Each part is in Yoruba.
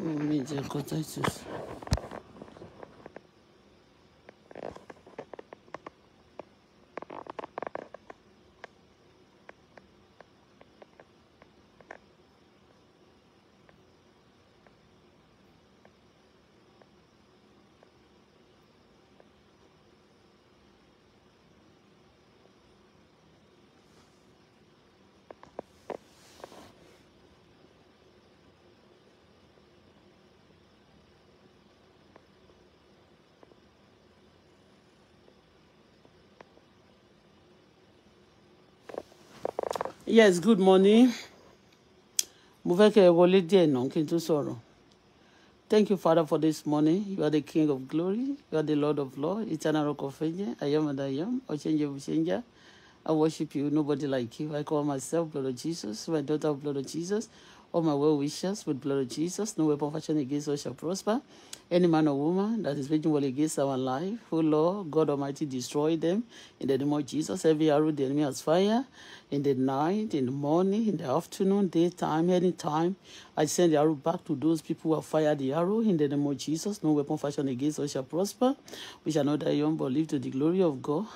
もうみーちゃん答えちゃ yes good morning wọlé sọ̀rọ̀ thank you father for this morning you are the king of glory you are the lord of Law. eternal rock of i am and i am ọ̀chẹ́njẹ́ i worship you nobody like you i call myself blood of jesus my daughter of blood of jesus. All my well wishes with blood of Jesus, no weapon fashioned against us shall prosper. Any man or woman that is waging war against our life, oh Lord, God Almighty, destroy them in the name of Jesus. Every arrow the enemy has fire in the night, in the morning, in the afternoon, daytime, anytime. I send the arrow back to those people who have fired the arrow in the name of Jesus. No weapon fashioned against us shall prosper. We shall not die young, but live to the glory of God.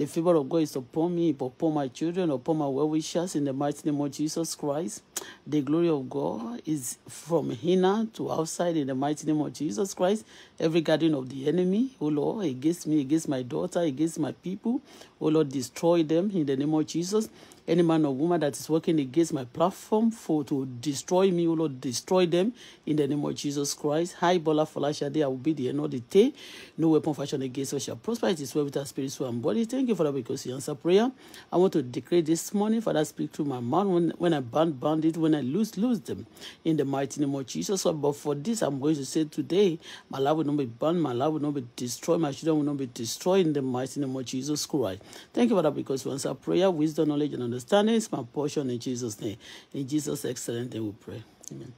The favor of God is upon me, upon my children, upon my well wishers in the mighty name of Jesus Christ. The glory of God is from inner to outside in the mighty name of Jesus Christ. Every guardian of the enemy, O oh Lord, against me, against my daughter, against my people, O oh Lord, destroy them in the name of Jesus. Any man or woman that is working against my platform for to destroy me, O Lord, destroy them in the name of Jesus Christ. Hi, Bola Falashade, I will be there, not the day. No weapon fashioned against us shall prosper. It is well with our spirit, soul, and body. Thank you, that because you answer prayer. I want to declare this morning, Father, speak through my mind When, when I bound, bound it. When I lose, lose them. In the mighty name of Jesus. So, but for this, I'm going to say today, my life will not be bound, my life will not be destroyed, my children will not be destroyed in the mighty name of Jesus Christ. Thank you, for that because you answer prayer, wisdom, knowledge, and understanding. understanding is my portion in Jesus' name. In Jesus' excellent name we pray. Amen.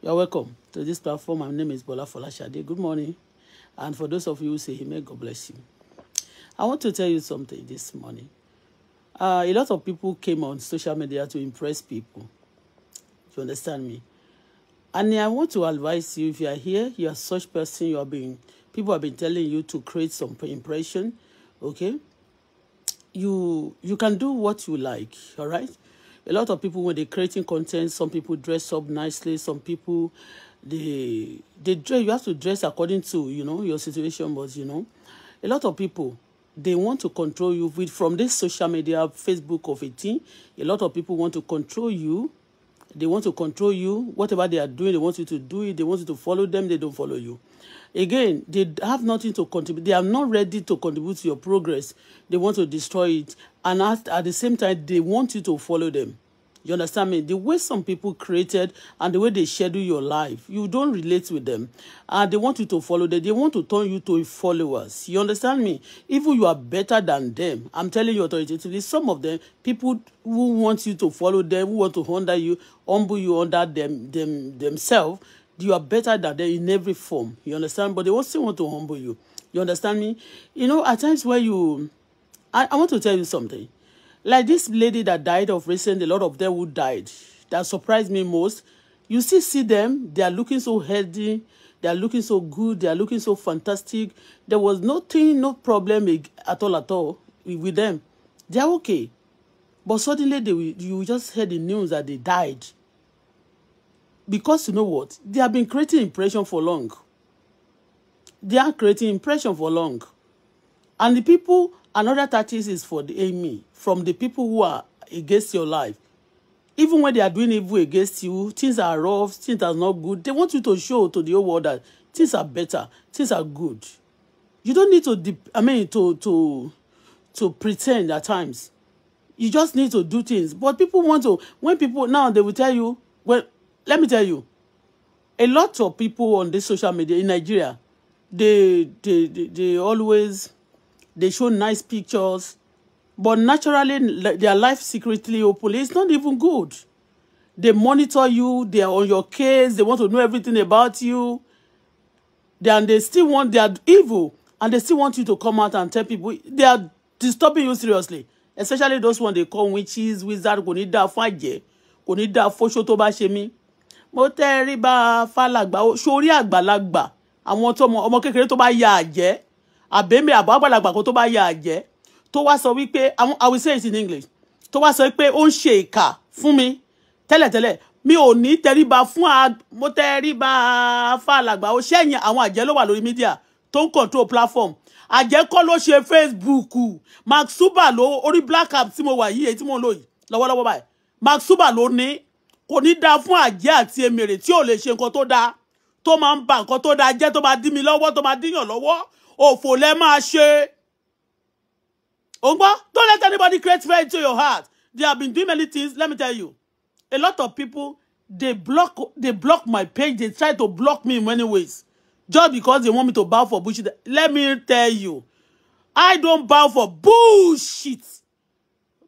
You are welcome to this platform. My name is Bola Folashade. Good morning. And for those of you who say Amen, God bless you. I want to tell you something this morning. Uh, a lot of people came on social media to impress people. you understand me? And I want to advise you, if you are here, you are such person, you are being, people have been telling you to create some impression, okay? you you can do what you like all right a lot of people when they're creating content some people dress up nicely some people they they dress you have to dress according to you know your situation but you know a lot of people they want to control you with from this social media facebook of 18 a lot of people want to control you they want to control you whatever they are doing they want you to do it they want you to follow them they don't follow you again they have nothing to contribute they are not ready to contribute to your progress they want to destroy it and at, at the same time they want you to follow them you understand me the way some people created and the way they schedule your life you don't relate with them and they want you to follow them they want to turn you to followers you understand me even you are better than them i'm telling you authoritatively some of them people who want you to follow them who want to under you humble you under them, them themselves you are better than them in every form. You understand? But they still want to humble you. You understand me? You know, at times where you, I, I want to tell you something. Like this lady that died of recent, a lot of them who died. That surprised me most. You still see them, they are looking so healthy, they are looking so good, they are looking so fantastic. There was nothing, no problem at all at all with them. They are okay. But suddenly they, you just heard the news that they died because you know what they have been creating impression for long they are creating impression for long and the people another tactic is for the enemy from the people who are against your life even when they are doing evil against you things are rough things are not good they want you to show to the whole world that things are better things are good you don't need to i mean to to to pretend at times you just need to do things but people want to when people now they will tell you well let me tell you, a lot of people on this social media in Nigeria, they they they, they always they show nice pictures, but naturally their life secretly openly it's not even good. They monitor you, they are on your case, they want to know everything about you. And they still want they are evil and they still want you to come out and tell people they are disturbing you seriously. Especially those one they call witches, wizard, kò ní dá fún àjẹ́, kò ní mo tẹ́rí bá fàlàgbà sórí àgbàlagbà àwọn tọmọ ọmọ kékeré tó bá ya àjẹ́ àbẹ́mẹ́ àbọ̀ àgbàlagbà kan tó bá ya àjẹ́ tó wá sọ wípé I will say it in English tó wá sọ pé ó ń ṣe ìkà fún mi tẹ́lẹ̀tẹ́lẹ̀ mi ò ní tẹríba fún a mo tẹríba fàlàgbà ó ṣẹ́yìn àwọn àjẹ́ ló wà lórí mídíà tó ń control platform àjẹ́ kọ́ ló ṣe Facebook Mark Suba ló orí black app tí mo wà yìí èyí tí mo lò yìí lọ́wọ́lọ́wọ́ báyìí Mark Suba ló ní kò ní dáa fún àjẹ́ àti èmèrè tí ò lè ṣe nǹkan tó dáa tó máa ń ba nǹkan tó dáa jẹ́ tó máa dí mi lọ́wọ́ tó máa díyàn lọ́wọ́ òfò lẹ máa ṣe. òǹgbọ́ don't let anybody create fear into your heart they have been doing many things let me tell you a lot of people they block they block my page they try to block me in many ways just because they want me to bow for bullshit let me tell you I don't bow for bullshit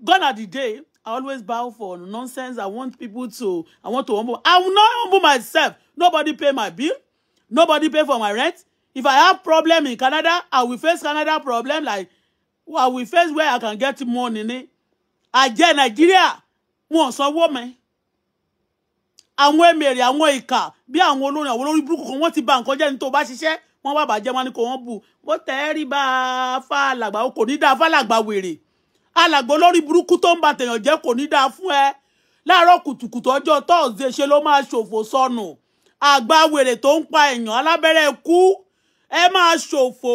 gone are the day I always bow for nonsense. I want people to, I want to humble. I will not humble myself. Nobody pay my bill. Nobody pay for my rent. If I have problem in Canada, I will face Canada problem. Like, well, I will face where I can get money. I get Nigeria. Wọ́n sanwó mẹ́. Àwọn èmèrè, àwọn ìkà, bí àwọn olórin, a olórí burúkú kan, wọ́n ti bà nǹkan jẹ́ ní tó bá ṣiṣẹ́. Wọ́n wá bàjẹ́ wọn ni kò wọ́n bù. Wọ́n tẹ́ rí bá fàlàgbà, o kò ní dá fàlàgbà wèrè alàgbò lórí burúkú tó ń ba tèèyàn jẹ́ kò ní dáa fún ẹ láàárọ̀ kùtùkùtù ọjọ́ tọ́ọ̀sì ṣe ló máa ṣòfò sọnù àgbà wèrè tó ń pa èèyàn alábẹ́rẹ́ kú ẹ máa ṣòfò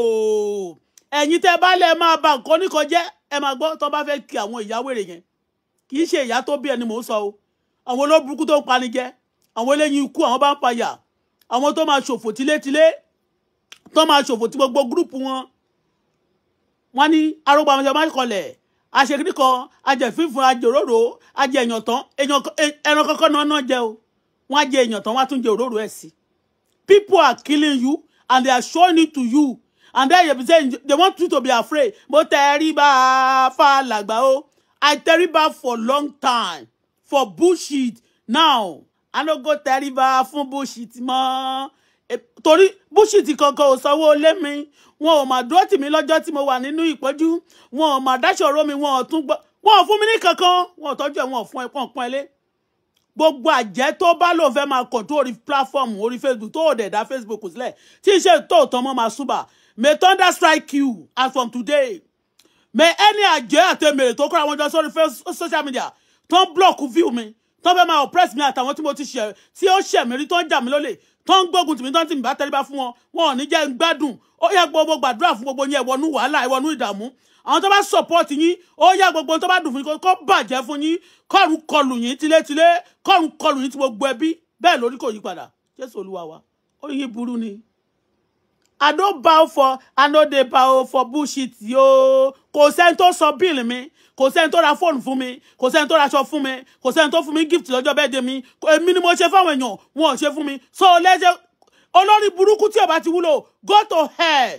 ẹ̀yin tẹ́ bá lẹ̀ máa ba nǹkan oníkan jẹ́ ẹ máa gbọ́ tó bá fẹ́ kí àwọn ìyá wèrè yẹn kì í ṣe ìyá tó bí ẹni mò ń sọ o àwọn olóburúkú tó ń pani jẹ àwọn eléyìí ikú àwọn bá ń payà àwọn tó máa ṣòfò tilétilé tó máa ṣòfò ti gbogbo gúrùpù wọn wọn ní arógbàmọṣẹ máa kọlẹ̀ àṣekìdí kan ajẹ̀fífún ajòróró ajẹ èèyàn ẹran kankan náà náà jẹ o wọn á jẹ wọn á òróró ẹ̀ sí. people are killing you and they are showing it to you and then you be saying they want you to be afraid mo tẹríba fàlàgbà o I tẹríba for long time for bullshit now I no go tẹríba fún bullshit mọ́ torí búṣìtì kankan ò sanwó lé mi wọn ò mà dúró tì mí lọ́jọ́ tí mo wà nínú ìpọ́jú wọn ò mà dáṣọ̀rọ̀ mi wọn ò tún gbọ́ wọn ò fún mi ní kankan wọn ò tọ́jú ẹ̀ wọn ò fún ẹ pọ́n pọ́n ẹlé gbogbo àjẹ́ tó bá lòun fẹ́ máa kàn tó orí platform orí facebook tó ò dẹ̀ dá facebook sílẹ̀ tí ìṣe tó ò tán máa súbà may thunder strike you as from today may any àjẹ́ àtẹ̀mẹ̀rẹ̀ tó kọ́ra wọn jọ sórí social media tó ń block view mi tó fẹ́ máa oppress mi àtàwọn tí mo ti ṣẹ̀ tí ó ṣẹ̀ mí rí tó ń jà mí lólè tó ń gbógun tìmí tó ń tìmí bá tẹríba fún wọn wọn ò ní jẹ́ ń gbádùn ó yá gbogbo gbàdúrà fún gbogbo yín ẹ̀wọ̀nú wàhálà ẹ̀wọ̀nú ìdààmú àwọn tó bá support yín ó yá gbogbo tó bá dùn fún yín kó bàjẹ́ fún yín kọ́run kọlù yín tilétilé kọ́run kọlù yín ti gbogbo ẹbí bẹ́ẹ̀ lórí kò yí padà Jésù Olúwa wa orí yín burú ni I don't bow for, I no dey bow for bullshit yo. Kò sẹ́ni tó sọ bíìlì mi, kò sẹ́ni tó ra fóònù fún mi, kò sẹ́ni tó raṣọ fún mi, kò sẹ́ni tó fún mi gift lọ́jọ́ bẹ́ẹ̀ de mi, èmi ni mo ṣe fáwọn èèyàn, wọn ò ṣe fún mi. So lẹ́sẹ̀ olórí burúkú tí ó bá ti wúlò go to hell.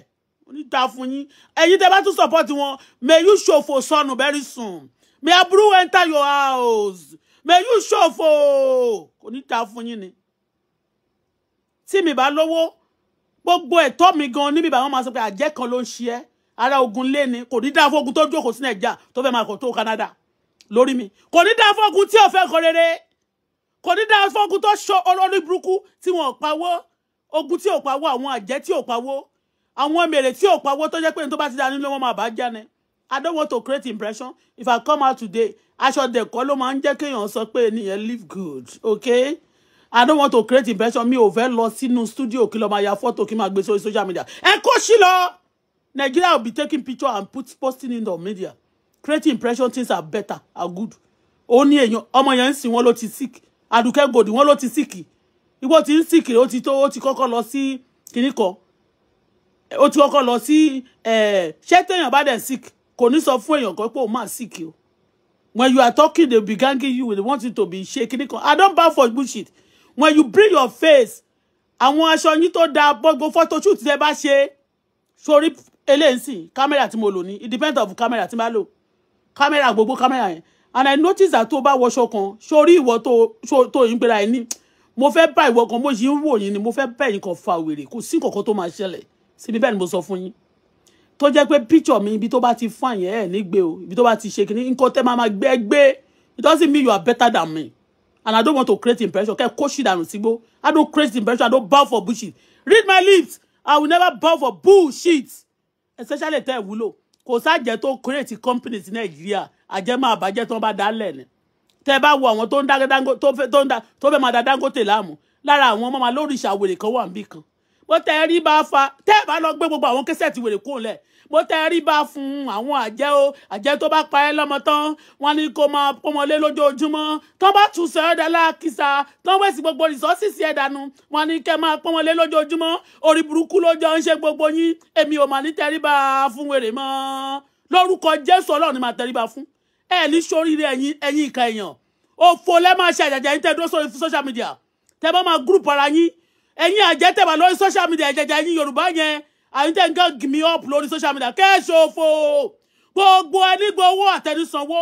Oníta fún yín, ẹ̀yin tẹ́ bá tún support wọn, may you show ṣòfò sọnù very soon. May aburú enter your house. May you ṣòfò. Oníta fún yín ni. Tí mi bá lówó, gbogbo ẹ̀tọ́ mi gan níbi ìbàwọn máa sọ pé àjẹ́ kan ló ń ṣe ẹ́ ara ogun lé ni kò ní dáa fógun tó jókòó sí nàìjíríà tó fẹ́ máa kọ̀ tó Canada lórí mi kò ní dáa fógun tí ò fẹ́ kọ rere kò ní dáa fógun tó ṣọ olórí burúkú tí wọn ò pawó ogun tí ò pawó àwọn àjẹ́ tí ò pawó àwọn mèrè tí ò pawó tó jẹ́ pé ní bá ti dání ló wọ́n máa bá já ni I don't want to create impression if I come out today aṣọ dẹ̀kọ́ ló máa ń jẹ́ kéèyàn sọ pé ènìyàn live good okay. I don't want to create impression mi ò fẹ́ lọ sínú studio kí lọ máa ya photo kí máa gbé sórí social media ẹ kó sí lọ Nigeria will be taking picture and put posting in the media creating impression things are better are good ó ní èèyàn ọmọ yẹn ń sìn wọn ló ti sick Àdùkẹ́ Gòdì wọn ló ti sick ìwọ ti ń sick ó ti tó ó ti kọ́kọ́ lọ sí kinní kan ó ti kọ́kọ́ lọ sí ṣé téèyàn bá dẹ̀ sick kò ní sọ fún èèyàn kan pé òun máa sick o when you are talking they be ganging you they want you to be ṣe kinní kan I don bow for bullshit when you bring your face àwọn aṣọ yín tó da gbogbo photoshoot tẹ́ bá ṣe sórí eléyìí kámẹ́rà tí mo lò ní it depends on kámẹ́rà tí mo lò kámẹ́rà gbogbo camera yẹn and i notice that tó bá wọṣọ kan sórí ìwọ tó tó yín gbéra ẹ ní mo fẹ́ bá ìwọ kan mo yìí ń wò yín ni mo fẹ́ bẹ̀ yín kan fa wèrè kò sí kankan tó máa ṣẹlẹ̀ síbi bẹ́ẹ̀ ni mo sọ fún yín tó jẹ́ pé picture mi ibi tó bá ti fún àyẹ̀ ẹ̀ nígbè o ibi tó bá ti ṣe kìíní tẹ́ máa máa gbẹ́ it doesn't mean you are better than me and I don't want to create impression. Kẹ́ kó ṣì dànù sígbó. I don't create impression. I don't bow for bullshit. Read my lips. I will never bow for bullshit. Especially tẹ́ Wulo, because Kò get to create companies company sí Nàìjíríà. Àjẹmọ́ àbájẹ́ tó ń bá dálẹ̀ ni. Tẹ́ ẹ bá Go àwọn tó ń dá tó fẹ́ máa da Dangote láàmú. Lára àwọn ọmọ máa lórí ìṣàwèrè kan wà níbì kan bó tẹ rí bá fa tẹ́ ẹ̀ bá lọ gbé gbogbo àwọn kẹsẹ̀ tí wèrè kó lẹ̀ bó tẹ rí bá fún àwọn àjẹ́ o àjẹ́ tó bá pa ẹ́ lọ́mọ tán wọ́n ní kó máa pọ́nmọlé lójoojúmọ́ tó bá tún sọ ẹ́ dálá kìsà tó ń wẹ̀sì gbogbo rìsọ́ọ̀sì sí ẹ̀ dànù wọ́n ní kẹ́ máa pọ́nmọlé lójoojúmọ́ orí burúkú ló jọ ń ṣe gbogbo yín èmi ò mà ní tẹrí bá fún wèrè mọ́ lórúkọ Jésù Ọlọ́run ni màá tẹrí bá fún ẹ ní sóríire ẹ̀yin ẹ̀yin ìka èèyàn òfò lẹ́ máa ṣe àjàjà yín tẹ́ dúró sórí social media tẹ́ bá máa group ara yín ẹ̀yin àjẹtẹ̀bà lórí social media ẹ̀jẹ̀jẹ̀ ẹ̀yin yorùbá yẹn àyíntẹ̀ nǹkan gimi up lórí social media kẹ́ẹ̀ṣòfò gbogbo ẹni gbowó àtẹnusanwó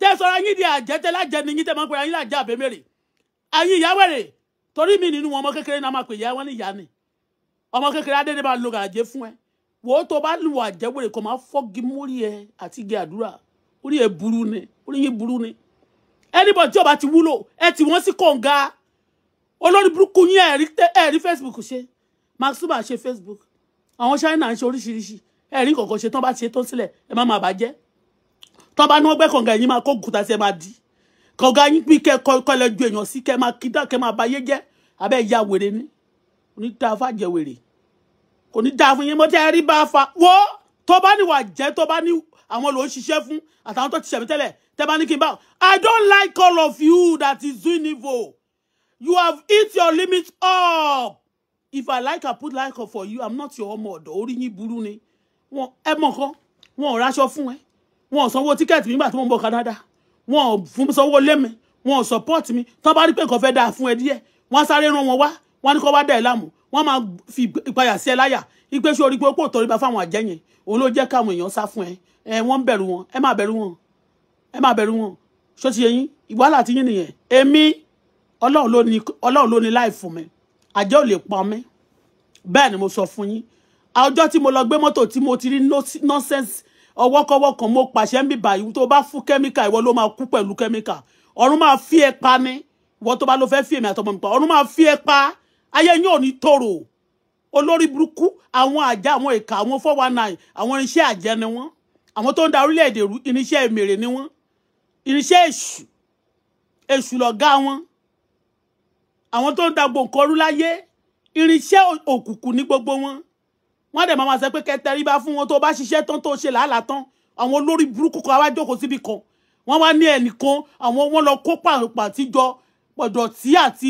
tẹ́sọ̀rọ̀ yín di àjẹtẹ̀ lájẹni yín tẹ́ máa ń pè ayín lájà àbẹ̀mẹ̀rẹ̀ ayín ìyáwẹ̀rẹ̀ torí mi nínú ọmọ kékeré náà máa pè yá wọn ní ìyá ni ọmọ kékeré adédè máa lo àjẹ fún ẹ wò ó tó bá lu àjẹwèrè kò máa fọ́gi mórí ẹ àti igi àdúrà orí ẹ burú ni orí yín burú ni anybody tí ó bá ti wúlò ẹ tì wọ́n sí kọ̀ǹga olórí burúkú yín ẹ̀rí ẹ̀rí facebook ṣe Mark ṣe facebook àwọn china ń ṣe oríṣiríṣi ẹ̀rí kọ̀ọ̀kan ṣe tán bá ṣe tán sílẹ̀ ẹ má máa bàjẹ́ tán bá ní wọ́n gbẹ́ kànga yín máa kó òkúta sí máa di kànga yín pín kẹ́ kọ́lẹ̀ ju èèyàn sí kẹ́ máa kídà kẹ́ máa bayé jẹ́ abẹ́ ìyá wèrè ni kò ní dáa fàjẹ́ wèrè kò ní dáa fún yín mo tẹ́ rí bá fa wo tó bá ní wà jẹ́ tó bá ní àwọn ló ń ṣiṣẹ́ fún àtàwọn tó ti ṣẹ̀mí tẹ́lẹ̀ tẹ́ bá ní kí n bá I don't like all of you that is doing evil. You have hit your limit up. If I like, I put like for you. I'm not your ọmọ ọ̀dọ̀. Orí yín burú ni. Wọ́n ẹ mọ̀ kan. Wọ́n ò raṣọ fún ẹ. Wọ́n ò sanwó tíkẹ́ẹ̀tì nígbà tí wọ́n ń bọ̀ Canada. Wọ́n ò fún sanwó lẹ́mẹ̀. Wọ́n support mi. Tọ́ bá rí pé nǹkan fẹ́ dáa fún ẹ díẹ̀. Wọ́n á sáré rán wọn wá. Wọ́n á ní kó wá dá ẹ fi ìpayà sí ẹ láyà. Igbe ṣe orí pé ó pò tọ́rí bá fáwọn àjẹ́ yẹn. Òun ló jẹ́ káwọn èèyàn sá fún ẹ. Ẹ wọ́n bẹ̀rù wọn. Ẹ má bẹ̀rù wọn. Ẹ má bẹ̀rù wọn. Ṣó ti yẹ yín? Ìwàhálà ti yín nìyẹn ọlọ́run ló ní láì fún mi àjẹ́ ò lè pọn mi bẹ́ẹ̀ ni mo sọ fún yín ọjọ́ tí mo lọ gbé mọ́tò tí mo ti rí nọ́sẹ̀nsì ọwọ́kọ́wọ́ kan mo pàṣẹ ń bì báyìí tó bá fún kẹ́míkà ìwọ ló máa kú pẹ̀lú kẹ́míkà ọ̀run máa fi ẹ pa ni ìwọ tó bá lọ fẹ́ fi èmi àtọmọ mi pa ọ̀run máa fi ẹ pa ayé yín ò ní tòrò olórí burúkú àwọn àjà àwọn ìka àwọn four one nine àwọn irinṣẹ́ àjẹ́ ni wọ́n àwọn tó ń da orílẹ̀-èdè rú irinṣẹ́ èmèrè ni wọ́n irinṣẹ́ èṣù èṣù lọ̀gá wọn àwọn tó ń da gbòǹkọ rú láyé irinṣẹ́ òkùnkùn ní gbogbo wọn wọ́n dẹ̀ máa sọ pé kẹtẹrí bá fún wọn tó bá ṣiṣẹ́ tán tó ṣe làálàá tán àwọn olórí burúkú kan wá jókòó síbi kan wọ́n wá ní ẹnìkan àwọn wọ́n lọ kó pàǹpàǹtí jọ dọ̀tí àti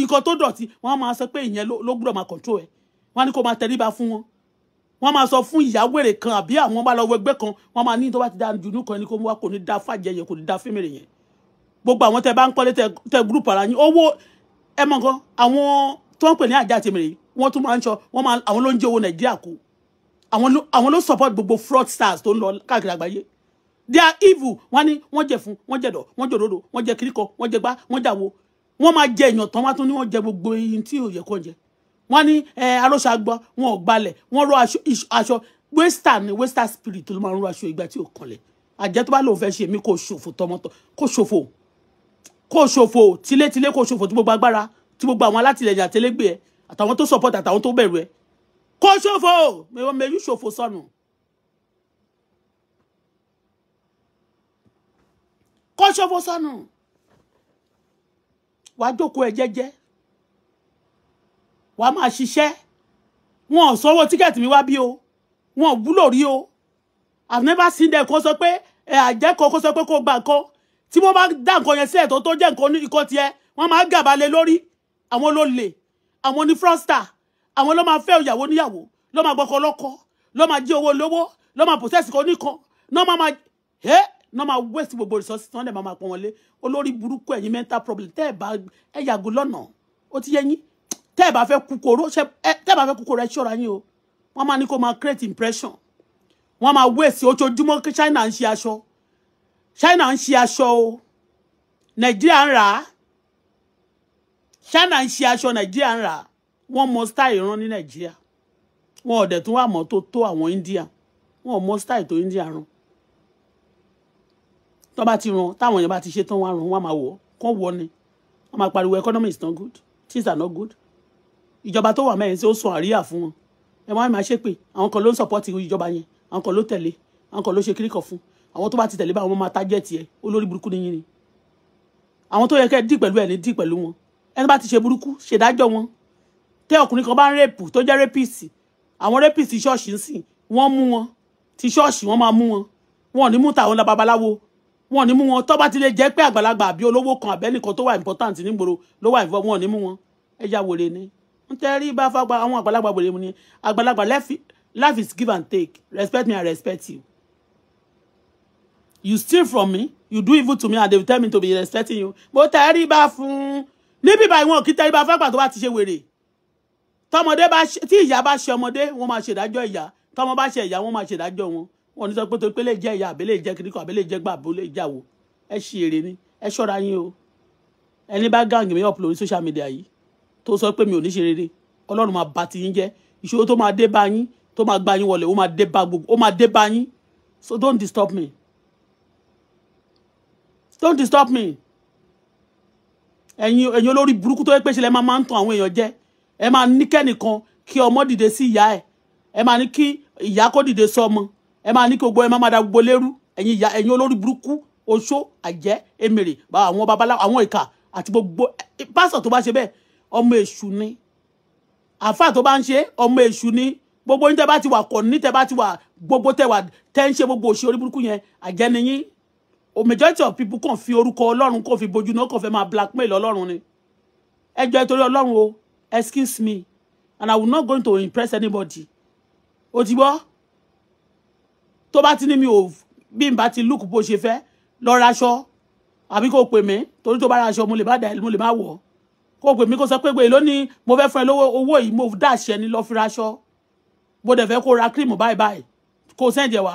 nǹkan tó dọ̀tí wọ́n máa sọ pé ìyẹn ló gbọ́dọ̀ máa control ẹ̀ wọ́n á ní kó máa tẹríba fún wọn wọ́n máa sọ fún ìyáwèrè kan àbí àwọn bá lọ wẹgbẹ́ kan wọ́n máa ní tó bá ti da dùnú kan ní kó wá kò ní da fàjẹyẹ kò ní da fímìrì yẹn gbogbo àwọn tẹ bá ń kọ́lé tẹ gúrùpù ara yín owó ẹ mọ̀ nǹkan àwọn tó ń pè ní àjà tèmèrè wọ́n tún máa ń sọ wọ́n máa àwọn ló ń jẹ nàìjíríà kù àwọn ló support gbogbo fraudsters tó ń lọ káàkiri àgbáyé they are evil wọ́n ní wọ́n jẹ fún wọ́n jẹdọ̀ wọ́n jẹ òdodo wọ́n jẹ kíríkọ wọ́n jẹ gbá wọ́n jàwo wọ́n máa jẹ èèyàn tán wá tún ní wọ́n jẹ gbogbo eyín tí ò yẹ kó jẹ wọ́n ní aróṣà gbọ́ wọn ò gbalẹ̀ wọ́n rọ aṣọ western ni western spirit ló máa ń rọ aṣọ ìgbà tí ò kanlẹ̀ àjẹ́ tó bá lòun fẹ́ ṣe mí kò ṣòfò tọmọtọ kò ṣòfò kó ṣòfò tilétilé kó ṣòfò tí gbogbo agbára tí gbogbo àwọn alátìlẹyìn àtẹlẹgbẹ ẹ àtàwọn tó support àtàwọn tó bẹ̀rù ẹ kó ṣòfò mẹyú ṣòfò sọnù kó ṣòfò sọnù wàá jókòó ẹ jẹ́jẹ́ wàá máa ṣiṣẹ́ wọn ò sanwó tíkẹ́ẹ̀tì mi wá bí o wọn wúlò rí o I've never seen them kó sọ pé ẹ àjẹkọ kó sọ pé kó gbà kan tí wọ́n bá dá nǹkan yẹn sílẹ̀ tó tó jẹ́ nǹkan ikọ̀ tiẹ̀ wọ́n máa gàbalẹ̀ lórí àwọn olólè àwọn onífrọ́stà àwọn ló máa fẹ́ ìyàwó níyàwó ló máa gbọ́kọ lọ́kọ ló máa jí owó lówó ló máa pòsẹ́sì kan níkan náà máa máa ẹ́ náà máa wẹ́sì gbogbo resources tí wọ́n máa máa pọ̀ wọ́n olórí burúkú ẹ̀yin mental problem tẹ́ ẹ̀ bá ẹ yàgò lọ́nà ó ti yẹ yín tẹ́ ẹ̀ bá fẹ́ kúkòrò tẹ́ ẹ̀ bá fẹ́ kúkòrò ẹ ṣọ́ra yín o wọ́n máa ní kó máa create impression wọ́n máa wẹ́sì ojoojúmọ́ China ń ṣe aṣọ China ń ṣe aṣọ o Nàìjíríà ń rà á China ń ṣe aṣọ Nàìjíríà ń rà á wọ́n mọ style rán ní Nàìjíríà wọn ò dẹ̀ tún wà mọ́ tó tó àwọn India wọn ò mọ style tó India rán tó bá ti rán táwọn èèyàn bá ti ṣe tán wọn rán wọn máa wọ̀ kán wọ ni wọn máa pariwo economy is not good things are not good ìjọba tó wà mẹ́rin tí ó sọ àríyá fún wọn ẹ máa ń máa ṣépè àwọn kan ló ń support ìjọba yẹn àwọn kan ló tẹ̀lé àwọn kan ló ṣe kíríkọ̀ fún àwọn tó bá ti tẹ̀lé bá wọn máa tájẹ́tì ẹ olórí burúkú ni yín ni àwọn tó yẹ kẹ́ dì pẹ̀lú ẹ̀ ní dì pẹ̀lú wọn ẹni bá ti ṣe burúkú ṣèdájọ́ wọn tẹ́ ọkùnrin kan bá ń rèpù tó jẹ́ rẹ́pìsì àwọn rẹ́pìsì ṣọ́ọ̀ṣì ń sìn wọ́n mú wọn ti ṣọ́ọ̀ṣì wọ́n máa mú wọn wọn ò ní mú tàwọn la babaláwo wọn ò ní mú wọn tó bá ti lè jẹ́ pé àgbàlagbà àbí olówó kan àbẹ́nìkan tó wà important nígboro ló wà ìfọ wọn ò ní mú wọn ẹja wòlé ni ń tẹ́rí bá fagbá àwọn àgbàlagbà wòlé mu ni àgbàlagbà life is give and take respect me I respect you you steal from me you do evil to me and they tell me to be respecting you But tẹríba fún níbi báyìí wọn kì í tẹríba fágbà tó bá ti ṣe wèrè tọmọdé bá tí ìyá bá ṣe ọmọdé wọn máa ṣèdájọ́ ya. tọmọ bá ṣe ìyá wọn máa ṣèdájọ́ wọn wọn ní sọ pé torí ya, lè jẹ ìyá àbẹlẹ jẹ kíríkọ àbẹlẹ jẹ gbà àbẹlẹ jáwo ẹ ṣe èrè ni ẹ ṣọ́ra yín o mi upload social media yìí tó sọ pé mi ò ní ṣe rere Ọlọ́run ma bá ti yín jẹ́ ìṣòro tó máa dé bá yín tó o ma yín wọlé ó máa so don't disturb me don't disturb me ẹ̀yin ẹ̀yin olórí burúkú tó yẹ pé ṣe lẹ máa máa ń tan àwọn èèyàn jẹ ẹ máa ní kẹ́nìkan kí ọmọ dìde sí ìyá ẹ ẹ máa ní kí ìyá kó dìde sọmọ ẹ máa ní kí gbogbo ẹ má máa da gbogbo lérú ẹ̀yin ìyá ẹ̀yin olórí burúkú oṣó àjẹ́ emèrè àwọn babaláwo àwọn ìkà àti gbogbo pásọ̀ tó bá ṣe bẹ́ẹ̀ ọmọ èṣù ni àfà tó bá ń ṣe ọmọ èṣù ni gbogbo yín tẹ́ bá ti wà kọ̀ ní tẹ́ bá ti wà gbogbo tẹ́ wà tẹ́ ń ṣe gbogbo òṣèré burúkú yẹn àjẹ́ nìyí o majority of people kàn fi orúkọ ọlọ́run kò fi bojú náà kàn fẹ́ máa blackmail ọlọ́run ni ẹ jẹ́ torí ọlọ́run o excuse me and i will not going to impress anybody o ti gbọ́ To bá ti ní mi ò bí n bá ti look bó ṣe fẹ́ lọ raṣọ àbí kò pè mí torí to bá raṣọ mo lè bá dà mo lè má wọ̀ kò pè mí kó sọ pé pé lónìí mo fẹ́ fún ẹ lówó owó yìí mo dáṣẹ ni lọ fi raṣọ bó dẹ̀ fẹ́ kó ra cream báyìí báyìí kò sẹ́ǹjẹ̀ wá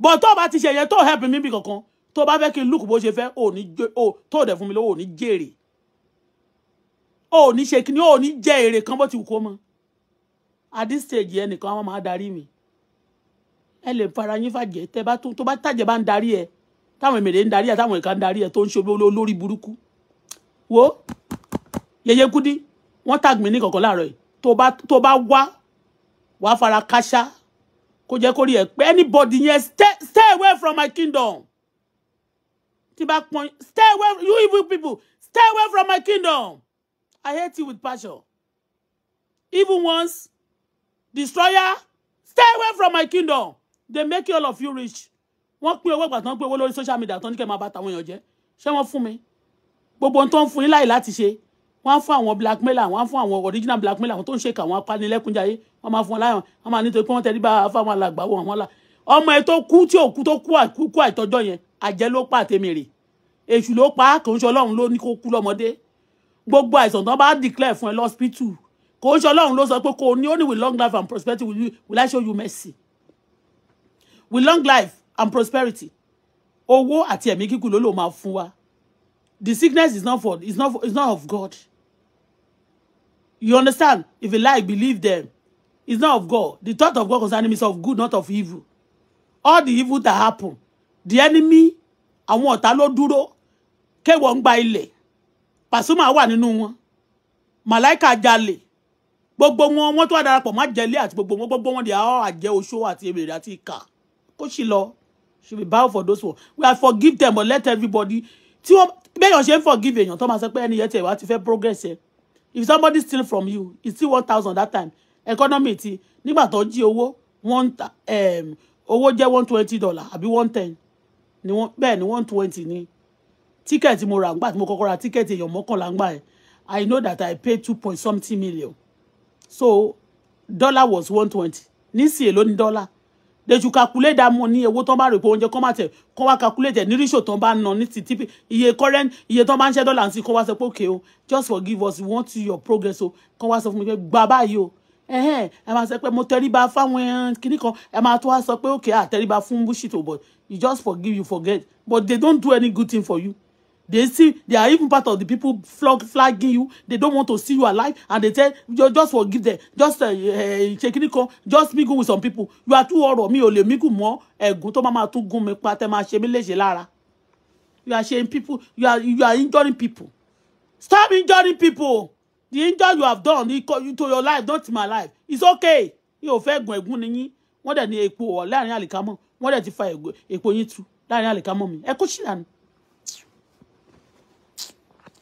bọ̀ To bá ti ṣẹ̀yẹ tó help mi bí kankan tó bá fẹ́ kí n lùkù bó ṣe fẹ́ ò ní tó dẹ̀ fún mi lówó ò ní jèrè ò ní ṣe kí ni ò ní kan bó ti wù kó at this stage yẹn nìkan àwọn máa darí mi ẹ lè fara yín fàjẹ tẹ bá tó bá tàjẹ bá ń darí ẹ táwọn èmèrè ń darí ẹ táwọn ìka ń darí ẹ tó ń wo yeye kudi wọ́n tag mi ní kankan láàárọ̀ yìí tó bá tó bá wá wàá fara káṣá kó jẹ́ kó rí ẹ anybody yẹn stay stay away from my kingdom stay away you evil people stay away from my kingdom I hate you with passion Even once, destroyer stay away from my kingdom they make all of you rich wọ́n pín owó ìgbà tán pín owó social media tán ní kẹ́ máa bá tàwọn èèyàn jẹ́ ṣé wọ́n fún mi gbogbo ohun tó ń fún yín láì láti ṣe wọ́n á fún àwọn blackmailer wọ́n á fún àwọn original blackmailer àwọn tó ń ṣèkà àwọn apanilẹ́kúnjayé wọ́n máa fún wọn láyọ̀ wọ́n máa nítorí pé wọ́n tẹrí bá fáwọn alàgbà wọn àwọn ọmọ ẹ tó kú tí òkú tó kú àìtọ́jọ́ yẹn àjẹ́ ló pa àtẹmèrè èṣù ló pa kò ń ṣe ọlọ́run ló ní kó kú lọ́mọdé gbogbo àìsàn tán bá declare fún ẹ lọ́spítù kò ń ṣe ọlọ́run ló sọ pé kò ní ó ní with long life and prosperity will, you, will I show you mercy with long life and prosperity owó àti ẹ̀mí kíkù ló lò máa fún wa the sickness is not for is not for, is not of God you understand if you lie believe them it's not of God the thought of God concerning me is of good not of evil all the evil that happen the enemy àwọn ọ̀tá ló dúró kéwọ̀n ń gba ilẹ̀ Pasuma wà nínú wọn Màláìka jalè gbogbo wọn wọn tó wà darapọ̀ má jẹlé àti gbogbo wọn gbogbo wọn di àwọn àjẹ oṣó àti èmèrè àti ka. kó sì lọ she be bow for those one we have forgive them but let everybody tí wọn bẹ́ẹ̀yàn ṣe ń forgive èèyàn tó máa sọ pé ẹni yẹn tẹ̀ wá ti fẹ́ progress ẹ if somebody steal from you it's still one thousand that time economy ti nígbà tó jí owó one ehm, owó jẹ́ one twenty dollar àbí one ten ni wọ́n bẹ́ẹ̀ ni one twenty ni tíkẹ́ẹ̀tì mo rà ńgbà tí mo kọ́kọ́ ra tíkẹ́ẹ̀tì èèyàn mọ́kànlá ńgbà yẹn I know that I paid two point something million so dollar was one twenty nísìnyí ló ní dollar they should calculate that money owó tán bá rò pé oúnjẹ kan máa tẹ kán wá calculate ẹ ní ríṣò tán bá ná ní ti tipi iye current iye tán bá ń ṣe dọ́là ń sí kán wá sọ pé okay o just forgive us we want your progress o kán wá sọ fún mi pé gbà báyìí o ẹ máa sọ pé mo tẹríba fáwọn kinní kan ẹ máa tó wá sọ pé okay àtẹríba fún bullshit o but you just forgive you forget but they don't do any good thing for you they still they are even part of the people flog flagging you they don't want to see you alive and they tell you just forgive them just eh, eh, ṣe kinní kan just mingle with some people you are too ọ̀rọ̀ mi ò lè mingle mọ́ ẹ̀gún tó máa máa tún gún mi pa tẹ́ máa ṣe mí léṣe lára you are shame people you are you are injuring people stop injuring people the injury you have done to your life not my life it's okay yóò fẹ́ gun ẹ̀gún ni yín wọ́n dẹ̀ ní epo ọ̀ láàrin àlìkámọ́ wọ́n dẹ̀ ti fa epo yín tu láàrin àlìkámọ́ mi ẹ kó sì dànù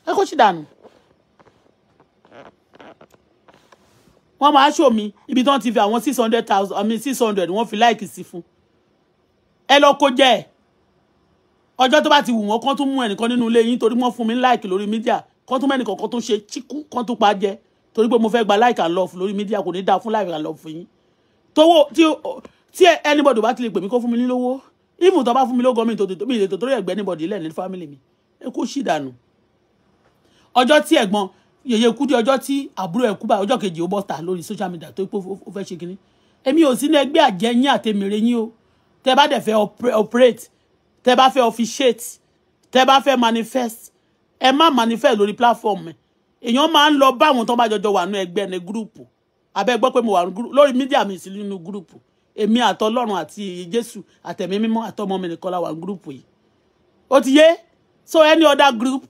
ẹ kó sì dànù. wọ́n máa ṣò mí ibi tí wọ́n ti fi àwọn six hundred thousand àmì six hundred wọ́n fi láìkì sí fún ẹ lọ kó jẹ́ ẹ ọjọ́ tó bá ti wù wọ́n kán tún mú ẹnìkan nínú ilé yín torí wọ́n fún mi láìkì lórí mídíà kọ́ tún mẹ́ni kọ̀ọ̀kan tó ṣe chikú kọ́ tún pa jẹ torí pé mo fẹ́ gba like and love lórí media kò ní dáa fún like and love fún yín tówó ti tí anybody ba ti lè pè mí kó fún mi nílówó even tó bá fún mi lówó mi to mi lè tòtò ẹgbẹ́ anybody lẹ̀ ní family mi ẹ kó ṣì dànù ọjọ́ tí ẹ̀gbọ́n yèyé kú di ọjọ́ tí àbúrò ẹ̀ kú bá ọjọ́ kejì ó bọ́ ta social media tó pé ó fẹ́ ṣe kínní èmi ò sí ní ẹgbẹ́ àjẹyìn àtẹmẹrẹ yín o tẹ bá dẹ̀ fẹ́ operate tẹ bá fẹ́ officiate tẹ bá fẹ́ manifest ẹ má manifest lórí platform mi èèyàn máa ń lọ bá àwọn tó bá jọjọ wà nínú ẹgbẹ́ ní gúrùpù abẹ́ gbọ́ pé mo wà lórí mídíà mi sí nínú gúrùpù èmi ati Jesus jésù àtẹ̀mí mímọ́ àtọmọ mi nìkan la wà ní gúrùpù yìí ó ti ye, so any other group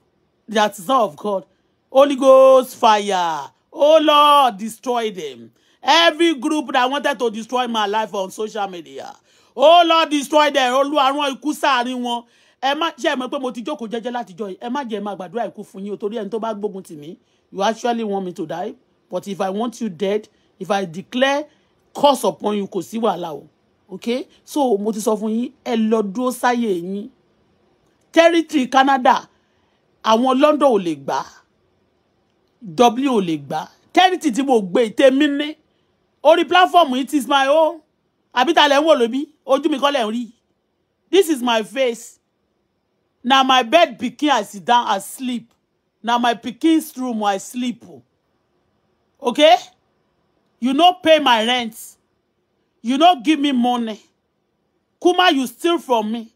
that is of God Holy Ghost fire oh Lord destroy them every group that wanted to destroy my life on social media oh Lord destroy them olúwa rán ikú sáàárín wọn ẹ má ṣe é mọ̀ pé mo ti jókòó jẹ́jẹ́ látijọ́ yìí ẹ má jẹ́ ẹ má gbàdúrà ikú fún yín o torí ẹni tó bá gbógun tì mí you actually want me to die but if I want you dead if I declare curse upon you kò sí wàhálà o okay so mo ti sọ fún yín ẹ lọ dúró sáyè yín territory Canada àwọn London ò lè gbà W ò lè gbà territory tí mo gbé tèmi ní orí platform it is my own àbí ta lẹ ń wò lóbi ojú mi kọ́ lẹ ń rí this is my face na my bed pikin i sit down i sleep na my pikin's room i sleep oh. okay you no pay my rent you no give me money kuma you steal from me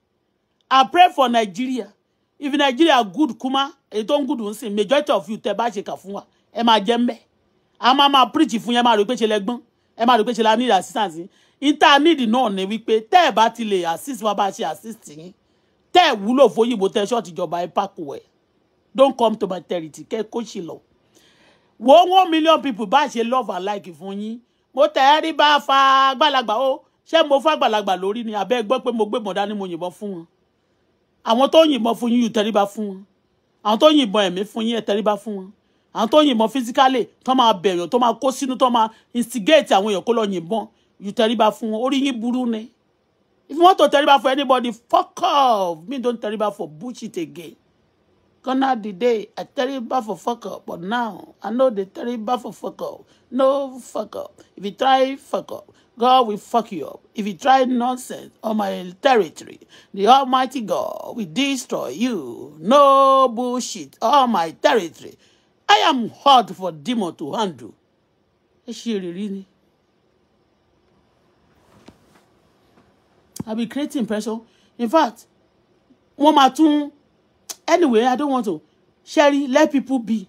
i pray for nigeria if nigeria good kuma èyí e tó good gùdù ń majority of you tẹ bá ṣe kà fún wa ẹ máa jẹ mbẹ a ma máa preach fún yẹn ma rò pé ṣe lẹgbọn ẹ máa rò pé ṣe la need assistance yín níta need náà ni wípé tẹ́ ẹ ti le assist wa bá ṣe assist yín tẹ́ ẹ̀ wúlò fóyìnbó tẹ́ ṣọ́ọ̀tì ìjọba ẹ pákó ẹ̀ don't come to my territory kẹ́ kó sì lọ. wo one million people bá ṣe love and like fún yín mo tẹ̀ ẹ́ rí bá a fa àgbàlagbà o ṣé mo fa àgbàlagbà lórí ni àbẹ́ gbọ́ pé mo gbé mọ̀dá ni mo yìnbọn fún wọn àwọn tó yìnbọn fún yín yóò tẹríba fún wọn àwọn tó yìnbọn ẹ̀mí fún yín ẹ̀ tẹríba fún wọn àwọn tó yìnbọn physically tó máa bẹ̀yàn tó máa kó sínú tó máa instigate àwọn èèyàn kó lọ yìnbọn yóò tẹríba fún wọn orí yín burú ni If you want to tell terrible for anybody, fuck off. Me don't tell terrible for bullshit again. Gonna the day I tell you terrible for fuck up, but now I know they terrible for fuck up. No fuck up. If you try fuck up, God will fuck you up. If you try nonsense on my territory, the Almighty God will destroy you. No bullshit on my territory. I am hard for demon to handle. Ẹ ṣe rere I'll be creating pressure in fact one máa two. anyway i don't want to sherry let people be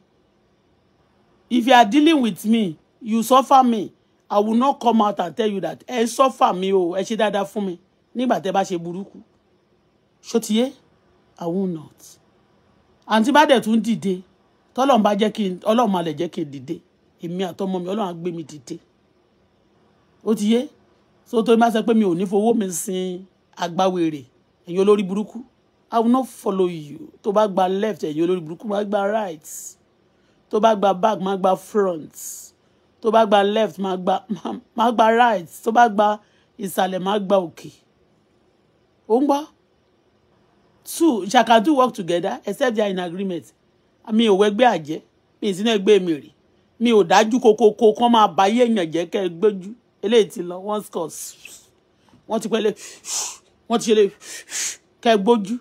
if you are dealing with me you suffer me i will not come out and tell you that ẹ suffer me. Oh, ẹ ṣe that fún mi nígbà tẹ́ she buruku. burúkú i will not àǹtí ba dẹ̀ tún dìde tọ́lọ́run bá jẹ́ kí n ọlọ́run máa lè jẹ́ kí n dìde èmi àtọmọ mi ọlọ́run á gbé so tó máa sọ pé mi ò ní fowó mi sin agbáwèrè ẹ̀yin olórí burúkú i will not follow you To bá gba left ẹ̀yin olórí burúkú máa gba right to bá gba back máa gba front to bá gba left máa gba máa gba right tó bá gba ìsàlẹ̀ máa gba òkè ó ń gbọ́ two shall two work together except they are in agreement mi ò wẹgbẹ́ àjẹ́ mi ì sínú ẹgbẹ́ mi rì mi ò dájú kokoko kán máa báyé èèyàn jẹ́ kẹ́ ẹ gbójú eléyìí ti lọ wọ́n sọ wọ́n ti pẹ́lẹ́ wọ́n ti ṣẹlẹ̀ kẹgbójú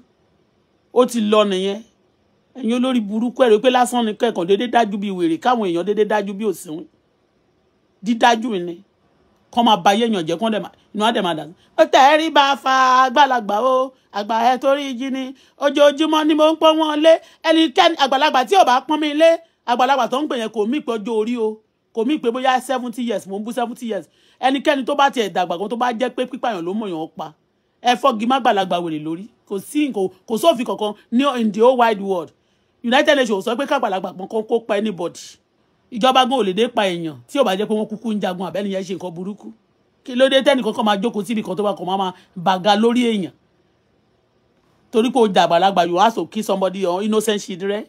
ó ti lọ nìyẹn ẹ̀yin olórí burúkú ẹ̀rọ pé lásán ni kẹ̀kàn déédé dájú bíi wèrè káwọn èèyàn déédé dájú bíi òsínwìn dídájú ni kọ́ máa ba yéèyàn jẹ́ kọ́ inú á dẹ̀ máa dà sí. ó tẹ̀ bá a fa àgbàlagbà o àgbà ẹ torí jí ni ojoojúmọ́ ni mo ń pọ́n wọn lé ẹnikẹ́ni àgbàlagbà tí ò bá pọ́n mi lé àgbàlagbà tó ń pè yẹn kò mí pé orí o kò mí pé bóyá seventy years mò ń bú seventy years ẹnikẹ́ni tó bá tiẹ̀ dàgbà kan tó bá jẹ́ pé pípààyàn ló mọ̀yàn pa ẹ fọ́gi má gbàlagbà wèrè lórí kò sí nǹkan kò sófin kankan ní in the whole wide world United Nations sọ pé kágbàlagbà kankan kó pa anybody ìjọba gan ò lè dé pa èèyàn tí ò bá jẹ́ pé wọ́n kúkú ń jagun àbẹ́niyẹn ṣe nǹkan burúkú kí ló dé tẹ́nìkan kan máa jókòó síbi kan tó bá kàn máa bàga lórí èèyàn torí pé o jà àgbàlagbà you have to kill somebody or innocent children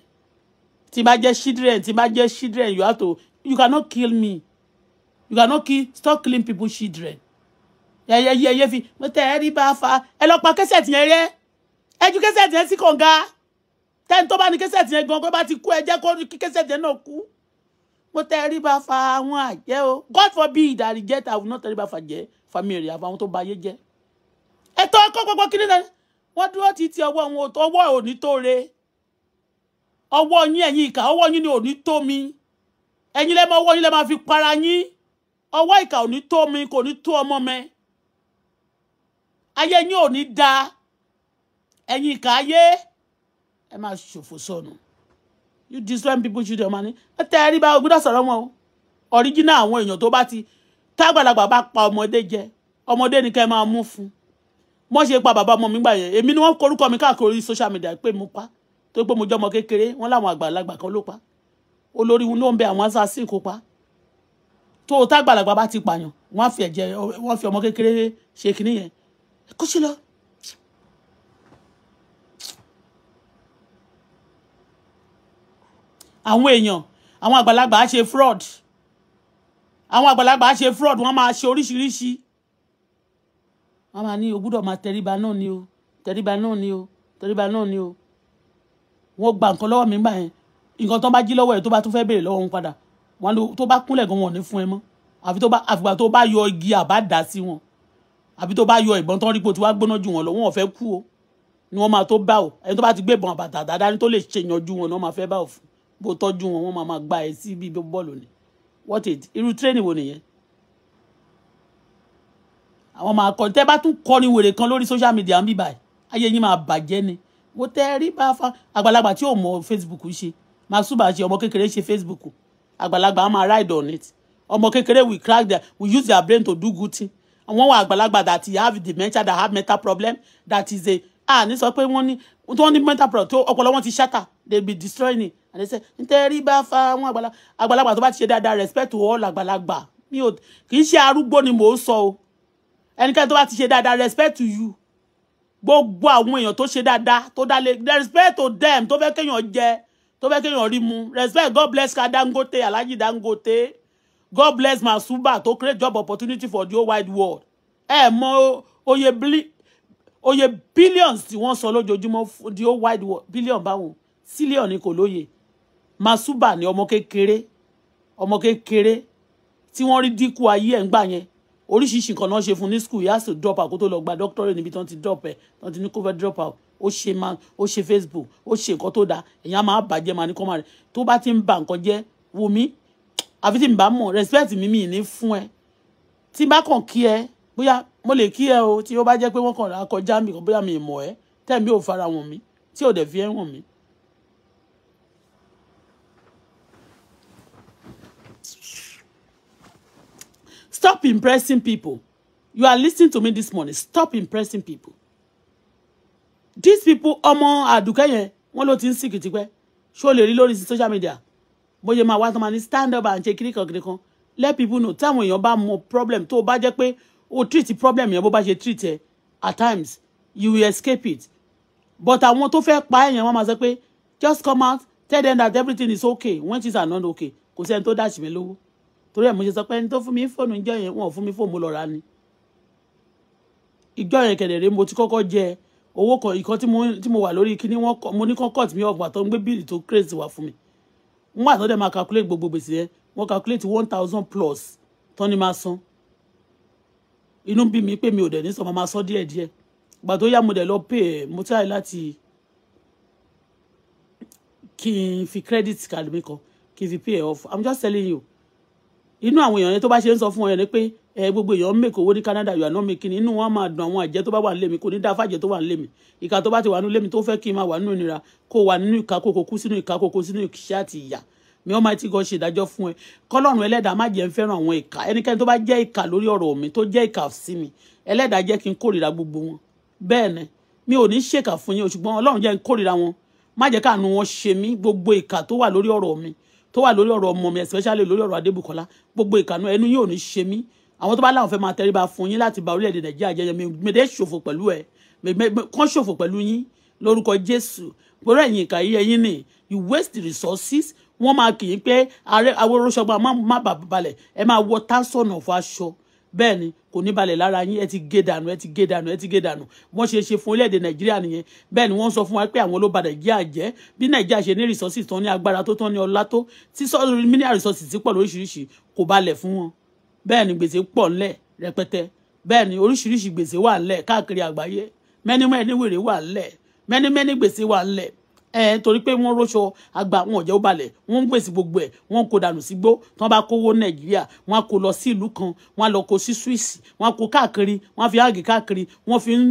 tí bá jẹ́ children tí bá jẹ́ children you have to you cannot kill me you cannot kill stop killing people children Yeah, yeah, yeah, yeah. But tell me, bá a fa ẹ lọ pa kẹsẹ tìyẹn rẹ ẹ ju kẹsẹ tìyẹn sí kànga tẹni tó bá ní kẹsẹ tìyẹn gan tó ti kú ẹ jẹ kó kẹsẹ tìyẹn náà kú mo tẹ ẹ rí bá a fa àwọn àjẹ́ god forbid I reject I will not tell you, a fa jẹ family rẹ àfàwọn tó ba ayé jẹ ẹ tọ́ ọkọ gbogbo kí nínú wọn dúró ti ti ọwọ́ wọn ọwọ́ òní tó re ọwọ́ yín ẹ̀yin ìkà ọwọ́ yín ni òní tó mi ẹ̀yin lẹ́mọ ọwọ́ yín lẹ́ máa fi para yín ọwọ́ ìkà ò ní tó mi kò ní tó ọmọ mi ayé yín ò ní da ẹ̀yin ìkà ayé ẹ máa ṣòfò sọnù you destroy people children ọmọ ni ẹ tẹ ẹ rí bá gbọ́dọ̀ sọ̀rọ̀ wọn o ọ̀ríjínà àwọn èèyàn tó bá ti tágbàlagbà bá pa ọmọdé jẹ ọmọdé ni ká ẹ máa mú fún wọ́n ṣe pa bàbá ọmọ mi gbà yẹn èmi ni wọ́n korúkọ mi káàkiri social media pé mo pa tó pé mo jẹ́ ọmọ kékeré wọ́n láwọn àgbàlagbà kan ló pa olórí wọn ló ń bẹ àwọn assassin kó pa tó o tágbàlagbà bá ti pààyàn wọn á fi ẹ̀jẹ̀ wọn fi ọmọ kékeré ṣe kínní yẹn kó sí lọ. àwọn èèyàn àwọn àgbàlagbà ṣe fraud àwọn àgbàlagbà á ṣe fraud wọn máa ṣe oríṣiríṣi wọn máa ní o gbúdọ̀ máa tẹríba náà ni o tẹríba náà ni o tẹríba náà ni o wọn gba nǹkan lọ́wọ́ mi gbà yẹn nǹkan tó bá jí lọ́wọ́ ẹ̀ tó bá tún fẹ́ béèrè lọ́wọ́ wọn padà wọn ló tó bá kúnlẹ̀ gan wọn ní fún ẹ mọ́ àfi tó bá àfìgbà tó bá yọ igi àbá dà sí wọn àbí tó bá yọ ìbọn tán rípo tí wàá gbóná jù wọn lọ wọn ò fẹ́ kú o ni wọ́n máa tó bá o ẹni tó bá ti gbé ìbọn àbàtà dáadáa ni tó lè ṣe yanjú wọn ni wọ́n máa fẹ́ bá o fún bó tọ́jú wọn wọ́n máa máa gba ẹ sí bí bọ́ọ̀lù ni what it irú tírénì wo nìyẹn àwọn máa kọ tẹ́ bá tún kọrin wèrè kan lórí social media ń bíbà ayé yín máa bàjẹ́ ni wọ́n tẹ́ rí bá fa àgbàlagbà tí ò mọ Facebook ṣe masuba ṣe ọmọ kékeré ṣe facebook àgbàlagbà máa ride on it ọmọ kékeré we crack their we use their brain to do good thing àwọn wà àgbàlagbà that have dementia that have mental problem that is a ah ní sọ pé wọ́n ní wọ́n ní mental problem tó ọpọlọ wọn ti shatter they be destroying it and they say ntẹ́rí bá fa àwọn àgbàlagbà àgbàlagbà tó bá ti ṣe dáadáa respect to all àgbàlagbà mi ò kì í ṣe arúgbó ni mò ń sọ o ẹnikẹ́ni tó bá ti ṣe dáadáa respect to you gbogbo àwọn èèyàn tó ṣe dáadáa tó dá lé respect to them tó fẹ́ kéèyàn jẹ́ tó fẹ́ kéèyàn rí mu respect god bless ka dangote alhaji dangote god bless masuba to create job opportunity for the whole wide world ẹ mọ oye oye billions tí wọ́n sọ lójoojúmọ́ the whole wide world billion báwọn sílíọ̀n ni kò lóye masuba ni ọmọ kékeré ọmọ kékeré tí wọ́n rí dínkù ayé ẹ̀ ń gbà yẹn oríṣiríṣi nǹkan náà ṣe fún ní school yìí á sì drop out kó tó lọ gba doctorate níbi tí wọ́n ti drop ẹ̀ tí wọ́n ti ní kó fẹ́ drop out ó ṣe máa ó ṣe facebook ó ṣe nǹkan tó dáa èèyàn máa bàjẹ́ máa ní kọ́ máa rẹ̀ tó bá ti ń ba nǹkan jẹ́ wò mí àfi tí n bá mọ̀ respect mi mi ní fún ẹ tí n bá kàn kí ẹ bóyá mo lè kí ẹ o tí ó bá jẹ́ pé wọ́n kàn kọjá mi bóyá mi mọ̀ ẹ́ tẹ̀mí ò fara wọn mi tí ò dẹ̀ fi ẹ́ hàn mi. Stop impressing people. You are listening to me this morning. Stop impressing people these people ọmọ àdùkẹ́ yẹn wọ́n ló ti ń sìkì tipẹ́ ṣó lè rí lórí social media bóyá máa wá tó máa ní stand up and ṣe kiri kan kiri kan let people know táwọn èèyàn bá mọ problem tó o bá jẹ́ pé o treat problem yẹn bó bá ṣe treat ẹ at times you will escape it but àwọn tó fẹ́ pa èèyàn wọ́n máa sọ pé just come out tell them that everything is okay when things are not okay kò sẹ́ni tó dáṣì mí lówó torí ẹ̀ mo ṣe sọ pé ẹni tó fún mi fóònù ìjọ yẹn wọn ò fún mi fóònù mo lọ rà ni ìjọ yẹn kẹ̀dẹ̀ rèé mo ti kọ́kọ́ jẹ owó kan ìkan tí mo wà lórí kíní wọn mo ní kán cut mi ọgbà tó ń gbé bíìlì tó crazy wá fún mi wọn àtọ́ dẹ̀ máa calculate gbogbo gbèsè yẹn wọn calculate one thousand plus tán ni máa san inú bí mi pé mi ò dẹ̀ ní sọ máa sọ díẹ̀díẹ̀ gbà tó yá mo dẹ̀ lọ pay ẹ̀ mo try láti kí n fi credit card mi kan kí n fi pay ẹ̀ off i'm just telling you inú àwọn èèyàn yẹn tó bá ṣe ń sọ fún ọ yẹn ni pé ẹ gbogbo èèyàn make owó ní Canada you are not making inú wọn máa dùn àwọn àjẹ́ tó bá wà nílé mi kò ní dá fàjẹ́ tó wà nílé mi ìka tó bá ti wà nílé mi tó fẹ́ kí n máa wà nínú ìnira kó wà nínú ìka kókó kú sínú ìka kókó sínú ìṣẹ́ àti ìyà mi wọn máa ti gan ṣe ìdájọ́ fún ẹ kọ́lọ́run ẹlẹ́dàá má jẹ́ ń fẹ́ràn àwọn ìka ẹnikẹ́ni tó bá jẹ́ ìka lórí ọ̀rọ̀ mi tó jẹ́ ìka sí mi ẹlẹ́dàá jẹ́ kí n kórìíra gbogbo wọn bẹ́ẹ̀ ni mi ò ní ṣèkà fún yín ṣùgbọ́n Ọlọ́run jẹ́ n kórìíra wọn má jẹ́ káàánú wọn ṣe mí gbogbo ìka tó wà lórí ọ̀rọ̀ mi tó wà lórí ọ̀rọ̀ ọmọ mi especially lórí ọ̀rọ̀ Adébùkọ́lá gbogbo ìkànnú ẹnu yóò ní ṣe mí àwọn tó bá láwọn fẹ́ máa tẹríba fún yín láti ba orílẹ̀-èdè nàìjíríà jẹ́ mèdè ṣòfò pẹ̀lú ẹ̀ kán ṣòfò pẹ̀lú yín lórúkọ jésù pẹ̀lú ẹ̀yìn ìkà yíyẹ yín ni you waste the resources wọ́n máa kì í pé ààrẹ awóróṣọgbà má bà balẹ̀ ẹ máa wọ tásọ̀nà fún aṣọ bẹ́ẹ̀ ni kò ní balẹ̀ lára yín ẹ ti gé dànù ẹ ti gé dànù ẹ ti gé dànù wọ́n ṣe ṣe fún orílẹ̀-èdè nàìjíríà nìyẹn bẹ́ẹ̀ ni wọ́n sọ fún wa pé àwọn ló ba nàìjíríà jẹ́ bí nàìjíríà ṣe ní resources tán ní agbára tó tán ní ọlá tó tí sọ́ọ́ mineral resources ti pọ̀ lóríṣiríṣi kò balẹ̀ fún wọn bẹ́ẹ̀ ni gbèsè pọ̀ ńlẹ̀ rẹpẹtẹ bẹ́ẹ̀ ni oríṣiríṣi gbèsè wà ńlẹ̀ káàkiri àgbáyé mẹ́nímẹ́ní wèrè wà ńlẹ̀ mẹ́nímẹ́ní gbèsè wà ńlẹ̀ ẹ torí pé wọ́n róṣọ àgbà wọn ò jẹ́ ó balẹ̀ wọ́n ń pèsè gbogbo ẹ̀ wọ́n kó dànù sígbó tí wọ́n bá kówó nàìjíríà wọ́n á kó lọ sí ìlú kan wọ́n á lọ kó sí Swiss wọ́n á kó káàkiri wọ́n á fi áàgì káàkiri wọ́n fi ń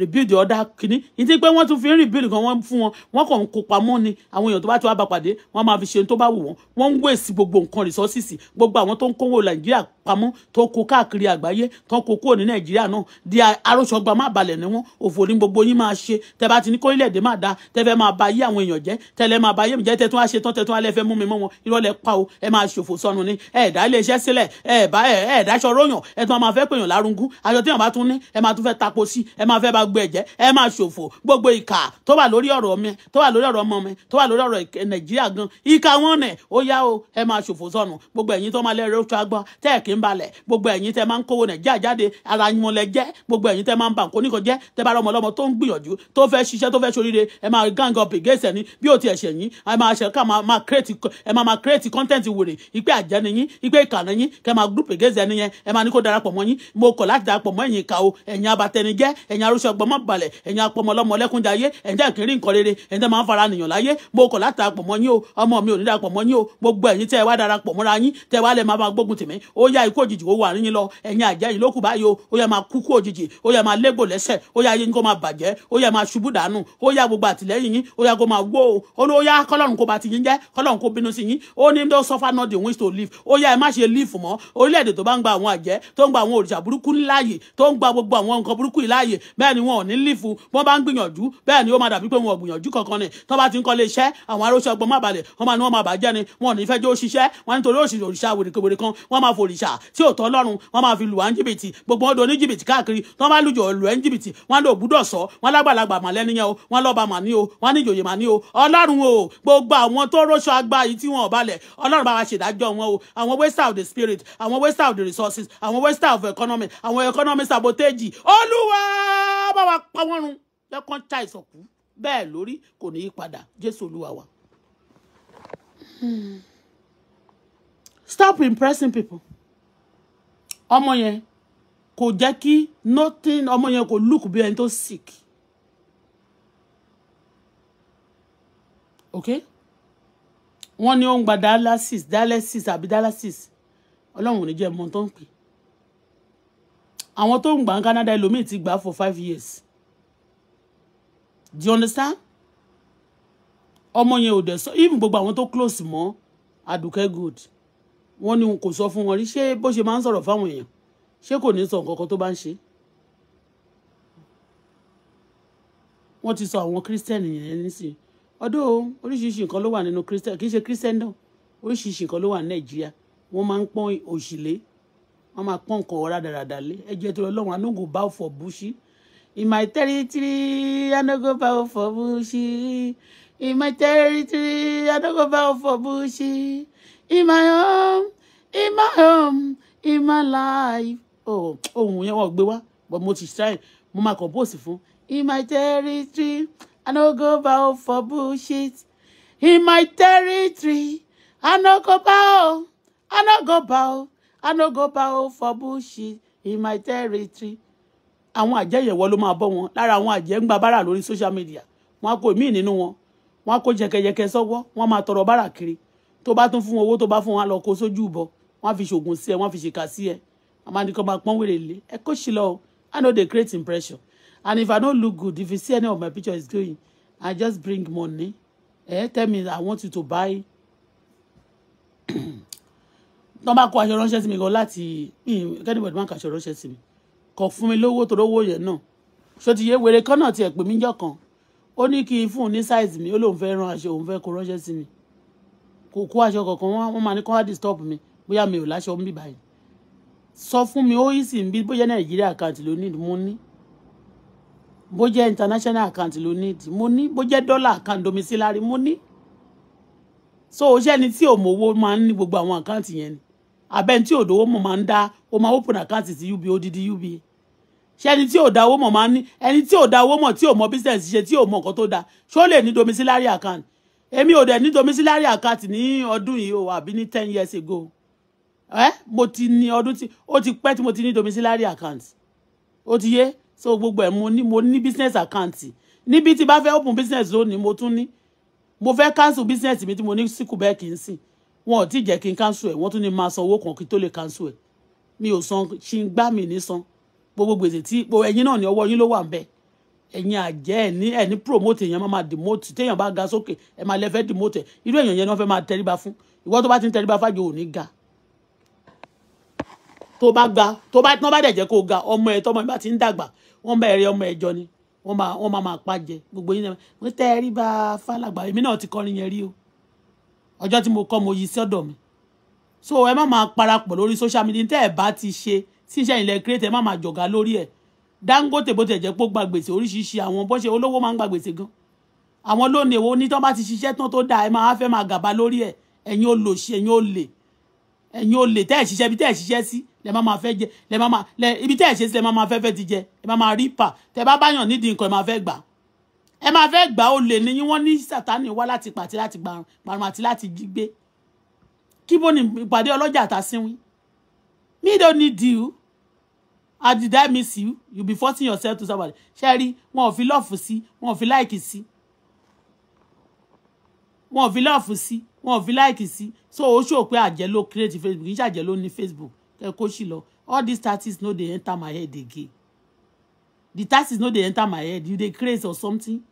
rebuild ọ̀dà kìíní ìdí pé wọ́n tún fi ń rebuild kan wọ́n fún wọn wọ́n kàn ń kó pamọ́ ni àwọn èèyàn tó bá tún wá bá pàdé wọ́n máa fi ṣe tó bá wù wọ́n wọ́n ń wèsì gbogbo nǹkan resources gbogbo àwọn tó ń kówó nàìjíríà pamọ́ tó kó káàkiri àgbáyé tó kó kúrò ní nàìjíríà náà di aróṣọgba má balẹ̀ ní wọn òfò ní gbogbo yín máa ṣe tẹ bá ti ní kórílẹ̀-èdè má da tẹ fẹ́ máa ba ba yé àwọn èèyàn jẹ́ tẹ́lẹ̀ máa ba yé mi jẹ́ tẹ́tún wá ṣe tán tẹ́tún alẹ́ fẹ́ mú mi mọ́ wọn irọ́ lẹ pa o ẹ máa ṣòfò sọnù ni ẹ dá ilé iṣẹ́ sílẹ̀ ẹ bá ẹ ẹ dáṣọ róyàn ẹ tún máa fẹ́ pèèyàn lárúngún aṣọ téèyàn bá tún ní ẹ máa tún fẹ́ tapo sí ẹ máa fẹ́ bá gbé ẹ̀jẹ̀ ẹ máa ṣòfò gbogbo ìkà tó wà lórí ọ̀rọ̀ mi tó wà lórí ọ̀rọ̀ ọmọ mi tó wà lórí ọ̀rọ̀ nàìjíríà gan ìkà wọn nẹ̀ ó yá o ẹ máa ṣòfò sọnù gbogbo ẹ̀yin tó máa lẹ́rẹ́ oṣù agbọ́n tẹ́ ẹ̀ kí ń balẹ̀ gbogbo ẹ̀yin tẹ́ máa ń kówó nàìjíríà jáde ara yín lẹ jẹ́ gbogbo ẹ̀yin tẹ́ máa ń ba nǹkan oníkan jẹ́ tẹ́ bá rọmọlọmọ tó ń gbìyànjú tó fẹ́ ṣiṣẹ́ tó fẹ́ ṣoríire ẹ máa gang up against ẹni bí o ti ẹ̀ṣẹ̀ yín ẹ máa ṣe ká máa create ẹ máa máa create content wèrè ìpè àjẹni yín ìpè ìkànnì yín kẹ máa group against ẹni yẹn ẹ máa ní kó darapọ̀ mọ́ yín mo kọ̀ láti darapọ̀ mọ́ ẹ̀yin ìka o ẹ̀yin abatẹnijẹ́ ẹ̀yin arúṣọ ọgbọ́mọ balẹ̀ ẹ̀yin apọmọ ọlọ́mọ ọlẹ́kúnjayé ẹ̀yin tẹ́ kiri nǹkan rere ẹ̀yin máa ń fara nìyàn láyé mo kọ̀ láti darapọ̀ mọ́ ó yá kó máa wó o ó ní ó yá kọ́lọ́run kó bá ti yín jẹ́ kọ́lọ́run kó bínú sí yín ó ní don't suffer not the wings to live ó yá ẹ má ṣe live mọ́ orílẹ̀-èdè tó bá ń gba àwọn àjẹ́ tó ń gba àwọn òrìṣà burúkú láàyè tó ń gba gbogbo àwọn nǹkan burúkú yìí láàyè bẹ́ẹ̀ ni wọn ò ní live wọ́n bá ń gbìyànjú bẹ́ẹ̀ ni ó máa dàbí pé wọn ò gbìyànjú kankan ni tó bá ti ń kọ́ lé iṣẹ́ àwọn aróṣẹ́ ọgbọ́n olóyè mà ní o ọlọ́run o gbogbo àwọn tó róṣọ àgbà yìí tí wọn ò balẹ̀ ọlọ́run bá wa ṣèdájọ́ wọn o àwọn waster of the spirit àwọn waster of the resources àwọn waster of economy àwọn economy sabotage olúwa bá wa pa wọ́n run lẹ́kàn ta ìsọ̀kú bẹ́ẹ̀ lórí kò ní í padà jésù olúwa wa. stop impressing people ọmọ yẹn kò jẹ́ kí nothing ọmọ yẹn kò look bí ẹni tó sick okay wọ́n ní ó ń gba dialysis dialysis àbí dialysis ọlọ́run ò ní jẹ́ mọ tó ń pè àwọn tó ń gbà ń Canada ẹlòmíì ti gbà for five years do you understand ọmọ yẹn ò dẹ̀ sọ even gbogbo àwọn tó close mọ́ Àdùkẹ́ good wọ́n ní kò sọ fún wọn rí ṣé bó ṣe máa ń sọ̀rọ̀ fáwọn èèyàn ṣé kò ní sọ nǹkan kan tó bá ń ṣe wọ́n ti sọ àwọn Christian yẹn nísìnyí ọdún oríṣiríṣi nǹkan ló wà nínú christian kì í ṣe christian náà oríṣiríṣi nǹkan ló wà ní nàìjíríà wọ́n máa ń pọ́n òṣìlé wọ́n máa pọ́n nǹkan ọ̀rá dáradára lé ẹjẹ́ tó lọ́wọ́ anúgò bá òfò búṣí ìmọ̀ ìtẹ́rìtìrì anúgò bá òfò búṣí ìmọ̀ ìtẹ́rìtìrì anúgò bá òfò búṣí ìmọ̀ home ìmọ̀ home ìmọ̀ life oh, ohun yẹn wọ́n gbé wá but mo ti ṣáì mo máa compose fún ìmọ̀ ìtẹ́rìtìrì. I no go bow for bullshit. In my territory, I no go bow. I no go bow. I no go bow for bullshit. In my territory. Àwọn àjẹyẹ̀wọ́ ló máa bọ́ wọn lára àwọn àjẹ́ ń gba bára lórí social media. Wọ́n á kó ìmíì nínú wọn. Wọ́n á kó jẹkẹjẹkẹ sọ́wọ́. Wọ́n máa tọrọ bára kiri. Tó bá tún fún owó tó bá fún wọn lọ kó sójú ìbọ. Wọ́n á fi ṣògùn sí ẹ. Wọ́n á fi ṣèkà sí ẹ. Àmọ́ àdìkọ́ máa pọ́n wèrè lé. Ẹ kó ṣìlọ o. I no dey create impression and if i no look good if you see any of my picture is going i just bring money eh tell me i want you to buy tọ́ bá kó aṣọ ránṣẹ́ sí mi gan láti kẹ́nìbọ̀dì máa ń kaṣọ ránṣẹ́ sí mi kọ̀ fún mi lówó torí owó yẹn náà ṣó ti yé wèrè kan náà tiẹ̀ pè mí jọ kan ó ní kí n fún ní size mi ó lóun fẹ́ ran aṣọ òun fẹ́ kó ránṣẹ́ sí mi kò kó aṣọ kankan wọ́n máa ní kó wá disturb mi bóyá mi ò láṣọ ń bì báyìí sọ fún mi ó yìí sì ń bí bóyá nàìjíríà kan àti lónìí mo ní bó jẹ́ international account ló need mo ní bó jẹ́ dollar account domiciliary mo ní so o ṣẹ́ni tí ò mówó máa ń ní gbogbo àwọn àkáǹtì yẹn ni abẹ́ni tí ò dówó mọ̀ máa ń dá o máa open àkáǹtì sí uba odidi uba ṣẹ́ni tí ò dá owó mọ̀ máa ń ní ẹni tí ò dá owó mọ̀ tí ò mọ business ṣe tí ò mọ nǹkan tó dáa ṣó lè ní domiciliary account èmi ò dẹ̀ ní domiciliary account ní ọdún yìí o àbí ní ten years ago ẹ mo ti ní ọdún tí ó ti pẹ́ tí mo ti ní domiciliary account ó ti yé so gbogbo ẹ̀ mo ní mo ní business account níbi tí bá fẹ́ open business lónìí mo tún ní mo fẹ́ cancel business mi tí mo ní síkù bẹ́ẹ̀ kì í sìn wọn ò tí ì jẹ́ kí n cancel ẹ̀ wọ́n tún ní máa san owó kan kí tó lè cancel ẹ̀ mi ò san ṣì ń gbá mi ní san gbogbo gbèsè tí ẹ̀yin náà ní ọwọ́ yín ló wà ń bẹ́ẹ̀ ẹ̀yin àjẹ́ ẹ̀ ní promote èèyàn máa demote téèyàn bá ga sókè ẹ̀ máa lẹ́fẹ́ demote irú èèyàn yẹn ni wọ́n fẹ́ máa tẹríba fún ìwọ tó bá ti ń tẹríba fájò ò ní ga tó bá ga tó bá tán bá dẹ̀ jẹ́ kó ga ọmọ ẹ̀ tọmọ ẹ̀ bá ti ń dàgbà wọ́n bá ẹ̀rẹ́ ọmọ ẹ̀jọ ni wọ́n máa wọ́n máa máa pàjẹ́ gbogbo yín náà mo tẹ́ ẹ rí bá fálàgbà èmi náà ti kọrin yẹn rí o ọjọ́ tí mo kọ́ mo yí sí mi so ẹ má máa parapọ̀ lórí social media tẹ́ ẹ bá ti ṣe tí iṣẹ́ ilẹ̀ create ẹ má máa jọ̀gá lórí ẹ̀ Dangote bó tẹ̀ jẹ́ pé ó gba gbèsè oríṣiríṣi àwọn bọ́ṣe olówó máa ń gba gbèsè gan àwọn lónìí èwo ní tán bá ti ṣiṣẹ́ tán tó dáa ẹ máa fẹ́ máa gàba lórí ẹ̀ ẹ̀yin olòṣì ẹ̀yin olè ẹ̀yin olè tẹ́ ẹ̀ ṣiṣẹ́ bí tẹ́ ẹ̀ ṣiṣẹ́ sí lẹ máa máa fẹ́ jẹ lẹ máa máa lẹ ibi tẹ́ ẹ̀ ṣe sí lẹ máa máa fẹ́ fẹ́ ti jẹ ẹ máa máa rí pa tẹ bá báyàn nídìí nǹkan ẹ máa fẹ́ gbà ẹ máa fẹ́ gbà ó lè ní wọ́n ní sátánì wá láti pàtí láti parun àti láti gbé kí bó ni ìpàdé ọlọ́jà àtàsínwín me don't need you how did I miss you you be forcing yourself to somebody ṣe rí wọn ò fi lọ́ọ̀fù sí wọn ò fi láìkì sí wọn ò fi lọ́ọ̀fù sí wọn ò fi láìkì sí so ó ṣòpin àjẹ́ ló create Facebook kì í ṣàjẹ́ ló ní Facebook Koshilo. All these taxes no they enter my head again. The taxes no they enter my head. You dey crazy or something.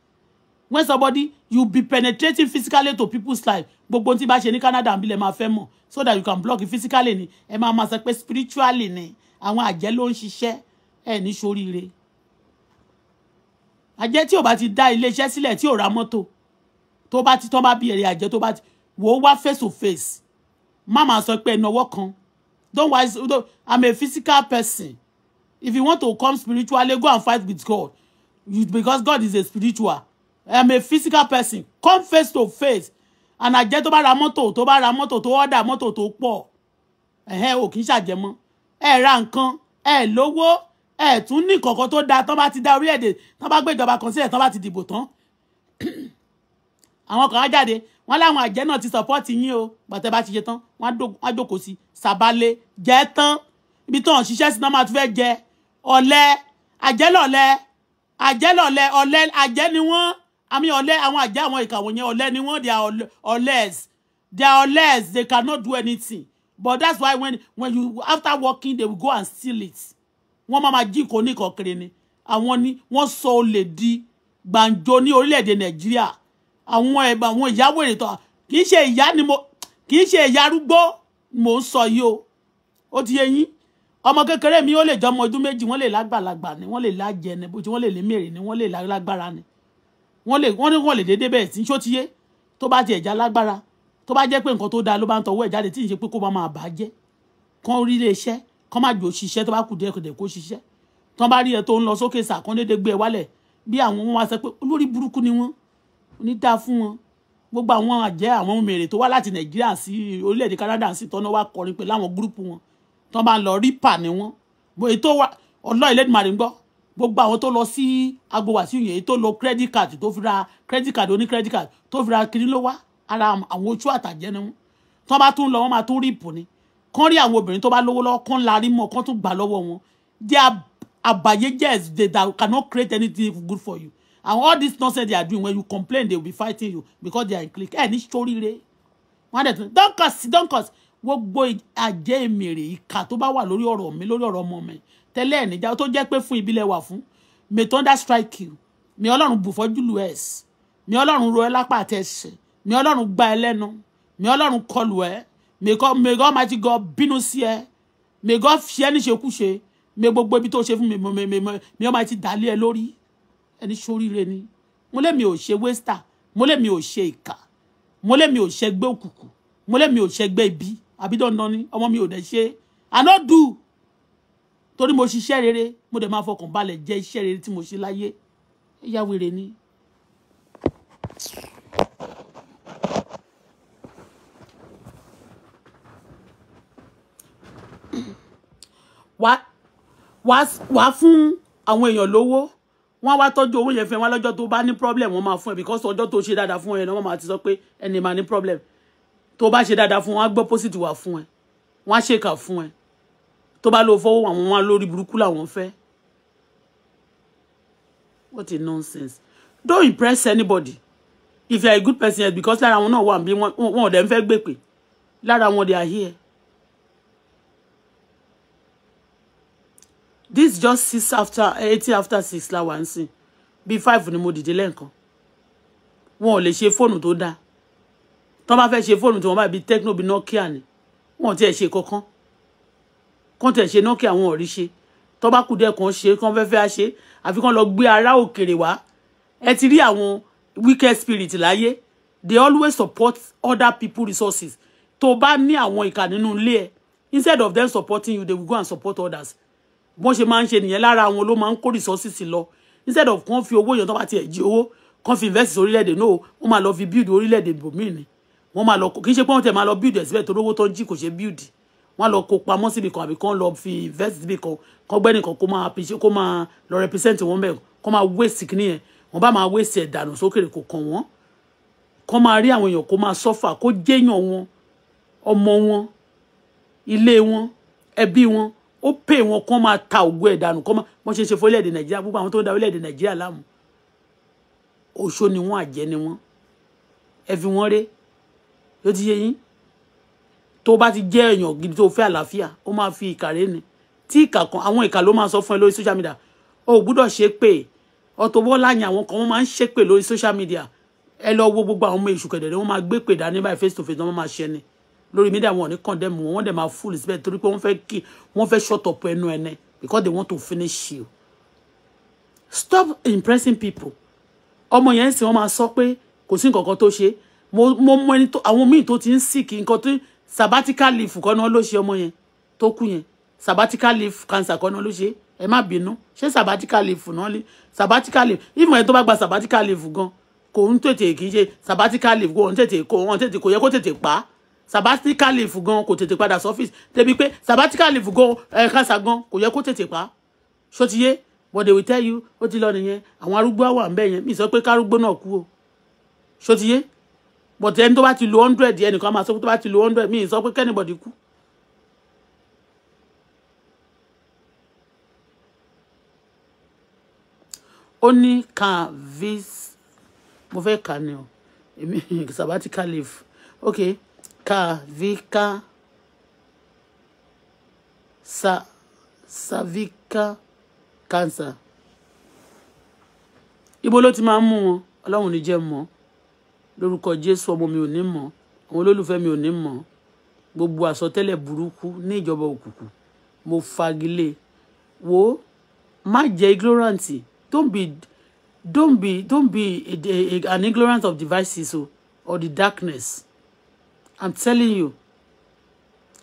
When somebody, you be penetrating physically to people's life. Gbogbo tí ba ṣe ní Canada àbí lè máa fẹ́ mọ̀. So that you can block it physically ni. Ẹ máa máa sọ pé spiritually ni. Àwọn àjẹ́ ló ń ṣiṣẹ́. Ẹ ní ṣoríire. Àjẹ́ tí ò bá ti dá iléeṣẹ́ sílẹ̀ tí ò ra mọ́tò. To ba ti tán bá bí èrè àjẹ́ tó bá ti. Wò ó face to face. Má máa sọ pé ẹnu kan. Don't wise. I'm a physical person. If you want to come spiritually, go and fight with God. You, because God is a spiritual. I'm a physical person. Come face to face. And I get tó bá ra mọ́tò, tó bá ra mọ́tò, tó order mọ́tò tó pọ̀. Ẹ̀hẹ́n o kì í ṣàjẹmọ́. Ẹ ra nǹkan, ẹ lówó, ẹ tún ní kọ̀ọ̀kan tó dáa tán bá ti da orílẹ̀-èdè tán bá gbé ìjọba kan sílẹ̀ tán bá ti dìbò tán. Àwọn kan á jáde wọ́n láwọn àjẹ́ náà ti support yín o bàtẹ́ bá ti ṣe tán wọ́n á jókòó sí sàbálẹ̀ jẹ́ tán ibi tó ń ṣiṣẹ́ sí náà máa tún fẹ́ jẹ ọ̀lẹ àjẹ́ lọ̀lẹ àjẹ́ lọ̀lẹ ọ̀lẹ àjẹ́ ni wọ́n àmì ọ̀lẹ àwọn àjẹ́ àwọn ìkàwọ̀ yẹn ọ̀lẹ ni wọ́n they ọ̀lẹ́s they ọ̀lẹ́s they cannot do anything but that's why when when you after working they will go and steal it wọ́n máa máa jí nǹkan oníkan ni àwọn ni wọ́n sọ olè di gbàǹjo ní orílẹ̀-èdè nàìjíríà àwọn ẹ̀bà àwọn ìyàwó èrètò kì í ṣe ìyá ni mo kì í ṣe ìyá arúgbó mò ń sọ yìí o ó ti yé yín ọmọ kékeré mi ó lè jọmọ ọdún méjì wọ́n lè lágbàlagbà ni wọ́n lè lájẹ ni bó ti wọ́n lè lémèrè ni wọ́n lè lágbára ni wọ́n lè wọ́n ní wọ́n lè déédéé bẹ́ẹ̀ sí ṣó ti tó bá ti ẹ̀já lágbára tó bá jẹ́ pé nǹkan tó dáa ló bá ń tọwọ́ ẹ̀ jáde tí ì ṣe pé kó máa bà kán rí ilé iṣẹ́ kán má jò ṣiṣẹ́ tó bá kù dẹ́kùdẹ̀ kó ṣiṣẹ́ tán bá rí ẹ tó ń lọ sókè sàkán gbé ẹ wálẹ̀ bí àwọn wọn wá sọ pé olórí burúkú ni wọ́n onídà fún wọn gbogbo àwọn àjẹ́ àwọn mèrè tó wá láti nàìjíríà sí orílẹ̀-èdè canada sí tọ́nà wá kọrin pẹ̀lú àwọn gúrúùpù wọn tọ́ bá lọ rípà ni wọ́n èyí tó wà ọlọ́ ìlẹ́dìmọ̀rì ń gbọ́ gbogbo àwọn tó lọ sí agbo wàsíù èyí tó lo credit card tó fi ra credit card oní credit card tó fi ra kiri ló wá ara àwọn ojú àtàjẹ́ ni wọ́n tọ́ bá tún lọ wọ́n máa tún rípù ni kán rí àwọn obìnrin tó bá lówó lọ́wọ́ kán larí mọ́ kán tún gbà lọ́wọ́ wọn jẹ́ àbàyéjẹ́ they cannot create anything good for you and all this nonsense they are doing when you complain they will be fighting you because they are in clique ẹ eh, ní story wọn dẹ tún don cause don't cause gbogbo àjẹ́ èmèrè ìkà tó bá wà lórí ọ̀rọ̀ mi lórí ọ̀rọ̀ ọmọ mi tẹ́lẹ̀ ẹ̀ níjà tó jẹ́ pé fun. ìbílẹ̀ wà fún may thunder strike you mi ọlọ́run bù fọ́jú lu ẹ̀s mi ọlọ́run ro ẹ lápá àti ẹsẹ̀ mi ọlọ́run gba ẹ lẹ́nu mi ọlọ́run kọlù ẹ may God mighty God bínú sí ẹ may God fi ẹ níṣekúṣe may gbogbo ibi tó ṣe fún mi mi ọmọ ti dàlẹ́ ẹ lórí ẹni ṣoríire ni mo lé mi ò ṣe wẹ́stà mo lé ò ṣe ìkà mo lé ò ṣe gbé òkùnkùn mo lé ò ṣe gbé ibi àbí dandan ni ọmọ mi ò dẹ̀ ṣe ànádù torí mo ṣiṣẹ́ rere mo dẹ̀ máa fọkàn balẹ̀ jẹ́ iṣẹ́ rere tí mo ṣe láyé ẹ̀yà ni. wàá fún àwọn èèyàn lówó wọ́n wá tọ́jú owó yẹn fẹ́ wọn lọ́jọ́ tó bá ní problem wọ́n máa fún ẹ because ọjọ́ tó ṣe dáadáa fún ẹ náà wọ́n máa ti sọ pé ẹni máa ní problem tó bá ṣe dáadáa fún wọn á gbọ́ pósìtì wà fún ẹ wọ́n á ṣèkà fún ẹ tó bá lọ fọwọ́ àwọn wọn lórí burúkú làwọn fẹ́ what a nonsense don't impress anybody if you are a good person because lára wọn náà wà bí wọn ò dẹ̀ ń fẹ́ gbèpè lára wọn they are here this just six after eighty after six la One, ń sìn five ni mo dìde lẹ́ǹkan wọn ò lè ṣe fóònù tó dáa tọ́ bá fẹ́ ṣe fóònù tí wọ́n bá bíi Tecno bíi Nokia ni wọn ò tiẹ̀ ṣe kankan kán tẹ̀ ṣe Nokia wọn ò rí ṣe tọ́ bá kù dẹ́kan ṣe kán fẹ́ fẹ́ ṣe àfi kán lọ gbé ará òkèrè wá ẹ ti rí àwọn wicked spirit láyé they always support other people resources tó bá ní àwọn ìkà nínú ilé instead of them supporting you they will go and support others bọ́n ṣe máa ń ṣe nìyẹn lára wọn ló máa ń kó resources lọ instead of kàn fi owó èèyàn tó bá tiẹ̀ jí owó kàn fi invest orílẹ̀-èdè náà wọ́n máa lọ fi build orílẹ̀-èdè bòmíì ni wọ́n máa lọ kì í ṣe pé wọ́n tẹ̀ máa lọ build ẹ̀sìbẹ̀ tó rówó tó ń jí kò ṣe build wọ́n á lọ kó pamọ́ síbi kan àbí kàn lọ fi invest síbi kan kàn gbẹ́ nìkan kó máa appreciate kó máa lọ represent wọn bẹ́ẹ̀ kó máa waste kìíní yẹn wọ́n bá máa waste ẹ̀ dànù sókèrè kò kàn wọ́n kàn máa rí àwọn èèyàn kó máa suffer kó jẹ́yàn wọn ọmọ wọn ilé wọn ẹbí wọn ó pè wọn kán máa ta ògùn ẹ̀ dànù kán máa wọ́n ṣe ṣe fún orílẹ̀-èdè nàìjíríà gbogbo àwọn tó ń da orílẹ̀-èdè nàìjíríà láàmú oṣó ni wọ́n àjẹ́ ni wọ́n ẹ fi wọ́n ré ló ti yé yín tó bá ti jẹ́ èèyàn gidi tó fẹ́ àlàáfíà ó máa fi ìkàrẹ́ ni tí ìkà kan àwọn ìkà ló máa sọ fún ẹ lórí social media o ò gbúdọ̀ ṣe pé Auto Bola yẹn àwọn kan wọ́n máa ń ṣépè lórí social media ẹ lọ wo gbogbo àwọn ọmọ èṣù kẹ̀dẹ̀ ni wọ́n máa gbé pè dání báyìí face to face ni wọ́n máa ṣe ni lórí mídíà wọn ò ní condemn wọn wọn dẹ̀ máa fúlù síbẹ̀ torí pé wọ́n fẹ́ kí wọ́n fẹ́ shut up ẹnu ẹni because they want to finish you stop impressing people ọmọ yẹn sì wọ́n máa sọ pé kò sí nǹkan kan tó ṣe mo mọ ẹni tó àwọn míì tó ti ń sick nǹkan tó sabbatical leave kan náà ló ṣe ọmọ yẹn tó kú yẹn sabbatical leave cancer kan náà ló ṣe ẹ má bínú ṣé sabbatical leave náà lé sabbatical leave ìmọ̀ ẹ̀ tó bá gba sabbatical leave gan kò ń tètè kì í ṣe sabbatical leave kò ń tètè kò ń tètè kò yẹ kó tètè pa á sabbatical leave gan kò tètè padà sọ́fíìsì débi pé sabbatical leave gan ẹ̀ẹ́kásá gan kò yẹ kó tètè pa ṣótiyé but they will tell you ó ti lọ nìyẹn àwọn arúgbó wà ń bẹ̀ yẹn mi sọ pé kárúgbó náà kú o ṣótiyé but ẹni tó bá ti lo hundred ẹnìkan máa sọ pé tó bá ti lo hundred mi sọ pé anybody kú. ó can vis mo fẹ́ kà ní o èmi sabbatical leave okay Kavika sa Savika cancer ibo ló ti máa ń mú wọn ọlọ́run ní jẹ́ mọ́ lórúkọ jésù ọmọ mi ò ní mọ̀ àwọn olólùfẹ́ mi ò ní mọ̀ gbogbo àsọtẹ́lẹ̀ burúkú ní ìjọba òkùnkùn mo fagilé wo má jẹ́ ignorant don't be don't be don't be a, a, a, an ignorant of devices o oh, or the darkness i'm telling you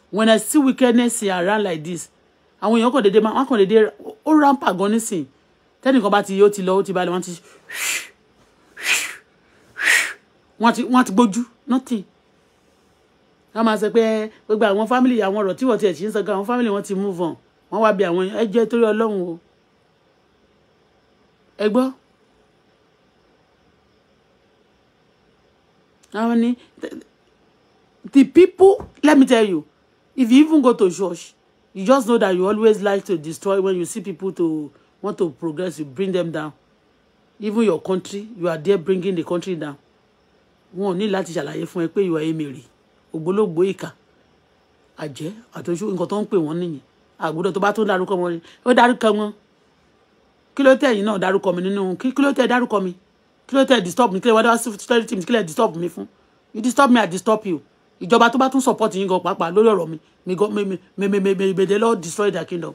when i see wickedness here around like this àwọn èèyàn kàn dédé máa wọn kàn dédé ó rámpà gan nísìn tẹnìkan bá ti yé ó ti lọ ó ti balẹ̀ wọn ti wọn ti wọn ti gbójú nothing wọn máa nothing. I'm gbogbo àwọn family àwọn one family, I want ẹ̀ ṣe ń sọ gan àwọn family want to move on wọn be a one. I jẹ́ torí ọlọ́run o ẹ gbọ́ How many? the people, let me tell you, if you even go to church, you just know that you always like to destroy when you see people to want to progress, you bring them down. Even your country, you are there bringing the country down. Wọ́n ní láti ṣàlàyé fún ẹ you are emèrè, ògbólógbòó ìkà, àjẹ́, àtúnṣe nǹkan tó ń pè wọ́n nìyẹn. Àgùdọ̀ tó bá tún dárúkọ wọn, ó dárúkọ wọn. Kí ló tẹ̀ yín náà dárúkọ mi nínú Kilo te tẹ̀ mi? Kí ló disturb me. Kilo wa wá dá sí tẹ́lẹ̀ tí mi disturb me fun. You disturb me, I disturb you ìjọba tó bá tún support yín gan pàápàá lórí ọ̀rọ̀ mi mi gan mi mi mi mi mi they lord destroy their kingdom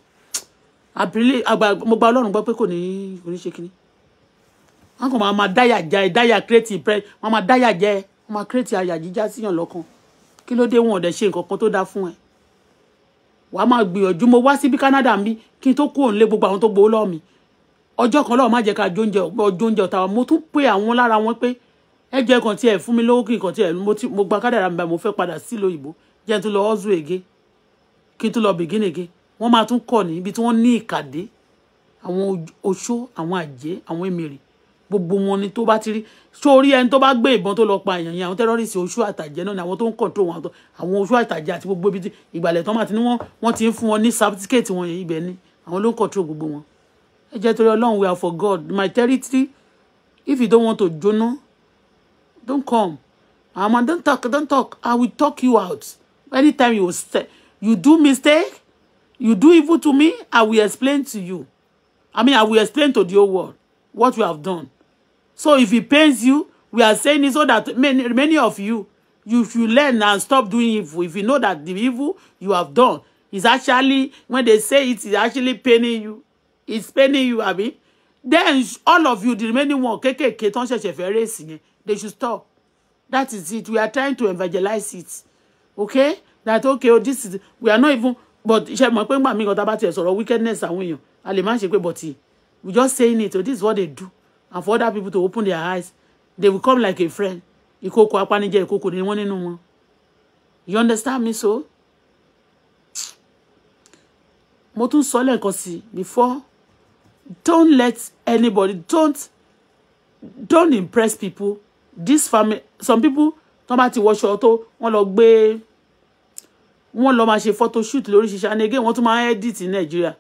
àbílẹ̀ àgbà mo gba ọlọ́run gbọ́ pé kò ní kò ní ṣe kínní wọn kàn máa dáyà já ẹ dáyà create ìpẹ́ wọn máa dáyà jẹ ẹ wọn máa create àyà jíjá síyàn lọ́kàn kí ló dé wọn ò dẹ̀ ṣe nǹkan kan tó dáa fún ẹ wà á máa gbìyànjú mo wá síbi Canada mi kí n tó kúrò nílé gbogbo àwọn tó gbowó lọ́wọ́ mi ọjọ́ kan lọ́wọ́ má jẹ́ ká jóúnjẹ ọjọ́ oúnjẹ ọ̀tá mo tún pé àwọn lára wọn pé ẹ jẹ́ kàn tiẹ̀ fún mi lówó kí nǹkan tiẹ̀ mo gba kádàrà mi báyìí mo fẹ́ padà sí ìlú òyìnbó jẹ́ tún lọ ọ́zù ègé kí n tún lọ bìgínìgé wọ́n máa tún kọ̀ ní ibi tí wọ́n ní ìkàdé àwọn oṣó àwọn àjẹ́ àwọn èmèrè gbogbo wọn ni tó bá ti rí sórí ẹni tó bá gbé ìbọn tó lọ pa èèyàn yẹn àwọn tẹ́rọ́rìsì oṣó àtàjẹ́ náà ni àwọn tó ń kọ̀ǹtò wọn àwọn oṣó àtàjẹ́ àti gbogbo ibi ìgbàlẹ̀ tán máa ti ní wọ́n ti ń fún wọn ní certificate wọn yẹn ibẹ̀ ni àwọn ló ń kọ̀ǹtò gbogbo wọn ẹ jẹ́ torí ọlọ́run we are for God my territory if you don't want to jóná don't come. Ah, Mama, don't talk, don't talk. I will talk you out. Anytime you say, you do mistake, you do evil to me, I will explain to you. I mean, I will explain to the whole world what you have done. So if it pains you, we are saying it so that many, many of you, you, if you learn and stop doing evil, if you know that the evil you have done is actually, when they say it is actually paining you, it's paining you, abi. Then all of you, the remaining one, kékèké, tó ń ṣẹ̀ṣẹ̀ They should stop. That is it. We are trying to evangelize it. Okay? That okay, oh, this is we are not even but ṣe mọ̀ pé ńgbà mi nǹkan tá a wickedness àwọn èèyàn a lè má we just saying it oh, this is what they do and for other people to open their eyes they will come like a friend ìkòkò apanijẹ ìkòkò ni wọ́n nínú wọn you understand me so mo tún sọ before don't let anybody don't don't impress people this family some people tán bá ti wọṣọ tó wọ́n lọ gbé wọ́n lọ máa ṣe photoshoot lórí ṣiṣẹ́ and again wọ́n tún máa ń edit ní nàìjíríà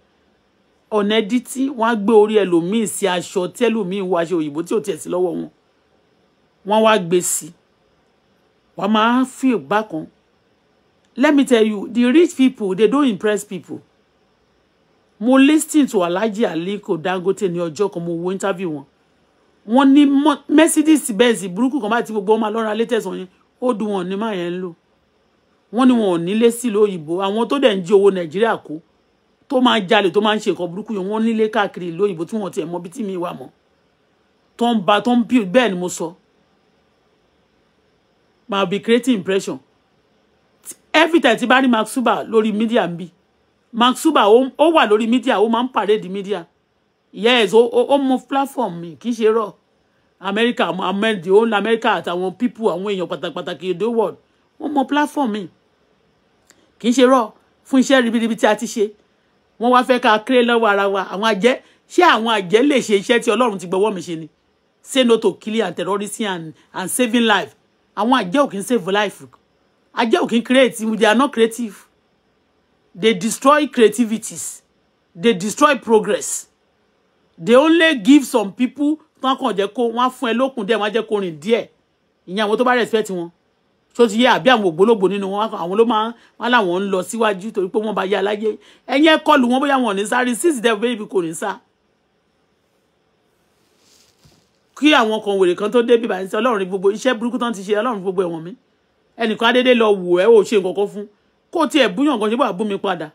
ọ̀nà edití wọ́n á gbé orí ẹlòmíì sí aṣọ tí ẹlòmíì wọ aṣọ òyìnbó tí ò tiẹ̀ sí lọ́wọ́ wọn wọ́n wá gbé sí wọ́n máa fi bákan let me tell you the rich people they don't impress people mo listen to Alhaji Aliko Dangote ní ọjọ́ kan mo wo interview wọn wọ́n ní Mercedes Benz burúkú kan bá ti gbogbo ọmọ lọ́ra latest wọn yẹn ó dùn wọn ní máa yẹn ń lò wọ́n ní wọn ò nílé sí lóyìnbó àwọn tó dẹ̀ ń jí owó Nàìjíríà kó tó máa jalè tó máa ń ṣe nǹkan burúkú yẹn wọ́n nílé káàkiri lóyìnbó tí wọ́n tiẹ̀ mọ bí tí mi wà mọ́ tó ń ba tó ń pì bẹ́ẹ̀ ni mo sọ ma be creating impression every time tí bá rí Mark Suba lórí mídíà ń bì Mark Suba ó wà lórí mídíà ó máa ń pàdé di mídíà yes ó ó mú platform mi kì í ṣe america amẹ́ndì ó ń la america àtàwọn people àwọn èèyàn pàtàkì the world wọ́n mọ platform mi kì í ṣe rọ fún iṣẹ́ ribiribi tí a ti ṣe wọ́n wá fẹ́ ká kéré lọ́wọ́ ara wa àwọn àjẹ́ ṣé àwọn àjẹ́ lè ṣe iṣẹ́ tí ọlọ́run ti gbọ́wọ́ mi ṣe ni say no to killing and terrorism and, and saving life àwọn àjẹ́ ò kí ń save life àjẹ́ ò kí ń create they are not creative they destroy creativities they destroy progress they only give some people tán kàn jẹ́ kó wọ́n á fún ẹ lókun díẹ̀ wọ́n á jẹ́ kó rìn díẹ̀ ìyẹn àwọn tó bá respect wọn tó ti yé àbí àwọn ògbólógbò nínú wọn àwọn ló máa wọn làwọn ń lọ síwájú torí pé wọ́n bá yá aláyé ẹ̀yìn ẹ̀ kọlù wọn bóyá wọn ò ní sáré six dev baby kò ní sá kí àwọn kan wèrè kan tó dé bíbá ní sẹ ọlọ́run ní gbogbo iṣẹ́ burúkú tán ti ṣe ọlọ́run gbogbo ẹ̀wọ̀n mi ẹnìkan adédé lọ wò ẹ́ ò ṣe nǹkan kan fún kó tiẹ̀ búyàn kan ṣe bó àbú mi padà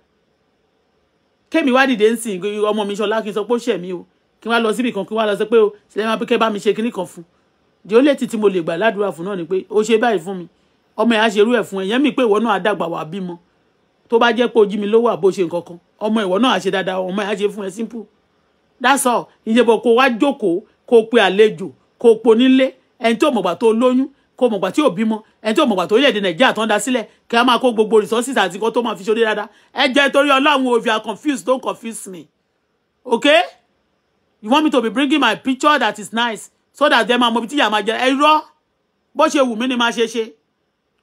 kémi wá dìde ń sìn ọmọ mi ṣọlá kí n sọ pé ó ṣẹ̀ mí o kí wọ́n lọ síbì kan kí wọ́n lọ sọ pé o sílẹ̀ máa pẹ́kẹ́ bá mi ṣe kinní kan fún di ó lè ti tí mo lè gbà ládùúrà fún náà ni pé o ṣe báyìí fún mi ọmọ ẹ̀ á ṣerú ẹ̀ fún ẹ yẹn mi pé ìwọ náà á dàgbà wà bímọ tó bá jẹ́ pé ojú mi ló wà ṣe nǹkan kan ọmọ ìwọ náà á ṣe dáadáa ọmọ ẹ̀ á ṣe fún ẹ simple that's all ìyẹ̀bọ̀ kó wá jókòó kó pe àlejò kó ponílé ẹni tó mọ̀gbà tó lóyún kó mọ̀gbà tí ò bímọ ẹni tó mọ̀gbà tó yẹ̀ nàìjíríà tó da sílẹ̀ kí a máa kó gbogbo resources àti nǹkan tó máa fi ṣorí dáadáa ẹ jẹ́ torí ọlọ́run òfin i confuse don't confuse me okay you want me to be bringing my picture that is nice so that them amobi tí ìyá máa jẹ ẹ̀rọ bó ṣe wù mí ni máa ṣe ṣe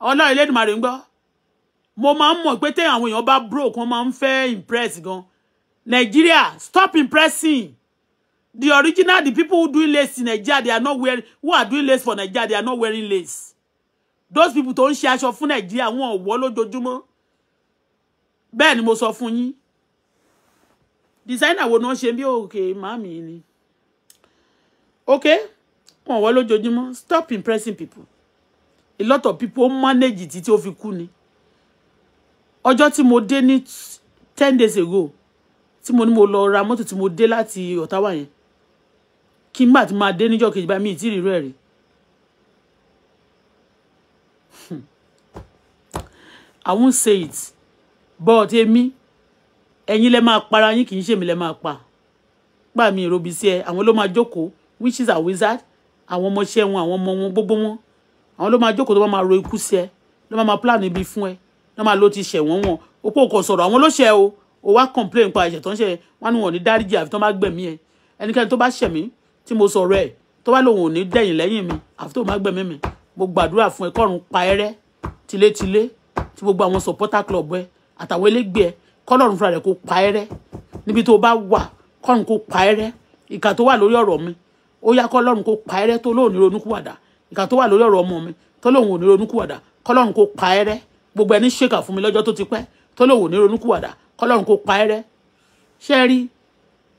ọlọ́run Elédùmarè ń gbọ́ mo máa ń mọ̀ pé téèyàn àwọn èèyàn broke wọ́n máa ń fẹ́ impress gan Nigeria stop impressing the original the people who do lace in Nigeria they are not wearing who are doing lace for Nigeria they are not wearing lace those people tó ń ṣe aṣọ fún Nigeria wọn ò wọ̀ lójoojúmọ́ bẹ́ẹ̀ ni mo sọ fún yín designer wo náà ṣe bí òkè màmí ni ok wọn wọ lójoojúmọ́ stop impressing people a lot of people ó manage títí ó fi kú ni ọjọ́ tí mo dé ní ten days ago tí mo ní mo lọ ra mọ́tò tí mo dé láti ọ̀táwà yẹn kí n gbà tí máa dé níjọ́ kejì báyìí mi ì tí ì rírọ́ ẹ̀ rí hmm. I won't say it but èmi ẹ̀yin lẹ máa para yín kì í ṣèmi lẹ máa pa gbà mí ìrobi sí ẹ àwọn ló máa jókòó witches are wizards àwọn ọmọọṣẹ́ wọn àwọn ọmọ wọn gbogbo wọn àwọn ló máa jókòó tó bá máa ro ikú sí ẹ ló máa máa plan ibi fún ẹ ló máa ló ti ṣẹ̀ wọ́n wọn o kò kò sọ̀rọ̀ àwọn ló ṣẹ̀ o o wá complain pa ẹ̀ṣẹ̀ tó ń ṣe wọn ni wọn ò ní dáríjì àfi tó bá gbẹ̀mí ẹ ẹnikẹ́ni tó bá ṣẹ̀ mí tí mo sọ̀rọ̀ ẹ̀ tó bá lòun ò ní dẹ̀yìn lẹ́yìn mi àfi tó bá gbẹ̀mí mi mo gbàdúrà fún ẹ kọ́run pa ẹrẹ́ tilétilé ti gbogbo àwọn supporter club ẹ àtàwọn elégbè ẹ kọ́lọ́run fúnra rẹ̀ kó pa ẹ́ rẹ́ níbi tó bá wà kọ́run kó pa ẹ́ rẹ́ ìkà tó wà lórí ọ̀rọ̀ mi ó yá kọ́lọ́run kó pa ẹ́ rẹ́ tó lóun ní ronúkúwàdà ìkà tó wà lórí ọ̀rọ̀ ọmọ mi tó lóun ò ní ronúkúwàdà kọ́lọ́run kó pa ẹ́ rẹ́ gbogbo ẹni ṣèkà fún mi lọ́jọ́ tó ti pẹ́ tó lóun ò ní ronúkúwàdà kọ́lọ́run kó pa ẹ́ rẹ́ ṣé rí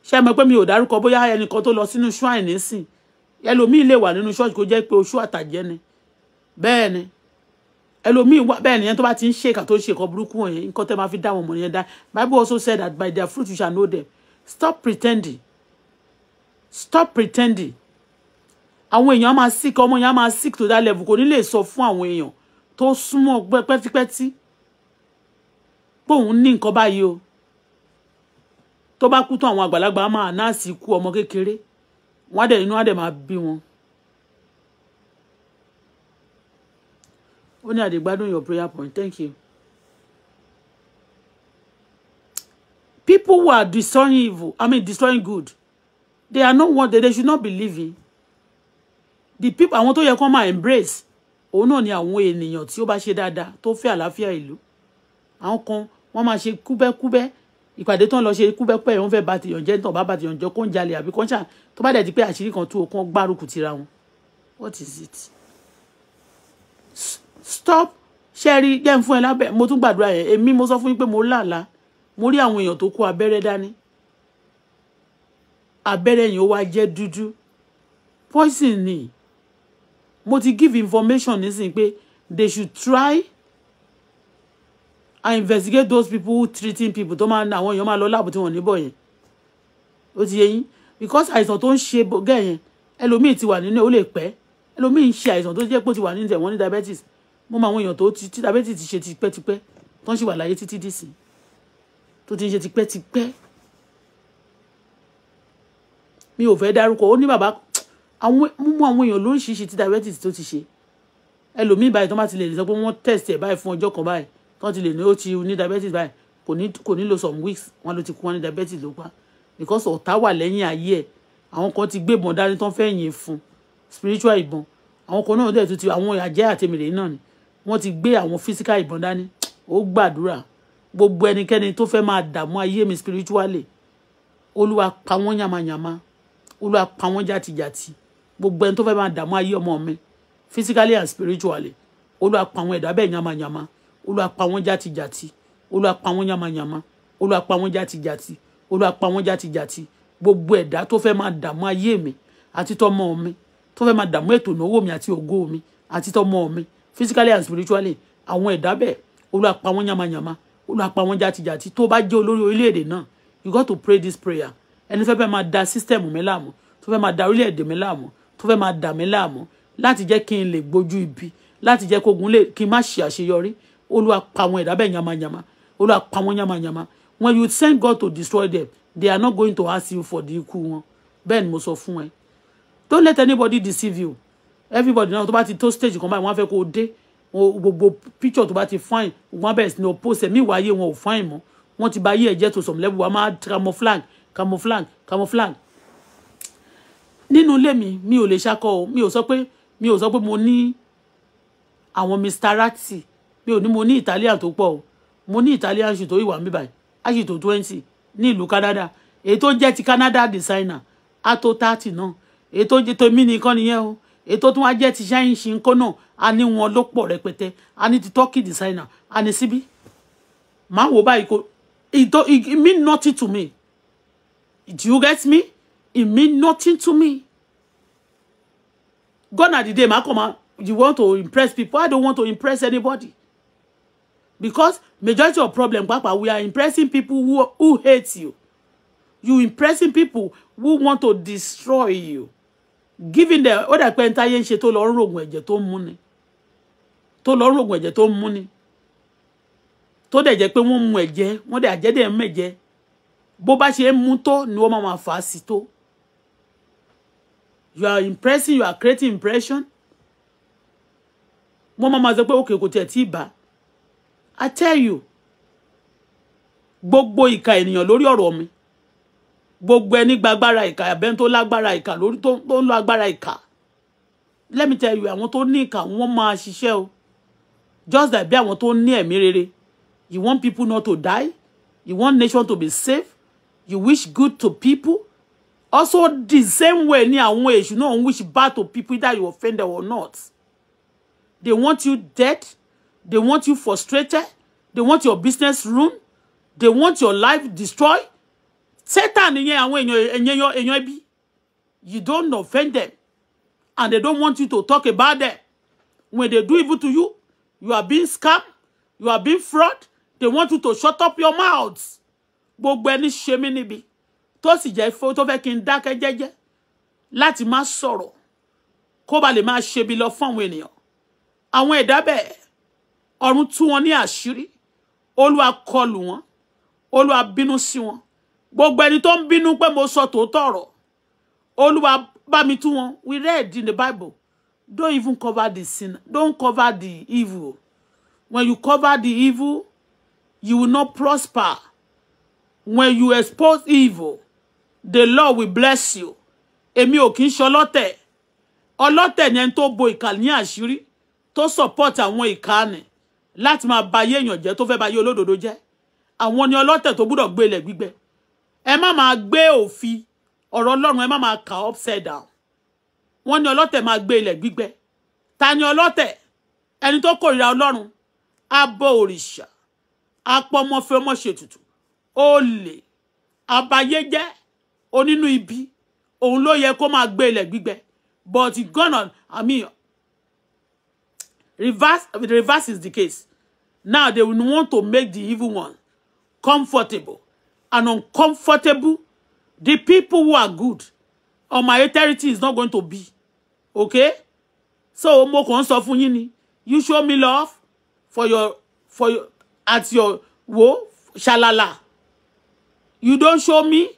ṣé mọ̀ pé mi ò dárúkọ bóyá ẹnìkan tó lọ sínú ṣúà ìnísìn ẹlòmíì lè wà nínú ṣọ́ọ̀ṣì ẹlòmíì wá bẹ́ẹ̀ nìyẹn tó bá ti ń ṣèkà tó ṣèkọ burúkú wọ̀nyẹn nǹkan tẹ́ máa fi dá àwọn ọmọ yẹn dá Bible also said that by their fruit you shall know them stop pretending stop pretending àwọn èèyàn máa sick ọmọ yẹn máa sick to that level kò ní lè sọ fún àwọn èèyàn tó súnmọ́ pẹ́tipẹ́ti pé òun ní nǹkan báyìí o tó bá kú tán àwọn àgbàlagbà máa náà sì kú ọmọ kékeré wọ́n á dẹ̀ inú á dẹ̀ máa bí wọn Only ó ní àdìgbádùn your prayer point thank you. people who are destroying evil i mean destroying good they are not wanted they should not be living the people àwọn tó yẹ come and embrace Oh no, ni àwọn ènìyàn tí ó bá ṣe Dada, tó fẹ́ àlàáfíà ìlú àwọn kan wọ́n máa ṣe kúbẹ́kúbẹ́ ìpàdé tó ń lọ ṣe kúbẹ́kúbẹ́ yẹn wọ́n fẹ́ ba tèèyàn jẹ́ tán bá ba tèèyàn jẹ́ kó ń jalè àbí kó ń to tó bá di pé àṣírí kan tú o kó ń gbárùkù tira what is it stop Sherry. jẹ́ ń fún ẹ lábẹ́ mo tún gbàdúrà yẹn èmi mo sọ fún yín pé mo làlá mo rí àwọn èèyàn tó kó abẹ́rẹ́ dání abẹ́rẹ́ yẹn ó wá jẹ́ dúdú poison ni mo ti give information nísìnyí pe. they should try and investigate those people who treating people tó máa ń àwọn ma máa lọ láàbù tí wọ́n níbọ̀ yẹn ó ti yé because àìsàn tó ń ṣe gẹ́ yẹn ẹlòmíì ti wà nínú ẹ̀ ó lè pẹ́ ẹlòmíì ń ṣe àìsàn tó jẹ́ pé ó ti wà nínú ẹ̀ wọ́n ní diabetes mo mọ àwọn èèyàn tó ti tí tàbí ti ti ṣe tipẹ́tipẹ́ tó ń ṣì wà láyé títí dìsìn tó ti ń ṣe tipẹ́tipẹ́ mi ò fẹ́ dárúkọ ó ní bàbá àwọn mú àwọn èèyàn lóríṣiríṣi tí diabetes tó ti ṣe ẹlòmíì báyìí tó bá ti lè sọ pé wọ́n test ẹ̀ báyìí fún ọjọ́ kan báyìí tó ti lè ní ó ti ní diabetes báyìí kò ní kò ní lo some weeks wọn ló ti kú wọn ní diabetes ló pa because ọ̀tá wà lẹ́yìn ayé ẹ̀ àwọn kan ti gbé dání tán fẹ́ yìn fún spiritual ìbọn àwọn kan náà dẹ̀ tún ti àwọn àjẹ́ àtẹ̀mìrè náà ni wọ́n ti gbé àwọn físíkà ìbọn dání ó gbàdúrà gbogbo ẹnikẹ́ni tó fẹ́ máa dààmú ayé mi spiritually olúwa pa wọ́n yàmàyàmà olúwa pa wọ́n jàtìjàtì gbogbo ẹni tó fẹ́ máa dààmú ayé ọmọ mi physically and spiritually olúwa pa wọ́n ẹ̀dá bẹ́ẹ̀ yàmàyàmà olúwa pa wọ́n jàtìjàtì olúwa pa wọ́n yàmàyàmà olúwa pa wọ́n jàtìjàtì olúwa pa wọ́n jàtìjàtì gbogbo ẹ̀dá tó fẹ́ máa dààmú ayé mi àti tọmọ mi tó fẹ́ máa dààmú ètò ìnáwó mi àti ògo mi àti tọmọ mi physically and spiritually àwọn ẹ̀dá bẹ́ẹ̀ Olúwa pa wọ́n yamayama Olúwa pa wọ́n játijàti tó bá jẹ́ olórí orílẹ̀-èdè náà you got to pray this prayer ẹni tó fẹ́ máa da system mi láàmú tó fẹ́ máa da orílẹ̀-èdè mi láàmú tó fẹ́ máa dà mí láàmú láti jẹ́ kí n lè gbójú ibi láti jẹ́ kógun lè kí n má ṣe àṣeyọrí Olúwa pa wọ́n ẹ̀dá bẹ́ẹ̀ yamayama Olúwa pa yamayama when you send God to destroy them they are not going to ask you for the ikú wọn bẹ́ẹ̀ ni mo sọ fún ẹ don't let anybody deceive you everybody now, tó bá ti tó stage kan báyìí wọ́n á fẹ́ kó o dé gbogbo picture tó bá ti fine wọ́n á bẹ̀rẹ̀ sí ní post ẹ̀mí ìwáyé wọn ò fine mọ́ wọ́n ti ba ayé ẹ̀jẹ̀ tó some level wa máa camouflage camouflage camouflage. nínú ilé mi mi ò lè ṣakọ o mi ò sọ pé mi ò sọ pé mo ní àwọn Mr Ratty mi ò ní mo ní Italian tó pọ̀ o mo ní Italian ṣì tó ìwà mi báyìí aṣì twenty ní ìlú Canada èyí tó jẹ́ ti Canada designer Ato tó thirty náà èyí tó jẹ́ tèmi nìkan nìyẹn o ètò tí wọ́n á ti ṣáyìn ṣe ń kó náà a ní wọn ló pọ̀ rẹpẹtẹ a ní ti turkey designer a ní síbí máa wò báyìí kò it mean nothing to me do you get me it mean nothing to me gonna the day ma kọ́ máa you want to impress people i don't want to impress anybody because majority of problem papa we are impressing people who who hate you you impressing people who want to destroy you giving the ó dà pé ẹni táyé ń ṣe tó lọ ń rògùn ẹ̀jẹ̀ tó ń mú ni tó lọ ń rògùn ẹ̀jẹ̀ tó ń mú ni tó dẹ̀ jẹ́ pé wọ́n mu ẹ̀jẹ̀ wọ́n dẹ̀ àjẹ́dẹ̀ ń mẹ̀jẹ̀ bó bá ṣe ń mú ni wọ́n máa fà á sí tó you are impressing you are creating impression wọ́n máa ma sọ pé òkè kò tiẹ̀ tí ì bá I tell you gbogbo ìka ènìyàn lórí ọ̀rọ̀ mi gbogbo ẹni gbàgbára ìkà àbẹ́ni tó lágbára ìkà lórí tó ń lo agbára ìkà let me tell you àwọn tó ní ìkà wọ́n máa ṣiṣẹ́ o just like bí àwọn tó ní ẹ̀mí rere you want people not to die you want nation to be safe you wish good to people also the same way ni àwọn èṣù náà ń wish bad to people either you offend them or not they want you dead they want you frustrated they want your business ruined they want your life destroyed Satan yẹn àwọn èèyàn èèyàn èèyàn ẹbí you don't offend them and they don't want you to talk about them when they do evil to you you are being scam you are being fraud they want you to shut up your mouth gbogbo ẹni ṣe mí níbi tó sì jẹ́ fún tó fẹ́ kí n dákẹ́ jẹ́jẹ́ láti má sọ̀rọ̀ kó ba lè máa ṣebi lọ fún àwọn ènìyàn àwọn ẹ̀dá bẹ́ẹ̀ ọ̀run tú wọn ní àṣírí olúwa kọlù wọn olúwa bínú sí wọn gbogbo ẹni tó ń bínú pé mo sọ tòótọ́ ọ̀rọ̀ olúwa bá mi tú wọn we read in the bible don't even cover the sin don't cover the evil when you cover the evil you will not prosper when you expose evil the lord will bless you èmi ò kì í ṣe ọlọ́tẹ̀ ọlọ́tẹ̀ ni ẹni tó bo ìkà ní àṣírí tó support àwọn ìkànnì láti máa ba ayé èèyàn jẹ́ tó fẹ́ ba ayé olódodo jẹ́ àwọn ni ọlọ́tẹ̀ tó gbúdọ̀ gbé ilẹ̀ gbígbẹ ẹ má máa gbé òfin ọ̀rọ̀ ọlọ́run ẹ má máa kà upside down wọ́n ní ọlọ́tẹ̀ máa gbé ilẹ̀ gbígbẹ ta ni ọlọ́tẹ̀ ẹni tó kórìíra ọlọ́run abọ òrìṣà apọmọfẹ ọmọ ṣètùtù olè abayéjẹ́ onínú ibi òun ló yẹ kó máa gbé ilẹ̀ gbígbẹ but I mean, reverse reverse is the case now they will want to make the evil one comfortable and uncomfortable, the people who are good on my authority is not going to be. Okay? So mo kàn sọ fún yín ni, you show me love for your for your at your wo shalala. You don't show me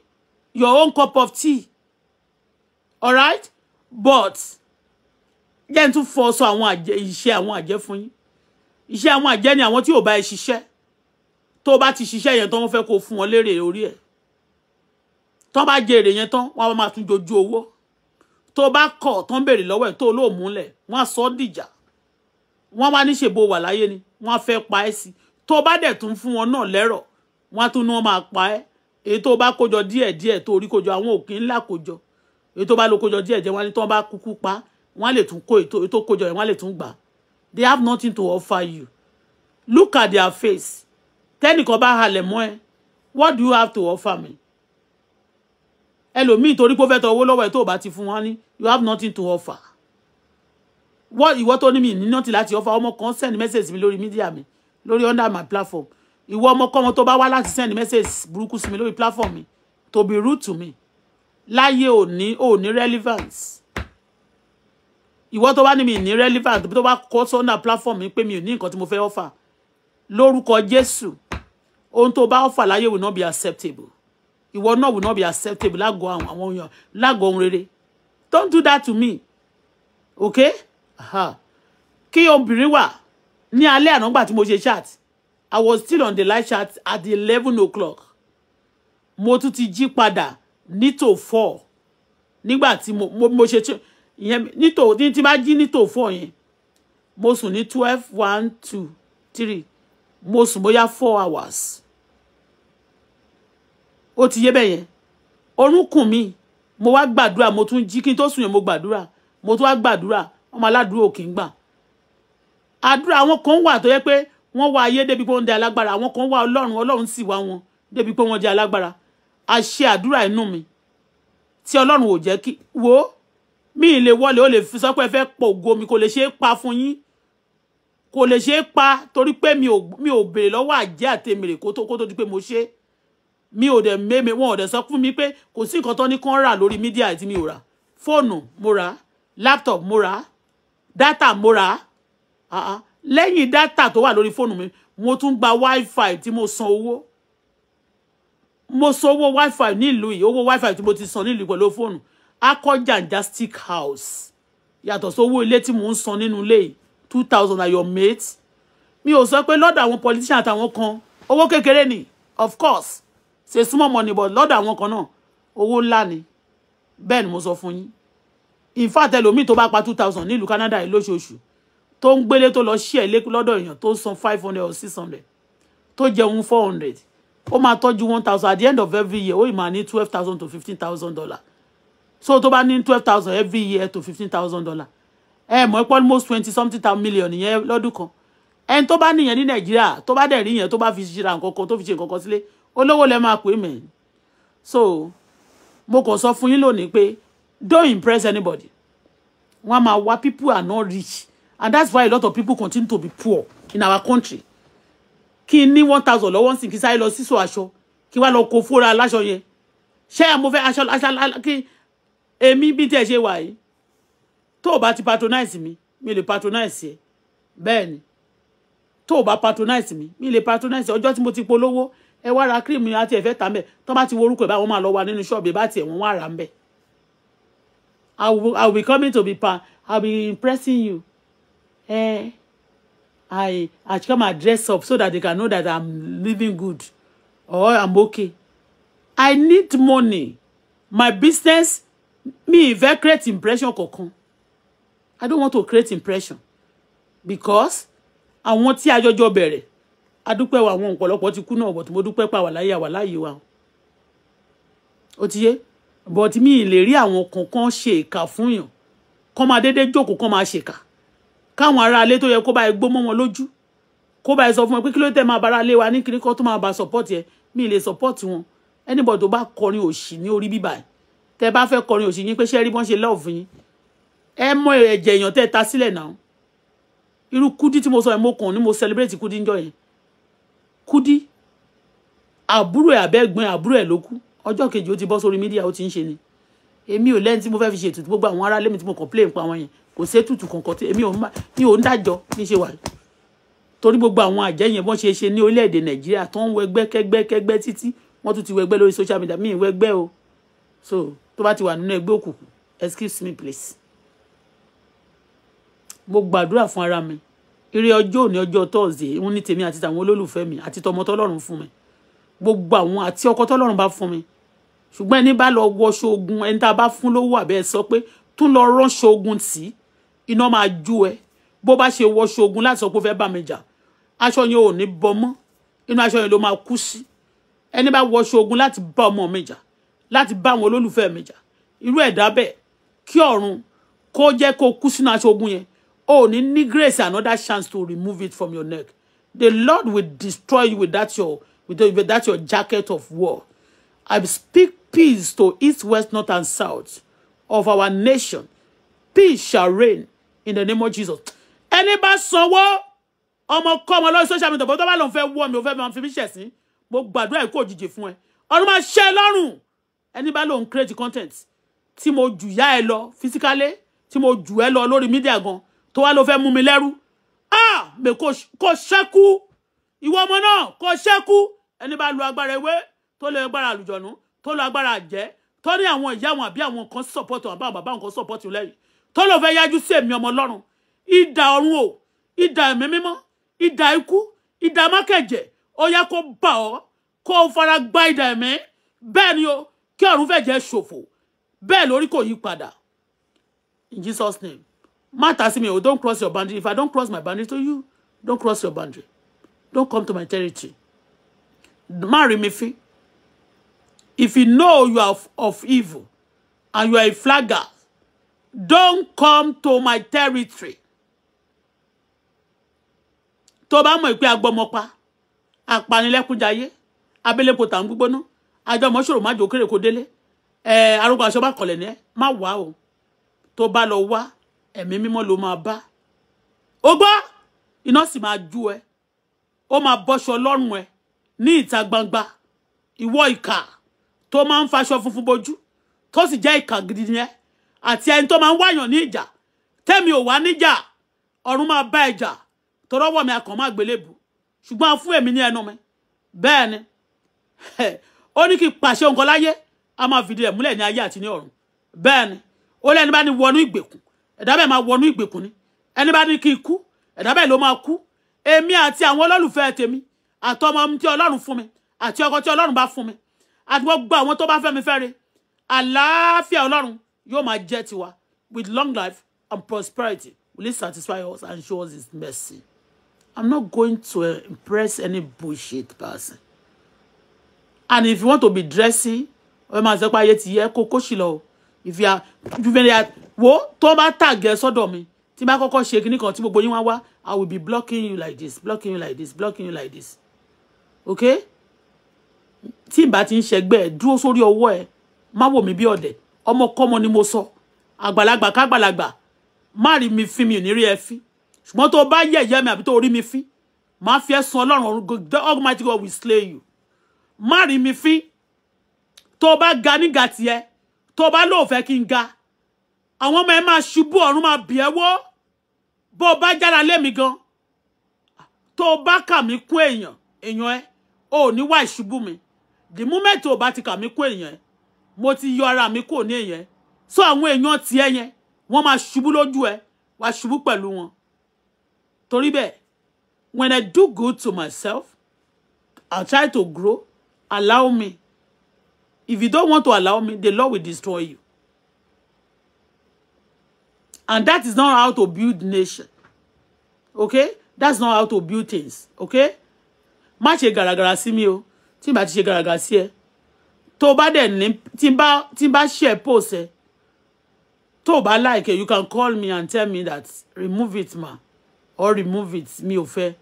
your own cup of tea. All right? But jẹ́ n tún fọ sọ àwọn àjẹ́ iṣẹ́ àwọn àjẹ́ fún yín. Iṣẹ́ àwọn àjẹ́ ni àwọn tí ò bá ẹ tó bá ti ṣiṣẹ́ yẹn tán wọ́n fẹ́ kó fún wọn lérè orí ẹ̀ tán bá jẹ yẹn tán wọ́n á máa tún jojú owó tó bá kọ̀ tán béèrè lọ́wọ́ ẹ̀ tó olóòmúlẹ̀ wọ́n á sọ dìjà wọ́n wá ní ṣèbó wà láyé ni wọ́n á fẹ́ pa ẹ́ sí tó bá dẹ̀ tún fún wọn náà lẹ́rọ̀ wọ́n á tún ní wọ́n máa pa ẹ́ èyí tó bá kójọ díẹ̀ díẹ̀ tó rí kójọ àwọn òkè ńlá kójọ èyí tó bá lo kójọ díẹ̀ díẹ̀ wọ́n á ní tán bá kúkú pa wọ́n á lè tún kó èyí tó kójọ yẹn wọ́n á lè tún gbà they have nothing to offer you look at their face tẹ́nìkan bá halẹ̀ mọ́ ẹ what do you have to offer me ẹlòmíì torí pé ó fẹ́ tọ owó lọ́wọ́ ẹ tó o bá ti fún wọn ní you have nothing to offer wọ́n ìwọ tó ní mi ní nothing láti offer ọmọ kan send message mi lórí media mi lórí under my platform ìwọ ọmọkọ́mọ tó bá wá láti send message burúkú sí mi lórí platform mi to be rude to me láyé òní òní relevance ìwọ tó bá ní mi ní relevant tó bá kọ sọ́nà platform mi pé mi ò ní nǹkan tí mo fẹ́ offer lórúkọ Jésù ohun tó bá ọ̀fà láyé will not be acceptable ìwọ náà will not be acceptable lágọ̀ọ́ àwọn àwọn èèyàn lágọ̀ọ́ ohun rere don't do that to me okay uh-huh. kí obìnrin wà ní alẹ́ àná gbà tí mo ṣe chat I was still on the live chat at eleven o'clock mo tún ti jí padà nítò four nígbà tí mo mo ṣe ìyẹn nítò ní tí bá jí nítò four yẹn mo sùn ní twelve one two three mo sùn bóyá four hours ó ti yé bẹ́yẹn orúnkún mi mo wá gbàdúrà mo tún jí kí n tó sùn yẹn mo gbàdúrà mo tún wá gbàdúrà ọmọ aládùúgbò kì í gbà àdúrà àwọn kan wà tó yẹ pé wọ́n wá ayé débi pé wọ́n di alágbára àwọn kan wá ọlọ́run ọlọ́run sì wá wọn débi pé wọ́n di alágbára àṣẹ àdúrà inú mi tí ọlọ́run ò jẹ́ kí wo mi ì lè wọlé ó lè fi sọ pé ẹ fẹ́ pọ̀ mi kò lè ṣe é pa fún yín kò lè ṣe é pa torí pé mi ò béèrè lọ́wọ́ àjẹ́ àtẹ̀mèrè kó tó kó tó di pé mo ṣe é mi ò dẹ̀ mẹ́mẹ́ wọn ò dẹ̀ sọ fún mi pé kò sí nǹkan tó ní kán rà lórí mídíà tí mi ò rà fóònù mo rà láptọ̀p mo rà dátà mo rà lẹ́yìn dátà tó wà lórí fóònù mi mo tún gba wifi tí mo san owó mo san owó wifi nílùú yìí owó wifi tí mo ti san nílùú pẹ̀lú fóònù akọ́jàǹjà stick house yàtọ̀ sówó ilé tí mo ń san nínú ilé yìí two thousand are your mates mi ò sọ pé lọ́dọ̀ àwọn politician àtàwọn kan owó kékeré ni of course ṣe small money but Lord àwọn kan náà owó ńlá ni bẹ́ẹ̀ mo sọ fún yín in fact ẹlòmíì tó bá pa two thousand nílùú Canada yìí lóṣooṣù tó ń gbélé tó lọ ṣí ẹ̀ lọ́dọ̀ èèyàn tó san five hundred or six hundred tó jẹun four hundred ó máa tọ́jú one thousand at the end of every year ó ì máa ní twelve thousand to fifteen thousand dollar so to bá ní twelve thousand every year to fifteen thousand dollar ẹ mọ̀ pé most twenty something thousand million yẹn lọ́dún kan ẹni tó bá níyẹn ní nàìjíríà tó bá dẹ̀ rí yẹn tó bá fi ṣe ra nǹkan kan tó fi ṣe nǹkan kan sílé olówó lẹ máa pè mẹ́rin so mo kàn sọ fún yín lónìí pé don't impress anybody wọn máa wá people are not rich and that's why a lot of people continue to be poor in our country kí n ní one thousand lọ́wọ́ sí kí sáré lọ sísọ aṣọ kí wá lọ kó fóra aláṣọ yẹn ṣé mo fẹ́ aṣọ aṣọ kí èmi bí tẹ̀ ṣe wà yìí tó o ti patronize mi mi lè patronize ẹ bẹ́ẹ̀ ni tó patronize mi mi lè patronize ọjọ́ tí mo ti polówó ẹ wá ra cream ni àti ẹ̀fẹ́ ta mẹ́ tó bá ti wo orúkọ ẹ̀ bá wọn máa lọ wa nínú ṣọ́ọ̀bù bá tiẹ̀ wọ́n wá ra mẹ́ I will, I will be coming to be pa I will be impressing you eh, I, I come and dress up so that they can know that I'm living good or I'm okay I need money my business mi ìfẹ́ create impression kankan I don't want to create impression because àwọn tí ajọjọ bẹ̀rẹ̀ adúpẹ́ wa àwọn ọ̀pọ̀lọpọ̀ ti kú náà but mo dúpẹ́ pa wà láyé àwà láyé wa ó ti yé but mi ì lè rí àwọn kankan ṣe ìkà fún yàn kọ́ máa dédé jókòó kọ́ máa ṣèkà káwọn ará ilé tó yẹ kó bá ẹ gbó mọ́ wọn lójú kó bá ẹ sọ fún ẹ pé kí ló tẹ̀ máa bára ilé wa ní kiri kan tó máa bá support ẹ mi ì lè support wọn anybody tó bá kọrin òṣì ní orí bíbá ẹ tẹ bá fẹ́ kọrin òṣì yín pé ṣé rí bọ́n ṣe love yín ẹ mọ ẹ̀jẹ̀ èèyàn tẹ́ ta sílẹ̀ náà irú kúdí tí mo sọ yẹn mo kàn ní mo celebrate kúdí níjọ́ yẹn kúdí àbúrò ẹ̀ àbẹ́gbọ́n àbúrò ẹ̀ ló kú ọjọ́ kejì ó ti bọ́ sórí mídíà ó ti ń ṣe ni èmi ò lẹ́ni tí mo fẹ́ fi ṣètùtù gbogbo àwọn aráalé mi tí mo complain pa wọn yẹn kò sétùtù kankan tí èmi ò ń dájọ́ ní ṣe wà torí gbogbo àwọn àjẹ́ yẹn bọ́n ṣe ṣe ní orílẹ̀-èdè nàìjíríà tó ń wẹgbẹ́ kẹgbẹ́ kẹgbẹ́ títí wọ́n tún ti wẹgbẹ́ lórí social media mi wẹgbẹ́ o so tó bá ti wà nínú ẹgbẹ́ òkùnkùn excuse me please mo gbàdúrà fún ara mi ire ọjọ́ òní ọjọ́ tọ́ọ̀sì ń ní tèmi àti tàwọn olólùfẹ́ mi àti tọmọ tọ́lọ́run fún mi gbogbo àwọn àti ọkọ tọ́lọ́run bá fún mi ṣùgbọ́n ẹni bá lọ wọṣọ ogun ẹni tá a bá fún lówó àbẹ́ sọ pé tún lọ ránṣọ ogun tì í iná máa ju ẹ bó bá ṣe wọṣọ ogun láti sọ pé ó fẹ́ bá mi jà aṣọ yẹn ò ní bọ mọ́ inú aṣọ yẹn ló máa kú sí ẹni bá wọṣọ ogun láti bá ọmọ mi jà láti bá àwọn olólùfẹ́ mi jà irú ẹ̀dá bẹ́ẹ̀ kí ọ̀run kó jẹ́ kó kú sínú aṣọ yẹn Oh, ní ní grace another chance to remove it from your neck the lord will destroy you with that your with, the, with that your jacket of war i speak peace to east west north and south of our nation peace shall reign in the name of jesus Anybody bá sanwó ọmọ kọ́ ọmọ lórí social media bọ́tọ́ bá lòun fẹ́ wọ́ mi ò fẹ́ máa fi mí ṣẹ̀sín mo gbàdúrà ikú òjijì fún ẹ ọdún máa ṣe lọ́rùn ẹni create content tí mo jù yá ẹ physically tí mo jù ẹ lọ lórí media gan To wá ló fẹ́ mú mi lẹ́rú ah mẹ kò ṣẹ́kù ìwọ ọmọ náà kò ṣẹ́kù ẹni bá lu agbára ewé tó lo agbára àlùjọ̀nù to lo agbára àjẹ́ tó ní àwọn ìyá àwọn àbí àwọn kan support àwọn báwọn bàbá àwọn kan support lẹ́yìn tó lọ fẹ́ yájú sí èmi ọmọ ọlọ́run idà ọ̀run o idà ẹ̀mí mímọ́ idà ikú idà mákẹ̀jẹ̀ ó yá kó bà ọ́ kó o fara gba idà ẹ̀mí bẹ́ẹ̀ ni o kí ọ̀run fẹ̀jẹ̀ ṣòfò bẹ́ẹ̀ lórí kò yí padà in Jesus name Matter see me, oh, don't cross your boundary. If I don't cross my boundary to you, don't cross your boundary. Don't come to my territory. Marry me, If you know you are of, evil and you are a flagger, don't come to my territory. Toba mo mọ̀ pé agbọ́mọpa, apanilẹ́kúnjayé, abẹ́lẹ́po tà ń gbígbóná, ajọmọ́ṣòro májò kéré kò délé, ẹ̀ẹ́d arúgbó aṣọ bá kọ̀lẹ̀ ní ẹ́, má wá o. Tó bá lọ wá, ẹ̀mí mímọ́ ló máa bá ó gbọ́ iná sì máa ju ẹ ó máa bọ́ṣọ lọ́rùn ẹ ní ìta gbangba ìwọ ìkà tó máa ń faṣọ funfun bojú tó sì jẹ́ ìkà gidi yẹn àti ẹni tó máa ń wáyàn ní ìjà tẹ́mi ò wá níjà ọ̀run máa bá tọ́rọ́wọ́ mi akàn máa gbélébù ṣùgbọ́n a fún èmi ní ẹnu mi bẹ́ẹ̀ ni ó ní kí n pàṣẹ nǹkan láyé a máa fìdí ẹ̀ múlẹ̀ ní ayé àti ẹ̀dá máa wọnú ìgbèkùn ni ẹni bá ní kí n kú ẹ̀dá ló máa kú èmi àti àwọn olólùfẹ́ tèmi àtọmọ tí ọlọ́run fún mi àti ọkọ tí ọlọ́run bá fún mi àti gbogbo àwọn tó bá fẹ́ mi fẹ́re àlàáfíà ọlọ́run yóò máa jẹ́ tiwa with long life and prosperity will he satisfy us and show us his mercy i'm not going to impress any bullshit person and if you want to be dressy ọ̀rẹ́ máa sọ pé ayé ti yẹ kó kó ṣì o if you are you are, have wo tó bá tag ẹ sọ́dọ̀ mi tí bá kọ́kọ́ ṣe kinní kan tí gbogbo yín wá wá i will be blocking you like this blocking you like this blocking you like this okay tí ìbá ti ń ṣẹgbẹ́ ẹ dúró sórí ọwọ́ ẹ má wò mí bí ọ̀dẹ̀ ọmọkọ́mọ ni mo sọ àgbàlagbà kágbàlagbà má rí mi fín mi ò ní rí ẹ fín ṣùgbọ́n tó bá yẹ̀yẹ́ mi àbí tó rí mi fín máa fi ẹ́ sun ọlọ́run the almighty god will slay you má rí mi fín tó bá ga nígbà tiẹ̀ tó bá lóò fẹ́ kí n ga àwọn ọmọ ẹ máa ṣubú ọ̀run máa bì ẹ́ wó bó o bá jára lé gan tó o bá kà mí kún èèyàn èèyàn ẹ o ò ní wá ìṣubú mi the moment o bá ti kà mí kún èèyàn ẹ mo ti yọ ara mi kò ní èèyàn ẹ so àwọn èèyàn tiẹ̀ yẹn wọ́n máa ṣubú lójú ẹ wá ṣubú pẹ̀lú wọn torí bẹ́ẹ̀ when I do good to myself I try to grow allow me If you don't want to allow me, the Lord will destroy you. And that is not how to build nation. Okay? That's not how to build things. Okay? Má ṣe gàràgàrà sí mi o. timba n bá ti ṣe gàràgàrà sí ẹ. Tó bá share post ẹ. Toba like ẹ, you can call me and tell me that remove it ma or remove it mi o fe.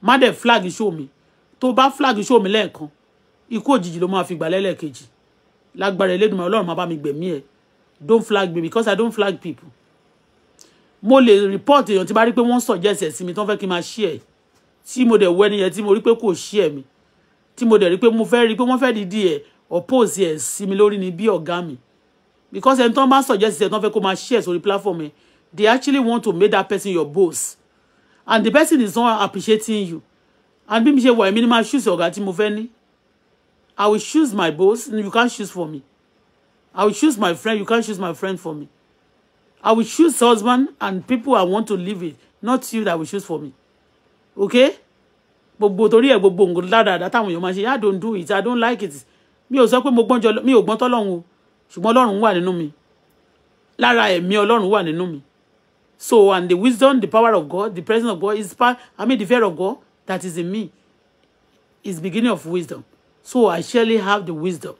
Má dẹ̀ flag show me. Toba flag show mi lẹ́ẹ̀kan. Ikú òjijì ló máa fi gbà lẹ́lẹ́kejì lágbára Elédùmarè Ọlọ́run máa bá mi gbẹ̀mí ẹ̀ don't flag me because I don't flag people mo lè report èèyàn tí bá rí pé wọ́n suggest ẹ̀ sí mi tí wọ́n fẹ́ kí n máa share tí mo dẹ̀ wọ ẹniyẹn tí mo rí pé kò share mi tí mo dẹ̀ rí pé mo fẹ́ rí pé wọ́n fẹ́ dìdí ẹ̀ oppose ẹ̀ sí mi lórí ni bí ọ̀gá mi because ẹni tó ń bá suggest ẹ̀ tó ń fẹ́ kó máa share sórí platform ẹ̀ they actually want to make that person your boss and the person is not appreciating you and bí mi ṣe wà èmi ni máa choose ọ̀gá tí mo fẹ́ ní I will choose my boss. You can't choose for me. I will choose my friend. You can't choose my friend for me. I will choose husband and people I want to live with. Not you that will choose for me. Okay? But torí ẹ̀ gbogbo nǹkan ládàá táwọn èèyàn máa I don't do it. I don't like it. Mi ò sọ pé mo gbọ́njọ mi ò gbọ́n tọ́lọ́run o. Ṣùgbọ́n Ọlọ́run wà nínú mi. Lára ẹ̀mí Ọlọ́run wà nínú mi. So and the wisdom, the power of God, the presence of God is part, I mean the fear of God that is in me is beginning of wisdom so I surely have the wisdom.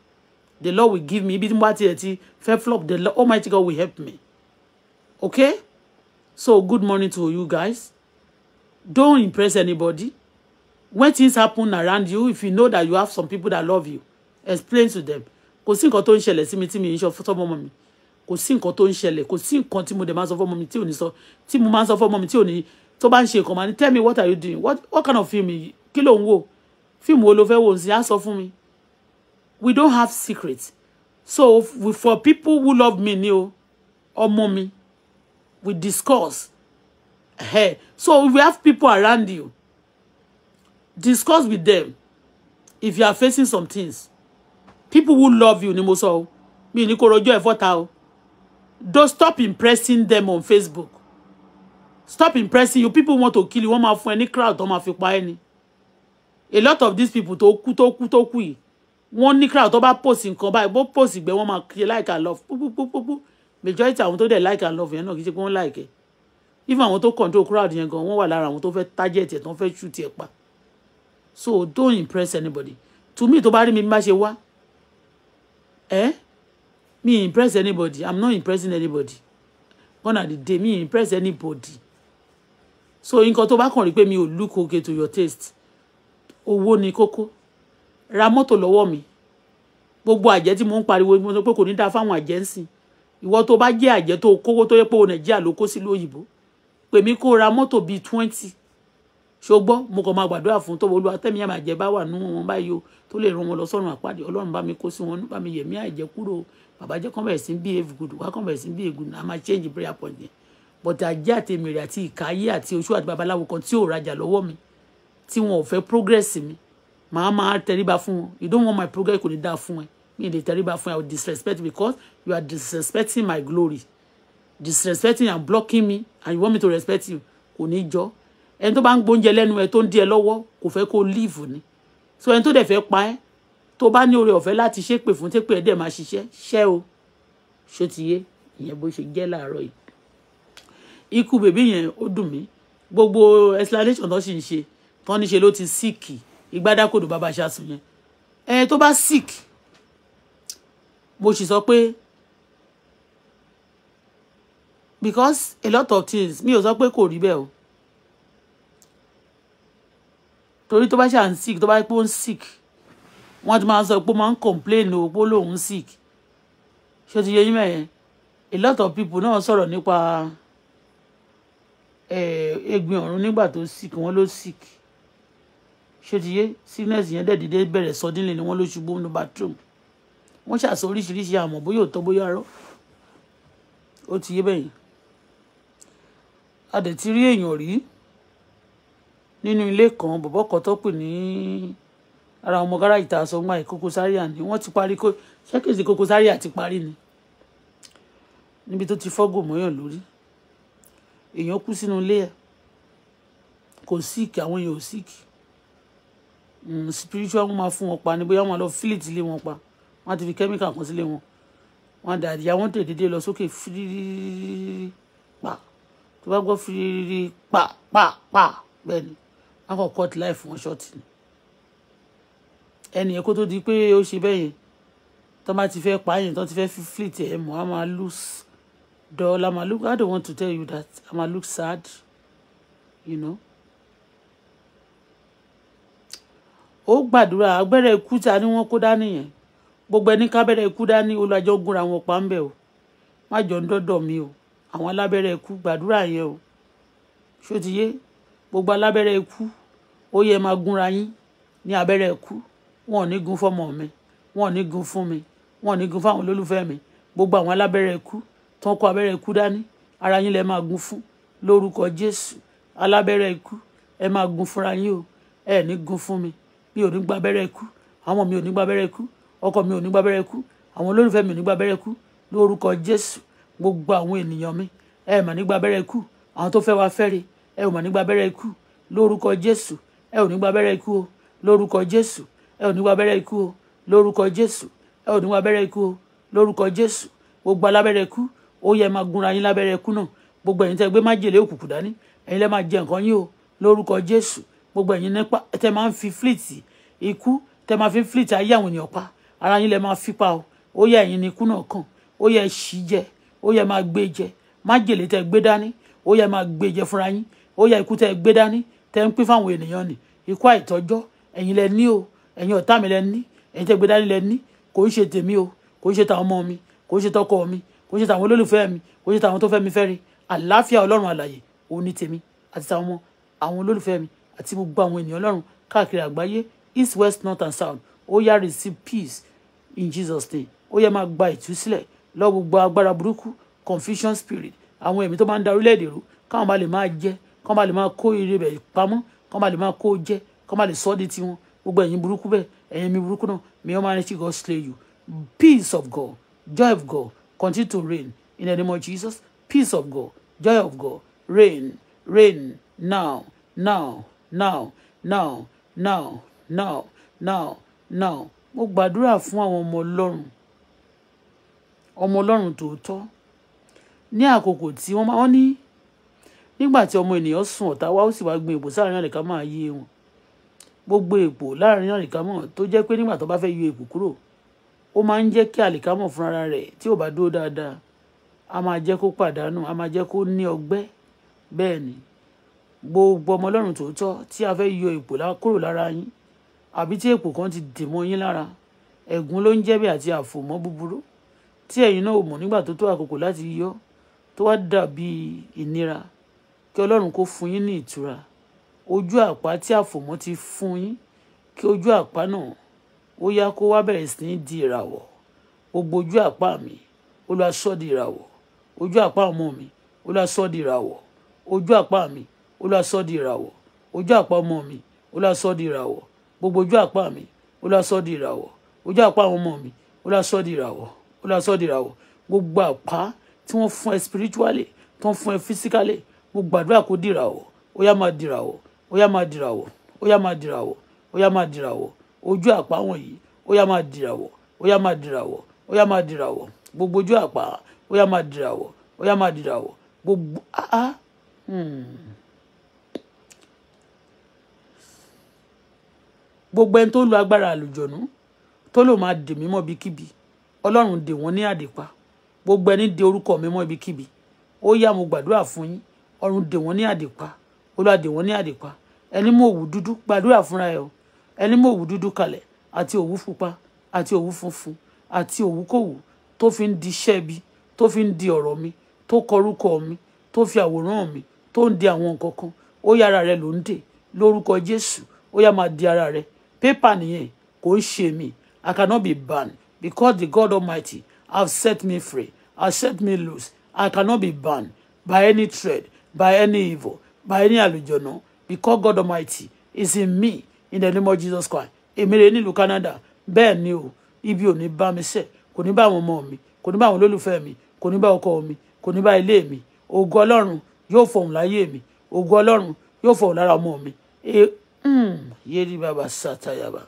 The Lord will give me. Ibi tí mo bá tiẹ̀ flop, the Lord, Almighty God will help me. Okay? So good morning to you guys. Don't impress anybody. When things happen around you, if you know that you have some people that love you, explain to them. Kò sí nǹkan tó mi tí mi ń sọ fún ọmọ mi. Kò sí nǹkan tó ń ṣẹlẹ̀. Kò sí nǹkan tí mo dẹ̀ máa sọ fún tell me what are you doing? What, what kind of film kilo ló fíìmù wo ló fẹ́ wò sí á sọ fún mi we don't have secrets so we, for people who love me ni o ọmọ mi we discuss hey, so we have people around you discuss with them if you are facing some things people who love you ni mo sọ o mi ní kó rojọ́ ẹ̀ o don't stop impressing them on Facebook stop impressing you people want to kill you wọ́n máa fún ẹ ní crowd wọ́n máa fi pa ẹ́ ni a lot of these people tó kú tó kú tó kú yìí wọ́n ní crowd tó bá post nǹkan báyìí bó post gbẹ wọ́n máa kí like and love púpúpúpú majority àwọn tó dẹ̀ like and love yẹn náà kì í ṣe pé wọ́n like ẹ̀ if àwọn tó control crowd yẹn gan wọ́n wà lára àwọn tó fẹ́ target ẹ̀ tó fẹ́ shoot ẹ̀ pa so don't impress anybody to me tó bá rí mi má ṣe wá ẹ mi impress anybody i'm not impressing anybody one at the day mi impress anybody so nǹkan tó bá kàn rí pé mi ò look okay to your taste owó ni kókó ra mọ́tò lọ́wọ́ mi gbogbo àjẹ́ tí mo ń pariwo mo sọ pé kò ní dáa fáwọn àjẹ́ ń sìn ìwọ tó bá jẹ́ àjẹ́ tó kówó tó yẹ pé òun nàìjíríà ló kó sí lóyìnbó pèmí kó ra mọ́tò bíi twenty ṣùgbọ́n mo kàn máa gbàdúrà fún tọ́wọ́ olúwa tẹ́mi àmà àjẹ́ bá wà nú wọn báyìí o tó lè ran wọn lọ sọ́run àpáàdé ọlọ́run bá mi kó sí wọn bá mi yẹ̀mí àìjẹ́ kúrò bàbá jẹ́ kàn bẹ̀rẹ̀ sí bí èèf gùdù wá kàn bẹ̀rẹ̀ sí bí ègùn náà máa change prayer point yẹn bọ̀tà àjẹ́ àti èmèrè àti ìkáyé àti oṣù àti babaláwo kan tí ò rajà lọ́wọ́ mi tí wọn ò fẹ́ progress mi màá máa tẹríba fún wọn you don't want my progress kò ní dáa fún ẹ mi lè tẹríba fún ẹ i will disrespect because you are disrespecting my glory disrespecting and blocking me and you want me to respect you kò ní jọ ẹni tó bá ń gbóúnjẹ lẹ́nu ẹ tó ń di ẹ lọ́wọ́ kò fẹ́ kó leave ni so ẹni tó dẹ̀ fẹ́ pa ẹ́ tó bá ní oore ọ̀fẹ́ láti ṣépè fún tépè ẹ̀ dẹ̀ máa ṣiṣẹ́ ṣẹ́ o ṣó ti yé ìyẹn bó ṣe jẹ́ láàárọ̀ yìí ikú bèbí yẹn ó dùn mí gbogbo explanation tó sì ń ṣe tán níṣe ló ti síìkì ìgbádákòdò bàbá ṣàṣùn yẹn ẹ tó bá síìkì mo sì sọ pé because a lot of things mi ò sọ pé kò rí bẹ́ẹ̀ o torí tó bá ṣà ń sick tó bá pé ó ń sick wọ́n ti máa sọ pé ó máa ń complain o pé ó lóun sick ṣé o ti yẹ yín mẹ́yẹn a lot of people náà sọ̀rọ̀ nípa ẹ̀ẹ́dẹ̀gbìn eh, ọ̀run nígbà tó sick wọ́n ló sick ṣé ti yé sickness yẹn dẹ̀dídé bẹ̀rẹ̀ suddenly ni wọ́n ló ṣubú ní bathroom wọ́n ṣàṣọ oríṣiríṣi àmọ́ bóyá òótọ́ bóyá arọ́ ó ti yé bẹ́yìn a dẹ̀ ti rí èèyàn rí nínú ilé kan bọ̀bọ̀ kan tó pè ní ara ọmọ gáràjì tá a sọ ń gbà yìí ni wọ́n ti parí kó ṣẹ́kẹ̀sì Koko Zaria ti parí ni níbi tó ti fọ́gò mọ́yàn lórí èèyàn kú sínú ilé ẹ̀ kò síìkì àwọn èèyàn ò síìkì Mm, spiritual wọn máa fún wọn pa ni bóyá wọn lọ fílì tílé wọn pa wọn ti fi kẹ́míkà kan sílé wọn wọn dà ìyá wọn tètè dé lọ sókè fírírí pa tó bá gbọ́ fírírí pa pa pa bẹ́ẹ̀ ni wọn kàn cut life wọn ṣọ́ọ̀tì ni ẹnìyẹn kó tó di pé ó ṣe bẹ́ẹ̀ yẹn tó bá ti fẹ́ pààyàn tó ti fẹ́ fílì tẹ̀ ẹ̀ mọ́ a máa lose dọ́ọ̀lá máa look I don't want to tell you that I máa look sad you know. ó gbàdúrà abẹ́rẹ́ ikú ta ni wọ́n kó dání yẹn gbogbo ẹni kábẹ́rẹ́ ikú dání olùwàjọ gúnra wọn pa ń bẹ̀ o má jọ ń dọ́dọ̀ mi o àwọn alábẹ́rẹ́ ikú gbàdúrà yẹn o ṣòtìyé gbogbo alábẹ́rẹ́ ikú ó yẹ máa gúnra yín ní abẹ́rẹ́ ikú wọn ò ní gun fọmọ mi wọn ò ní gun fún mi wọn ò ní gun fáwọn olólùfẹ́ mi gbogbo àwọn alábẹ́rẹ́ ikú tó kó abẹ́rẹ́ ikú dání ara yín lẹ máa gun fún lórúkọ Jésù alábẹ́rẹ́ ikú ẹ máa gun fúnra yín o ẹ ní gun fún mi mi ò ní gba abẹ́rẹ́ ikú àwọn ọmọ mi ò ní gba abẹ́rẹ́ ikú ọkọ mi ò ní gba abẹ́rẹ́ ikú àwọn olólùfẹ́ mi ò ní gba abẹ́rẹ́ ikú lórúkọ Jésù gbogbo àwọn ènìyàn mi ẹ mà ní gba abẹ́rẹ́ ikú àwọn tó fẹ́ wa fẹ́re ẹ ò mà ní gba abẹ́rẹ́ ikú lórúkọ Jésù ẹ ò ní gba abẹ́rẹ́ ikú o lórúkọ Jésù ẹ ò ní gba abẹ́rẹ́ ikú o lórúkọ Jésù ẹ ò ní gba abẹ́rẹ́ ikú o lórúkọ Jésù gbogbo alábẹ́rẹ́ ikú ó yẹ máa gúnra yín lábẹ́rẹ́ ikú náà gbogbo ẹ̀yin tẹ́ gbé májèlé òkùnkùn dání ẹ̀yin lẹ́ máa jẹ nǹkan yín o lórúkọ Jésù gbogbo ẹ̀yin nípa tẹ máa ń fi fleet ikú tẹ máa fi fleet ayé àwọn ènìyàn pa ara yín lẹ máa fi pa o ó yẹ ẹ̀yin ni ikú náà kàn ó yẹ ṣì jẹ ó yẹ máa gbé jẹ májèlé tẹ gbé dání ó yẹ máa gbé jẹ fúnra yín ó yẹ ikú tẹ gbé dání tẹ ń pín fáwọn ènìyàn ni ikú àìtọ́jọ́ ẹ̀yin lẹ ní o ẹ̀yin ọ̀tá mi lẹ ní ẹ̀yin tẹ gbé dání lẹ ní kò ń ṣe tèmi o kò ń ṣe tàwọn ọmọ mi kò ń ṣe tọkọ mi kò ń ṣe tàwọn olólùfẹ́ mi kò ń ṣe tàwọn tó fẹ́ mi fẹ́ rí àlàáfíà ọlọ́run àlàyé òun ni tèmi àti tàwọn ọmọ àwọn olólùfẹ́ mi àti gbogbo àwọn ènìyàn ọlọ́run káàkiri àgbáyé east west north and south ó yá receive peace in jesus name ó yá máa gba ìtúsílẹ̀ lọ gbogbo agbára burúkú confusion spirit àwọn ẹ̀mí tó máa ń da orílẹ̀-èdè rú káwọn bá lè máa jẹ káwọn bá lè máa kó ire bẹ̀ pamọ́ káwọn bá lè máa kó jẹ káwọn bá lè sọ́ di tiwọn gbogbo ẹ̀yin burúkú bẹ́ẹ̀ ẹ̀yin mi burúkú náà may almighty god slay you peace of god joy of god continue to reign in the name of jesus peace of god joy of god reign reign now now now now now now now now mo gbàdúrà fún àwọn ọmọ ọlọ́run ọmọ ọlọ́run tòótọ́ ní àkókò tí wọ́n máa ń ní nígbà tí ọmọ ènìyàn sùn ọ̀tá wa ó sì wá gbin èpò sáàrin àlìká máa yé wọn gbogbo èpò láàrin àlìkámọ̀ tó jẹ́ pé nígbà tó bá fẹ́ yọ èpò kúrò ó máa ń jẹ́ kí àlìkámọ̀ fúnra rẹ̀ tí ò bá dúró dáadáa a máa jẹ́ kó pàdánù a máa jẹ́ kó ní ọgbẹ́ bẹ́ẹ̀ ni gbogbo ọmọ ọlọ́run tòótọ́ tí a fẹ́ yọ èpò kúrò lára yín àbí tí èpò kan ti dè mọ́ yín lára ẹ̀gún ló ń jẹ́ bí àti àfòmọ́ búburú tí ẹ̀yin náà ò mọ̀ nígbà tó tó àkókò láti yọ tó wá dàbí ìnira kí ọlọ́run kó fún yín ní ìtura ojú àpá tí àfòmọ́ ti fún yín kí ojú àpá náà ó yá kó wá bẹ̀rẹ̀ sí ní di ìràwọ̀ gbogbo ojú àpá mi ó di ìràwọ̀ ojú àpá ọmọ mi ó di ìràwọ̀ ojú àpá mi olúwa sọ di ìràwọ̀ ojú àpá ọmọ mi olúwa sọ di ìràwọ̀ gbogbo ojú àpá mi olúwa sọ di ìràwọ̀ ojú àpá àwọn ọmọ mi olúwa sọ di ìràwọ̀ olúwa sọ di ìràwọ̀ gbogbo àpá tí wọ́n fún ẹ spiritually tí wọ́n fún ẹ physically mo gbàdúrà kó di ìràwọ̀ ó yá máa di ìràwọ̀ ó yá máa di ìràwọ̀ ó yá máa di ìràwọ̀ ó yá máa di ìràwọ̀ ojú àpá wọ̀nyí ó yá máa di ìràwọ̀ ó yá máa di ìràwọ̀ ó yá máa di ìràwọ̀ gbogbo ojú àpá ó yá máa di ìràwọ̀ ó yá máa di ìràwọ̀ gbogbo ah ah. Hmm. gbogbo ẹni tó lo agbára àlùjọ̀nú tó lò máa dè mí mọ́ ibikíbi ọlọ́run dè wọ́n ní àdìpá gbogbo ẹni dè orúkọ mi ibikíbi ó yá mo gbàdúrà fún yín ọ̀run dè wọ́n ní àdìpá olúwa dè wọ́n ní àdìpá ẹni mú òwú dúdú gbàdúrà fúnra ẹ o ẹni mú òwú dúdú kalẹ̀ àti òwú pupa àti òwú funfun àti òwúkòwú tó fi ń di iṣẹ́ ibi tó fi ń di ọ̀rọ̀ mi tó kọrúkọ mi tó fi àwòrán mi tó ń di àwọn nǹkan kan ó yá ara rẹ ló ń dè lórúkọ jésù ó yá máa di ara rẹ paper nìyẹn kò ń ṣe mí i cannot be banned because the god almighty have set me free Has set me loose i cannot be banned by any threat by any evil by any àlùjọ̀nà because god almighty is in me in the name of jesus christ èmi rè nílùú canada bẹ́ẹ̀ ni o ibi ò ní bá mi ṣe kò ní bá àwọn ọmọ mi kò ní bá àwọn olólùfẹ́ mi kò ní bá ọkọ mi kò ní bá ilé mi ògo ọlọ́run yóò fọ̀hùn láyé mi ògo ọlọ́run yóò fọ̀hùn lára ọmọ mi Hmm. yéèrí bàbá sàtàyàbà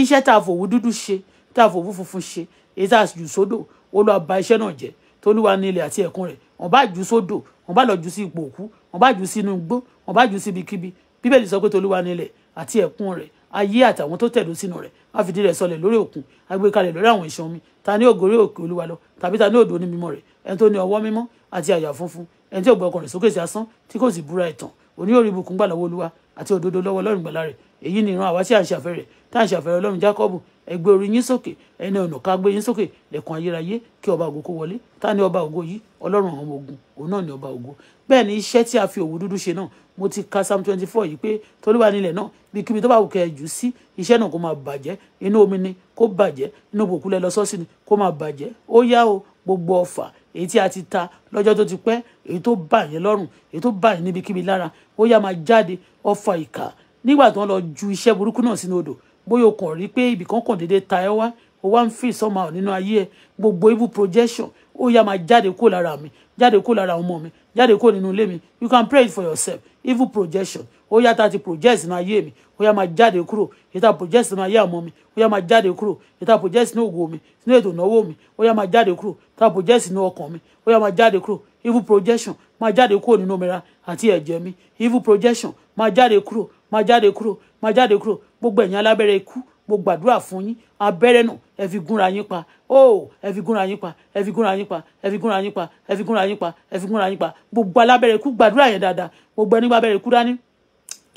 iṣẹ́ tá a fòwú dúdú ṣe tá a fòwú funfun ṣe èyí tá a jù sódò Olúwa bà iṣẹ́ náà jẹ́ tolúwa ní ilẹ̀ àti ẹ̀kún rẹ̀ wọ́n bá jù sódò wọ́n bá lọ jù sí ipò òkú wọ́n bá jù sínú igbó wọ́n bá jù síbikíbi bíbélì sọ pé tolúwa ní ilẹ̀ àti ẹ̀kún rẹ̀ ayé àtàwọn tó tẹ̀dó sínú rẹ̀ á fìdí rẹ̀ sọlẹ̀ lórí òkun agbékalẹ̀ lórí àwọn ìṣàn mi ta ní ògòrè òkè olúwa lọ tàbí ta ní òdo ní mímọ́ rẹ̀ ẹni tó ní ọwọ́ mímọ́ àti àyà funfun ẹni tí ò gbọ́ ọkàn rẹ̀ sókè sí asán tí kò sì búra ẹ̀tàn òní ibùkún gbà lọ́wọ́ olúwa àti òdodo lọ́wọ́ ọlọ́run gbàlà rẹ̀ èyí ni ìran àwa tí à ń ṣàfẹ́ rẹ̀ tá à ń ṣàfẹ́ rẹ̀ ọlọ́run jákọ́bù ẹ gbé orí yín sókè ẹni ọ̀nà ká gbé yín sókè lẹ́kùn ayérayé kí ọba ògo kó wọlé tá ni ọba ògo yìí ọlọ́run àwọn ogun òun náà ni ọba ògo bẹ́ẹ̀ ni iṣẹ́ tí a fi òwú dúdú ṣe náà mo ti ka psalm twenty four yìí pé tolúwa nílẹ̀ náà bí kíbi tó bá wù kẹ́ ẹ jù sí iṣẹ́ náà kó máa bàjẹ́ inú omi ni kó bàjẹ́ inú òkùnkùn lẹ ni kó máa bàjẹ́ ó yá o gbogbo ọfà èyí tí a ti ta lọ́jọ́ tó ti pẹ́ èyí tó bà lọ́rùn èyí tó bà níbikíbi lára ó yá máa jáde ọfà ìkà nígbà tó ń lọ ju iṣẹ́ burúkú náà sínú odò bóyá o kàn rí pé ibìkan kàn déédéé ta ẹ wá o wá ń fi somehow nínú ayé ẹ gbogbo evil projection ó yá máa jáde kó lára mi jáde kó lára ọmọ mi jáde kó nínú ilé mi you can pray it for yourself evil projection ó yá ta project náà ayé mi ó yá máa jáde kúrò èyí project náà ayé àmọ́ mi ó yá máa jáde kúrò èyí project ní ògo mi sínú ètò ìnáwó mi ó yá máa jáde kúrò ta project ní ọkàn mi ó yá máa jáde kúrò evil projection máa jáde kúrò nínú mìíràn àti ẹ̀jẹ̀ mi evil projection máa jáde kúrò máa jáde kúrò máa jáde kúrò gbogbo ẹ̀yin alábẹ́rẹ́ ikú mo gbàdúrà fún yín abẹ́rẹ́ náà ẹ fi gúnra yín pa ó oh, ẹ fi gúnra yín pa ẹ fi gúnra yín pa ẹ fi gúnra yín pa ẹ fi gúnra yín pa ẹ fi gúnra yín pa gbogbo alábẹ́rẹ́ ikú gbàdúrà yẹn dáadáa gbogbo ẹni gbàbẹ́rẹ́ ikú dání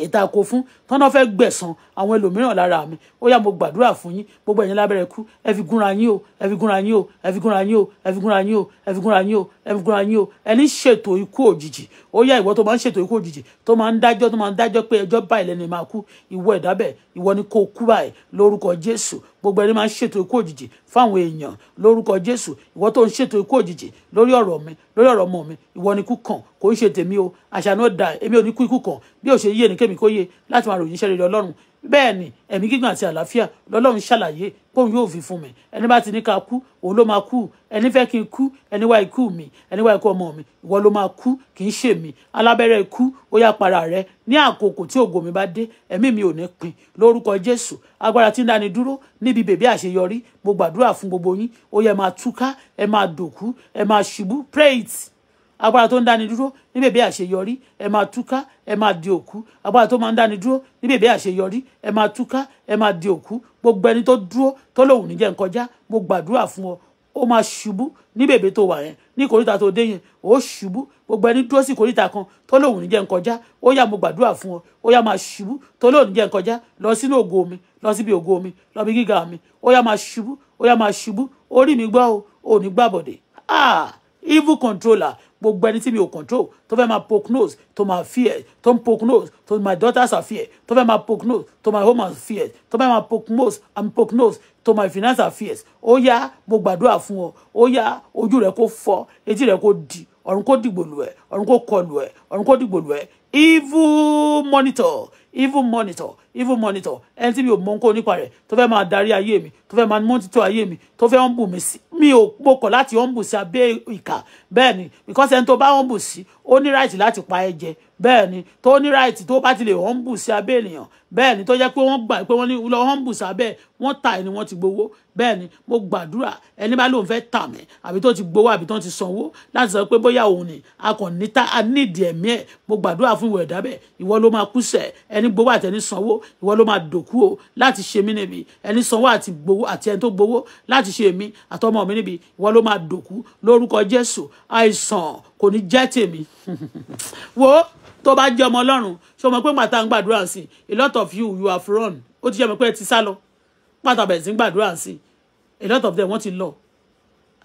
ìta kò fún tọ́nà fẹ́ gbẹ̀san àwọn ẹlòmíràn lára mi ó yá mo gbàdúrà fún yín gbogbo ẹ̀yin lábẹ́rẹ́ kú ẹ fi gúnra yín o ẹ fi gúnra yín o ẹ fi gúnra yín o ẹ fi gúnra yín o ẹ fi gúnra yín o ẹ fi gúnra yín o ẹni ṣètò ikú òjijì ó yá ìwọ tó máa ń ṣètò ikú òjijì tó máa ń dájọ́ tó máa ń dájọ́ pé ẹjọ́ báyìí lẹ́nu máa kú ìwọ ẹ̀dá ìwọ ni kò kú báyìí lórúkọ Jésù gbogbo ẹni máa ń ṣètò ikú òjijì fáwọn èèyàn lórúkọ Jésù ìwọ tó ń ṣètò ikú òjijì lórí ọ̀rọ̀ mi lórí ọ̀rọ̀ ọmọ mi ìwọ ni kú kàn kò ń ṣe tèmi o àṣà náà dà èmi ò ní kú ikú kàn bí ò ṣe yé ni kó yé láti máa ròyìn iṣẹ́ rere Ọlọ́run bẹ́ẹ̀ ni ẹ̀mí gígùn àti àlàáfíà lọ́lọ́run ṣàlàyé póun yóò fi fún mi ẹni bá ti ní ká kú òun ló máa kú ẹni fẹ́ kí n kú ẹni wá ikú mi ẹni wá ikú ọmọ mi ìwọ ló máa kú kì í ṣe mi alábẹ́rẹ́ ikú ó yá para rẹ ní àkókò tí ògo mi bá dé ẹ̀mí mi ò ní pin lórúkọ jésù agbára tí ń dáni dúró níbi bèbí àṣeyọrí mo gbàdúrà fún gbogbo yín ó yẹ máa túká ẹ máa dòkú ẹ máa ṣubú pray it agbára tó ń dáni dúró ní bèbè àṣeyọrí ẹ máa túká ẹ máa di òkú agbára tó máa ń dáni dúró ní bèbè àṣeyọrí ẹ máa túká ẹ máa di òkú gbogbo ẹni tó dúró tó lòun níjẹ́ nkọjá mo gbàdúrà fún ọ ó máa ṣubú ní bèbè tó wà yẹn ní kòríta tó dé yẹn ó ṣubú gbogbo ẹni dúró sí kòríta kan tó lòun níjẹ́ nkọjá ó yá mo gbàdúrà fún ọ ó yá máa ṣubú tó lòun níjẹ́ nkọjá lọ sínú ògo mi lọ síbi ògo mi lọ bí gíga mi ó yá máa ṣubú ó yá máa ṣubú orí mi gbọ́ o ò ní gbàbọ̀dẹ̀ ah evil controller gbogbo ẹni tí mi ò control tó fẹ́ máa poke nose to my fears tó ń poke nose to my daughters are fear tó fẹ́ máa poke nose to my home are fears tó fẹ́ máa poke nose and poke nose to my finance are fears ó yá mo gbàdúrà fún ọ ó yá ojú rẹ kó fọ́ etí rẹ kó di ọ̀run kó dìgbò lù ẹ́ ọ̀run kó kọlù ẹ́ ọ̀run kó dìgbò lù ẹ́ evil monitor evil monitor even monitor ẹni tí mi ò mọ nǹkan nípa rẹ̀ tó fẹ́ máa darí ayé mi tó fẹ́ máa monitor ayé mi tó fẹ́ humble mi sí mi ò mo kọ̀ láti humble sí abẹ́ ìkà bẹ́ẹ̀ ni because ẹni tó bá humble sí ó ní right láti pa ẹ jẹ bẹ́ẹ̀ ni tó ní right tó bá ti lè humble sí abẹ́ ènìyàn bẹ́ẹ̀ ni tó jẹ́ pé wọ́n gbà pé wọ́n ní lọ humble sí abẹ́ wọ́n ta ẹni wọ́n ti gbowó bẹ́ẹ̀ ni mo gbàdúrà ẹni bá lóun fẹ́ tà mí àbí tó ti gbowó àbí tó ti sanwó láti sọ pé bóyá òun ni a kàn níta a nídìí ẹ̀mí ẹ̀ mo gbàdúrà fún ìwọ̀ ẹ̀dá bẹ́ẹ̀ ìwọ ló máa kú sẹ̀ ẹni gbowó àtẹni sanwó ìwọ ló máa dòkú o láti ṣe mí níbi ẹni sanwó àti gbowó àti ẹni tó gbowó láti ṣe èmi àtọmọ mi níbi ìwọ ló máa dòkú lórúkọ Jésù àìsàn kò ní jẹ́ tèmi wo tó bá jẹ́ ọmọ Ọlọ́run ṣé o mọ̀ pé màtá ń gbàdúrà sí a lot of you you have run ó ti jẹ́ mi pé ẹ ti sá lọ pàtàkì ẹ̀ gbàdúrà sí a lot of them wọ́n ti lọ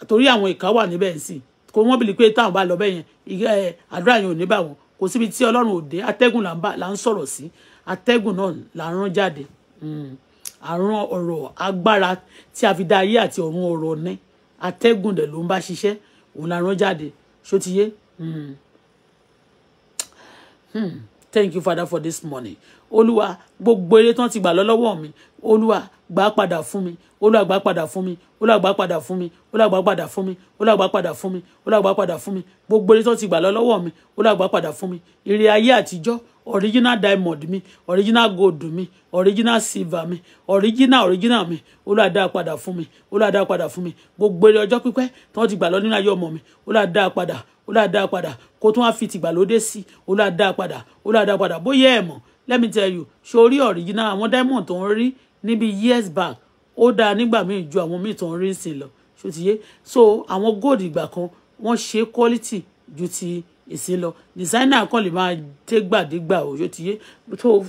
torí àwọn ìka wà níbẹ̀ sí kò wọ́n bìlí pé táwọn bá lọ bẹ́yẹn àdúrà yẹn ò ní bá wọn kò síbi tí ọlọ́run òde atẹ́gùn là ń sọ̀rọ̀ sí atẹ́gùn náà là ń rán jáde àrùn hmm. ọ̀rọ̀ agbára tí a fi dá ayé àti ọ̀run ọ̀rọ̀ ní atẹ́gùn dẹ̀ ló ń bá ṣiṣẹ́ òun la jáde ṣó hmm. hmm. Thank you, Father, for this morning olúwa gbogbo eré tán ti gbà lọ́wọ́ mi olúwa gbà padà fún mi olúwa gbà padà fún mi olúwa gbà padà fún mi olúwa gbà padà fún mi olúwa gbà padà fún mi olúwa gbà padà fún mi gbogbo eré tán ti gbà lọ́wọ́ mi olúwa gbà padà fún mi ire ayé àtijọ́ original diamond mi original gold mi original silver mi original original mi olúwa dá padà fún mi olúwa dá padà fún mi gbogbo eré ọjọ́ pípẹ́ tán ti gbà lọ nínú ayé ọmọ mi olúwa dá padà olúwa dá padà kó tún wá fi tìgbàlódé sí olúwa dá padà olúwa dá padà bóyá ẹ̀ mọ̀ let me tell you sórí original àwọn diamond tó ń rí níbi years back ó dáa nígbà míì ju àwọn míì tó ń rí sí so ṣòtìyé so àwọn gold ìgbà kan wọ́n ṣe quality ju ti ìsìn lọ designer kan lè máa dé gbàdégbà òjò ti yé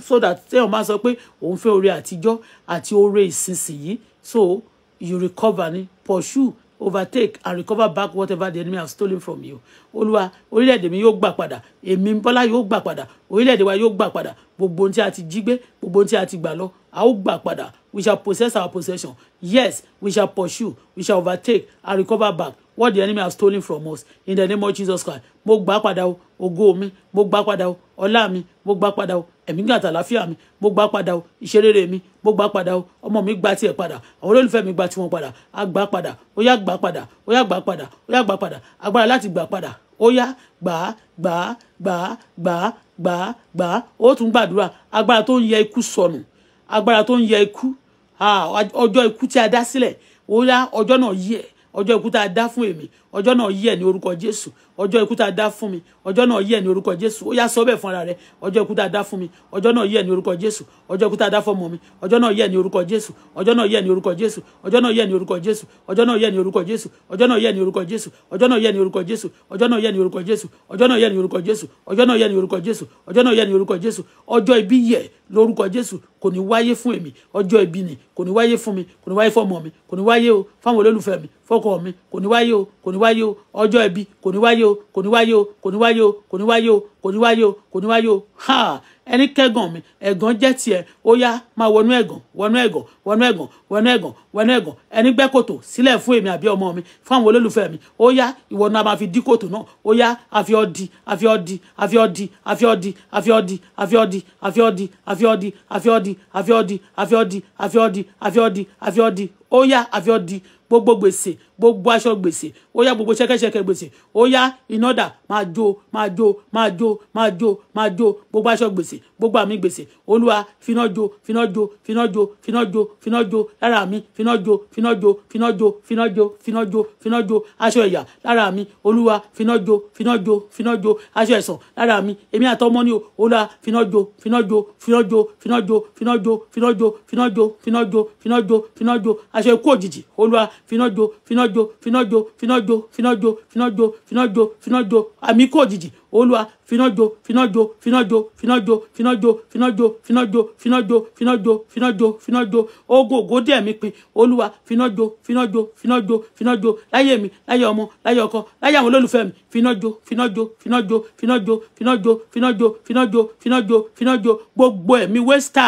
so that say téèyàn máa sọ pé òun fẹ́ oore àtijọ́ àti oore ìsinsìnyí so you recover ni pursue overtake and recover back whatever the enemy have stolen from you olúwa orílẹ̀-èdè mi yóò gbà padà èmi bọ́lá yóò gbà padà orílẹ̀-èdè wa yóò gbà padà gbogbo ohun tí a ti jí gbé gbogbo ohun tí a ti gbà lọ a ó gbà padà we shall possess our possession yes we shall pursue we shall overtake and recover back what the enemy has stolen from us in the name of Jesus Christ mo gbà padà o ògo mi mo gbà padà o ọlá mi mo gbà padà o ẹ̀mí gàtà àlàáfíà mi mo gbà padà o ìṣerére mi mo gbà padà o ọmọ mi gba tiẹ̀ padà àwọn olólùfẹ́ mi gba tiwọn padà a gbà padà ó yá gbà padà ó yá gbà padà ó yá gbà padà agbára láti gbà padà ó yá gbà gbà gbà gbà gbà gbà ó tún gbàdúrà agbára tó ń yẹ ikú sọnù agbára tó ń yẹ ikú ọjọ́ ikú tí a dá sílẹ̀ ó yá ọjọ́ náà yí ẹ ọjọ́ ikú tá a dá fún èmi ọjọ́ náà yẹ̀ ní orúkọ jésù ọjọ́ ikú tá a dá fún mi ọjọ́ náà yẹ̀ ní orúkọ jésù ó yá sọ bẹ́ẹ̀ fúnra rẹ ọjọ́ ikú tá a dá fún mi ọjọ́ náà yẹ̀ ní orúkọ jésù ọjọ́ ikú tá a dá fọmọ mi ọjọ́ náà yẹ̀ ní orúkọ jésù ọjọ́ náà yẹ̀ ní orúkọ jésù ọjọ́ náà yẹ̀ ní orúkọ jésù ọjọ́ náà yẹ̀ ní orúkọ jésù ọjọ́ náà yẹ̀ ní orúkọ jésù ọjọ́ náà yẹ̀ ní orúkọ jésù ọjọ́ náà yẹ̀ ní orúkọ jésù ọjọ́ náà yẹ̀ ní orúkọ jésù ọjọ́ náà yẹ̀ ní orúkọ jésù ọjọ́ náà yẹ̀ ní orúkọ jésù ọjọ́ ibi yẹ̀ lórúkọ jésù kò ní wáyé fún èmi ọjọ́ ibi ni kò ní wáyé fún mi kò ní wáyé fọmọ mi kò ní wáyé o fáwọn olólùfẹ́ mi fọkọ mi kò ní wáyé o kò ní wáyé wáyé o ọjọ́ ẹbí kò ní wáyé o kò ní wáyé o kò ní wáyé o kò ní wáyé o kò ní wáyé o kò ní wáyé o ha ẹni kẹ́gàn mi ẹ̀gàn jẹ́ tiẹ̀ ó yá máa wọnú ẹ̀gàn wọnú ẹ̀gàn wọnú ẹ̀gàn wọnú ẹ̀gàn wọnú ẹ̀gàn ẹni gbẹ́ kòtò sílẹ̀ fún èmi àbí ọmọ mi fún àwọn olólùfẹ́ mi ó yá ìwọ náà máa fi dí kòtò náà ó yá àfi ọdì àfi ọdì àfi ọdì àfi ọdì àfi ọdì àfi ọdì àfi ọdì àfi ọdì àfi ọdì àfi ọdì àfi ọdì àfi ọdì àfi ọdì àfi ọdì ó yá àfi ọdì gbogbo gbèsè gbogbo aṣọ gbèsè ó yá gbogbo ṣẹkẹṣẹkẹ gbèsè ó yá ìnọdà máa jó máa jó máa jó máa jó máa jó gbogbo aṣọ gbèsè gbogbo àmì gbèsè olúwa finá jó finá jó finá jó finá jó finá jó lára mi finá jó finá jó finá jó finá jó finá jó finá jó aṣọ ẹ̀yà lára mi olúwa finá jó finá jó finá jó aṣọ ẹ̀sán lára mi èmi àtọmọ ni o olúwa finá jó finá jó finá jó finá jó finá jó finá jó finá jó finá jó finá jó aṣọ ikú òjijì olúwa finá jó finá finájò finájò finájò finájò finájò finájò finájò àmì kò jìjì olúwa finájò finájò finájò finájò finájò finájò finájò finájò finájò finájò finájò ogun ògo díẹ̀ mi pin olúwa finájò finájò finájò finájò láyé mi láyé ọmọ láyé ọkọ láyé àwọn olólùfẹ́ mi finájò finájò finájò finájò finájò finájò finájò finájò finájò gbogbo ẹ̀mí wẹ́stà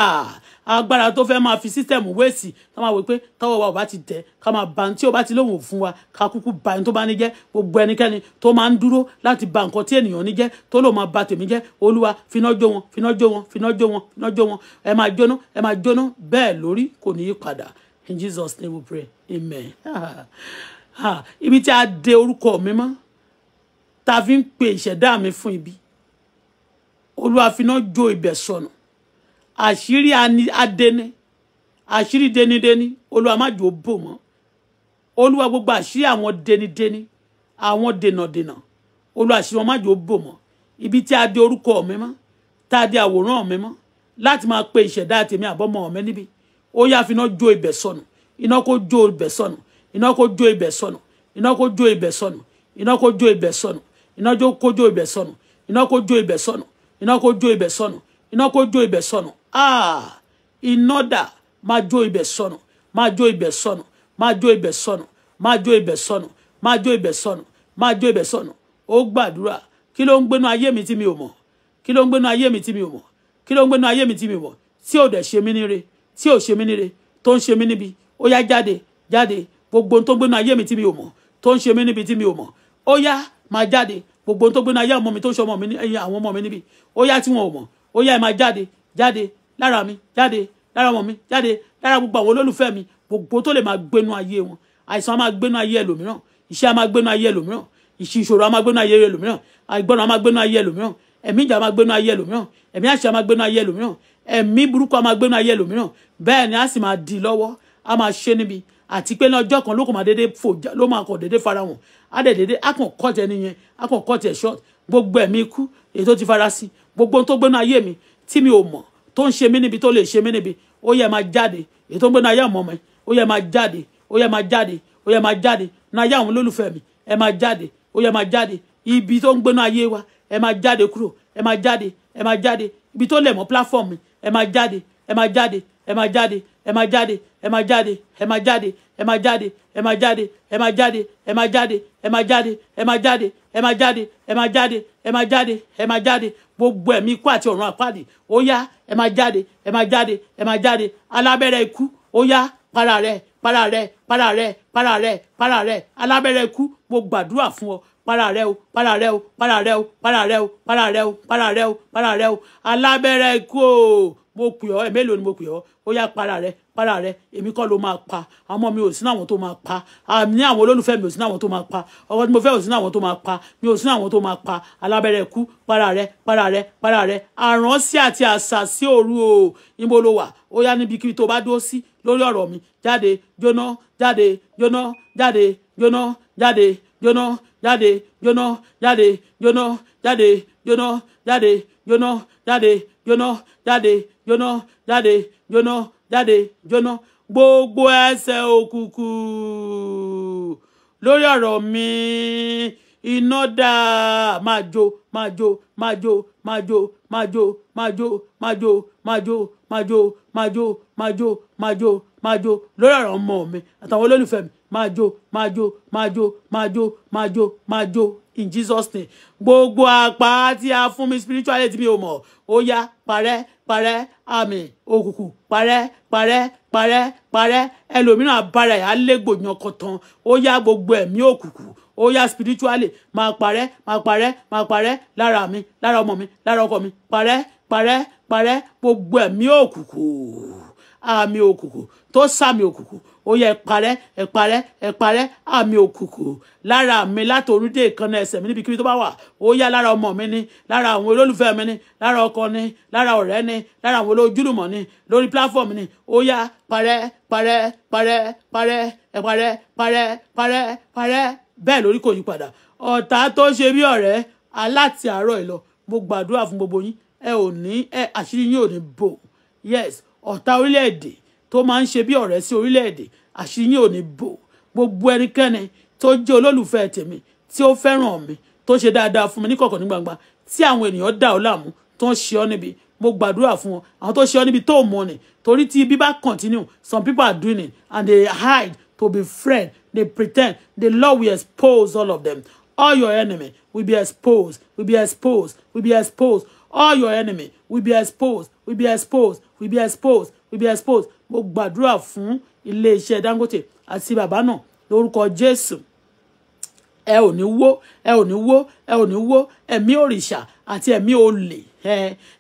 agbára tó fẹ́ máa fi sísítẹ̀mù wéèsì ká máa wò pé táwọn wa ò bá ti tẹ̀ ká máa ba tí ò bá ti lóhùn òfun wa ká kúkú ba ẹni tó bá ní jẹ́ gbogbo ẹnikẹ́ni tó máa ń dúró láti ba nǹkan tí ènìyàn ní jẹ́ tó lò máa ba tèmi jẹ́ olúwa finá jó wọn finá jó wọn finá jó wọn finá jó wọn ẹ máa jóná ẹ máa jóná bẹ́ẹ̀ lórí kò ní í padà in Jesus name we pray amen ah, ibi tí a de orúkọ mi mọ́ tá fi ń pe ìṣẹ̀dá mi fún ibi olúwa finá jó ibẹ̀ sọnù àṣírí adẹni àṣírí denideni olúwa má jò bò mọ́ olúwa gbogbo àṣírí àwọn denideni àwọn dènàdènà olúwa àṣírí wọn má jò bò mọ́ ibi tí a dé orúkọ mi mọ́ tá a dé àwòrán mi mọ́ láti máa pe ìṣẹ̀dá tèmi àbọ́mọ mi níbi ó yá fi iná jó ibẹ̀ sọnù iná kó jó ibẹ̀ sọnù iná kó jó ibẹ̀ sọnù iná kó jó ibẹ̀ sọnù iná kó jó ibẹ̀ sọnù iná kó jó ibẹ̀ sọnù iná kó jó ibẹ̀ sọnù iná kó jó ibẹ̀ sọnù iná kó jó ibẹ̀ sọnù ah inoda ma máa jó ibẹ̀ sọnù máa jó ibẹ̀ sọnù máa jó ibẹ̀ ma máa jó ibẹ̀ sọnù máa jó ibẹ̀ sọnù máa jó ibẹ̀ sọnù ó gbàdúrà kí ló ń mi tí mi ò mọ̀ kí ló ń gbénu mi tí mi ò mọ̀ kí ló ń gbénu mi tí mi ò mọ̀ tí ò dẹ̀ ṣe mí níre tí ò ṣe mí níre tó ń ṣe mí níbi ó yá jáde jáde gbogbo tó ń gbénu mi tí mi ò mọ̀ tó ń ṣe mí níbi tí mi ò mọ̀ ó yá máa jáde gbogbo tó ń gbénu ayé ọmọ mi tó ń ṣe ọmọ mi àwọn ọmọ mi níbi ó yá tí wọn ò mọ̀ ó yá ẹ máa jáde lára mi jáde lára ọmọ mi jáde lára gbogbo àwọn olólùfẹ́ mi gbogbo tó lè máa gbénu ayé wọn àìsàn á máa gbénu ayé ẹlòmíràn iṣẹ́ á máa gbénu ayé ẹlòmíràn ìṣòro á máa gbénu ayé ẹlòmíràn àìgbọràn á máa gbénu ayé ẹlòmíràn ẹ̀mí ìjà á máa gbénu ayé ẹlòmíràn ẹ̀mí àṣẹ á máa gbénu ayé ẹlòmíràn ẹ̀mí burúkú á máa gbénu ayé ẹlòmíràn bẹ́ẹ̀ ni á sì máa di lọ́wọ́ á máa ṣe níbi àti pé lọ́jọ́ kan ló kò máa dédé fò ló máa kọ̀ dédé fara wọn á dẹ̀ dédé á kàn kọ́ tẹ nìyẹn á kàn kọ́ tẹ short gbogbo ẹ̀mí ikú èyí tó ti fara sí gbogbo ohun tó gbénu ayé mi tí mi ò mọ̀ tó ń ṣe mí níbi tó lè ṣe mí níbi ó yẹ máa jáde èyí tó ń gbé náà ayé àwọn ọmọ mi ó yẹ máa jáde ó yẹ máa jáde ó yẹ máa jáde náà ayé àwọn olólùfẹ́ mi ẹ máa jáde ó yẹ máa jáde ibi tó ń gbé náà ayé wa ẹ máa jáde kúrò ẹ máa jáde ẹ máa jáde ibi tó lẹ̀ mọ́ platform mi ẹ máa jáde ẹ máa jáde ẹ máa jáde ẹ máa jáde ẹ máa jáde ẹ máa jáde ẹ máa jáde ẹ máa jáde ẹ máa jáde ẹ máa jáde ẹ máa jáde ẹ máa jáde ẹ máa jáde ẹ máa jáde ẹ máa jáde ẹ máa jáde gbogbo ẹ̀mí ikú àti ọ̀run àpáàdì ó yá ẹ máa jáde ẹ máa jáde ẹ máa jáde alábẹ́rẹ́ ikú ó yá para rẹ para rẹ para rẹ para rẹ para rẹ alábẹ́rẹ́ ikú mo gbàdúrà fún ọ para rẹ o para rẹ o para rẹ o para rẹ o para rẹ o para rẹ o para rẹ o alábẹ́rẹ́ ikú o mo pè ọ́ ẹ̀ mélòó ni mo pè ọ́ ó yá para rẹ para rẹ èmi kọ́ ló máa pa ọmọ mi ò sí náwọn tó máa pa ní àwọn olólùfẹ́ mi ò sí náwọn tó máa pa ọkọ tí mo fẹ́ ò sí náwọn tó máa pa mi ò sí náwọn tó máa pa alábẹ́rẹ́ kú para rẹ para rẹ para rẹ àránsí àti àṣà sí òru o níbo ló wà ó yá níbi kí tó bá dúró sí lórí ọ̀rọ̀ mi jáde jóná jáde jóná jáde jóná jáde jóná jáde jóná jáde jóná jáde jóná jáde jóná jáde jóná jáde jóná jáde jóná jáde jóná gbogbo ẹsẹ̀ òkùnkùn lórí ọ̀rọ̀ mi iná dà máa jó máa jó máa jó máa jó máa jó máa jó máa jó máa jó máa jó máa jó máa jó máa jó máa jó lórí ọ̀rọ̀ ọmọ mi àtàwọn olólùfẹ́ mi máa jó máa jó máa jó máa jó máa jó máa jó in Jesus name gbogbo àpá tí a fún mi spiritually tí mi ò mọ̀ ó yá parẹ́ parẹ́ àmì òkùnkùn parẹ́ parẹ́ parẹ́ parẹ́ ẹlòmíràn abára ẹ̀ alégbòyàn kọ̀tàn ó yá gbogbo ẹ̀mí òkùnkùn ó yá spiritually máa parẹ́ máa parẹ́ máa parẹ́ lára mi lára ọmọ mi lára ọkọ mi parẹ́ parẹ́ parẹ́ gbogbo ẹ̀mí òkùnkùn àmì òkùnkùn tó sàmì òkùnkùn ó yẹ ẹ parẹ́ ẹ parẹ́ ẹ parẹ́ àmì òkùnkùn lára mi láti orúdé ìkànnì ẹsẹ̀ mi níbikíbi tó bá wà ó yá lára ọmọ mi ni lára àwọn olólùfẹ́ mi ni lára ọkọ ni lára ọ̀rẹ́ ni lára àwọn olójúlùmọ̀ ni lórí platform ni ó yá parẹ́ parẹ́ parẹ́ parẹ́ ẹ parẹ́ parẹ́ parẹ́ parẹ́ bẹ́ẹ̀ lórí kò yí padà ọ̀tá tó ṣe bí ọ̀rẹ́ aláti àárọ̀ ẹ̀ lọ mo gbàdúrà fún gbogbo yín ẹ ò ní ẹ àṣírí yín ò ní bò yes ọ̀tá orílẹ̀-èdè tó máa ń ṣe bí ọ̀rẹ́ sí orílẹ̀-èdè àṣírí ò bò gbogbo ẹnikẹ́ni tó jẹ́ olólùfẹ́ tèmi tí ó fẹ́ràn mi tó ṣe dáadáa fún mi níkọ̀kọ̀ ní gbangba tí àwọn ènìyàn dà ọ́ láàmú tó ń ṣe ọ́ níbi mo gbàdúrà fún ọ àwọn tó ṣe ọ́ níbi tó mọ̀ ni torí tí ibi bá continue some people are doing it and they hide to be friend they pretend the law will expose all of them all your enemy will be exposed will be exposed will be exposed all your enemy will be exposed will be exposed will be exposed will be exposed mo gbàdúrà fún iléeṣẹ́ Dangote àti bàbá náà lórúkọ Jésù ẹ ò ní wó ẹ ò ní wó ẹ ò ní wó ẹ̀mí òrìṣà àti ẹ̀mí olè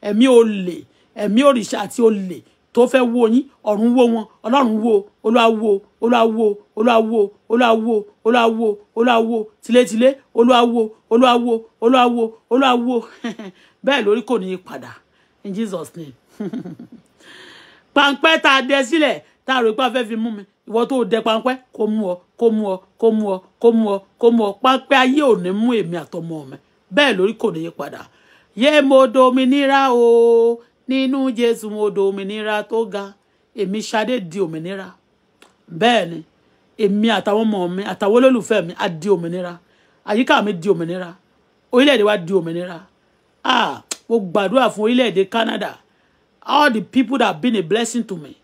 ẹ̀mí olè ẹ̀mí òrìṣà àti olè tó fẹ́ wó yín ọ̀run wó wọn ọlọ́run wó olúwawo olúwawo olúwawo olúwawo olúwawo olúwawo tilétilé olúwawo olúwawo olúwawo olúwawo bẹ́ẹ̀ lórí kò ní í padà in Jesus name. pańpẹ́ tá a dẹ sílẹ̀ tá a rò pé a fẹ́ fi mú mi ìwọ tó dẹ pańpẹ́ kó mú ọ kó mú ọ kó mú ọ kó mú ọ kó mú ọ pańpẹ́ ayé ò ní mú èmi àtọmọ mi bẹ́ẹ̀ lórí kò ní yí padà yé mo dominira o nínú Jésù mo dominira tó ga èmi Ṣadé di òmìnira bẹ́ẹ̀ ni èmi àtàwọn ọmọ mi àtàwọn olólùfẹ́ mi á di òmìnira àyíká mi di òmìnira orílẹ̀-èdè wa di òmìnira ah mo gbàdúrà fún orílẹ̀-èdè Canada all the people that have been a blessing to me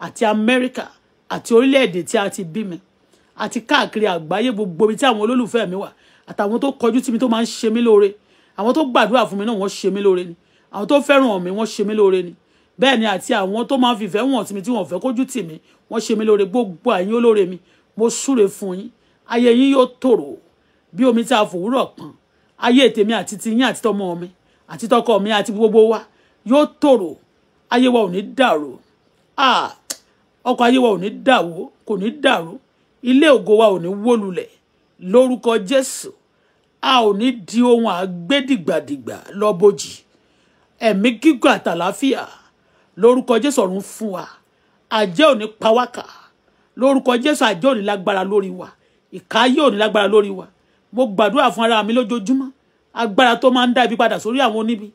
àti America àti orílẹ̀-èdè tí a ti bí mi àti káàkiri àgbáyé gbogbo ibi tí àwọn olólùfẹ́ mi wà àtàwọn tó kọjú tí mi tó máa ń ṣe mí lóore àwọn tó gbàdúrà fún mi náà wọ́n ṣe mí lóore ni àwọn tó fẹ́ràn mi wọ́n ṣe mí lóore ni bẹ́ẹ̀ ni àti àwọn tó máa ń fìfẹ́ wọn tì mí tí wọ́n fẹ́ kójú tì mí wọ́n ṣe mí lóore gbogbo àyín olóore mi mo súre fún yín ayé yín yóò tòrò bí omi tí a fòwúrọ̀ pọ̀n ayé tèmi àti tiyín àti tọmọ mi àti tọkọ mi àti gbogbo wa yóò tòrò ayé wa ò ní dàrú ọkọ̀ ayé wa ò ní dàwó kò ní dàrú ilé ògo wa ò ní wó lulẹ̀ lórúkọ Jésù a ò ní di ohun àgbédìgbàdìgbà lọ́bọ̀jì ẹ̀mí gígùn àtàláfíà lórúkọ Jésù ọ̀run fún wa àjẹ́ ò ní pa wá kà lórúkọ Jésù àjẹ́ ò ní lágbára lórí wa ìkà ò ní lágbára lórí wa mo gbàdúrà fún ara mi lójoojúmọ́ agbára tó máa ń dá ibi padà sórí àwọn oníbi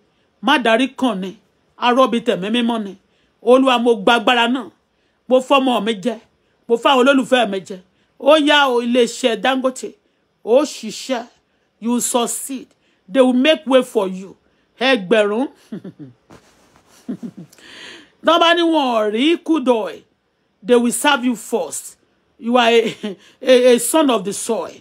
má darí kàn ni arọ́bi tẹ̀mí mímọ́ ni olúwa mo gba agbára náà mo fọ́mọ mi jẹ mo fáwọn olólùfẹ́ mi jẹ ó yá o iléeṣẹ́ Dangote ó ṣiṣẹ́ you succeed they will make way for you ẹgbẹ̀rún tọ́ba ni wọ́n rí kúdọ̀ẹ́ they will serve you first you are a, a, a son of the soil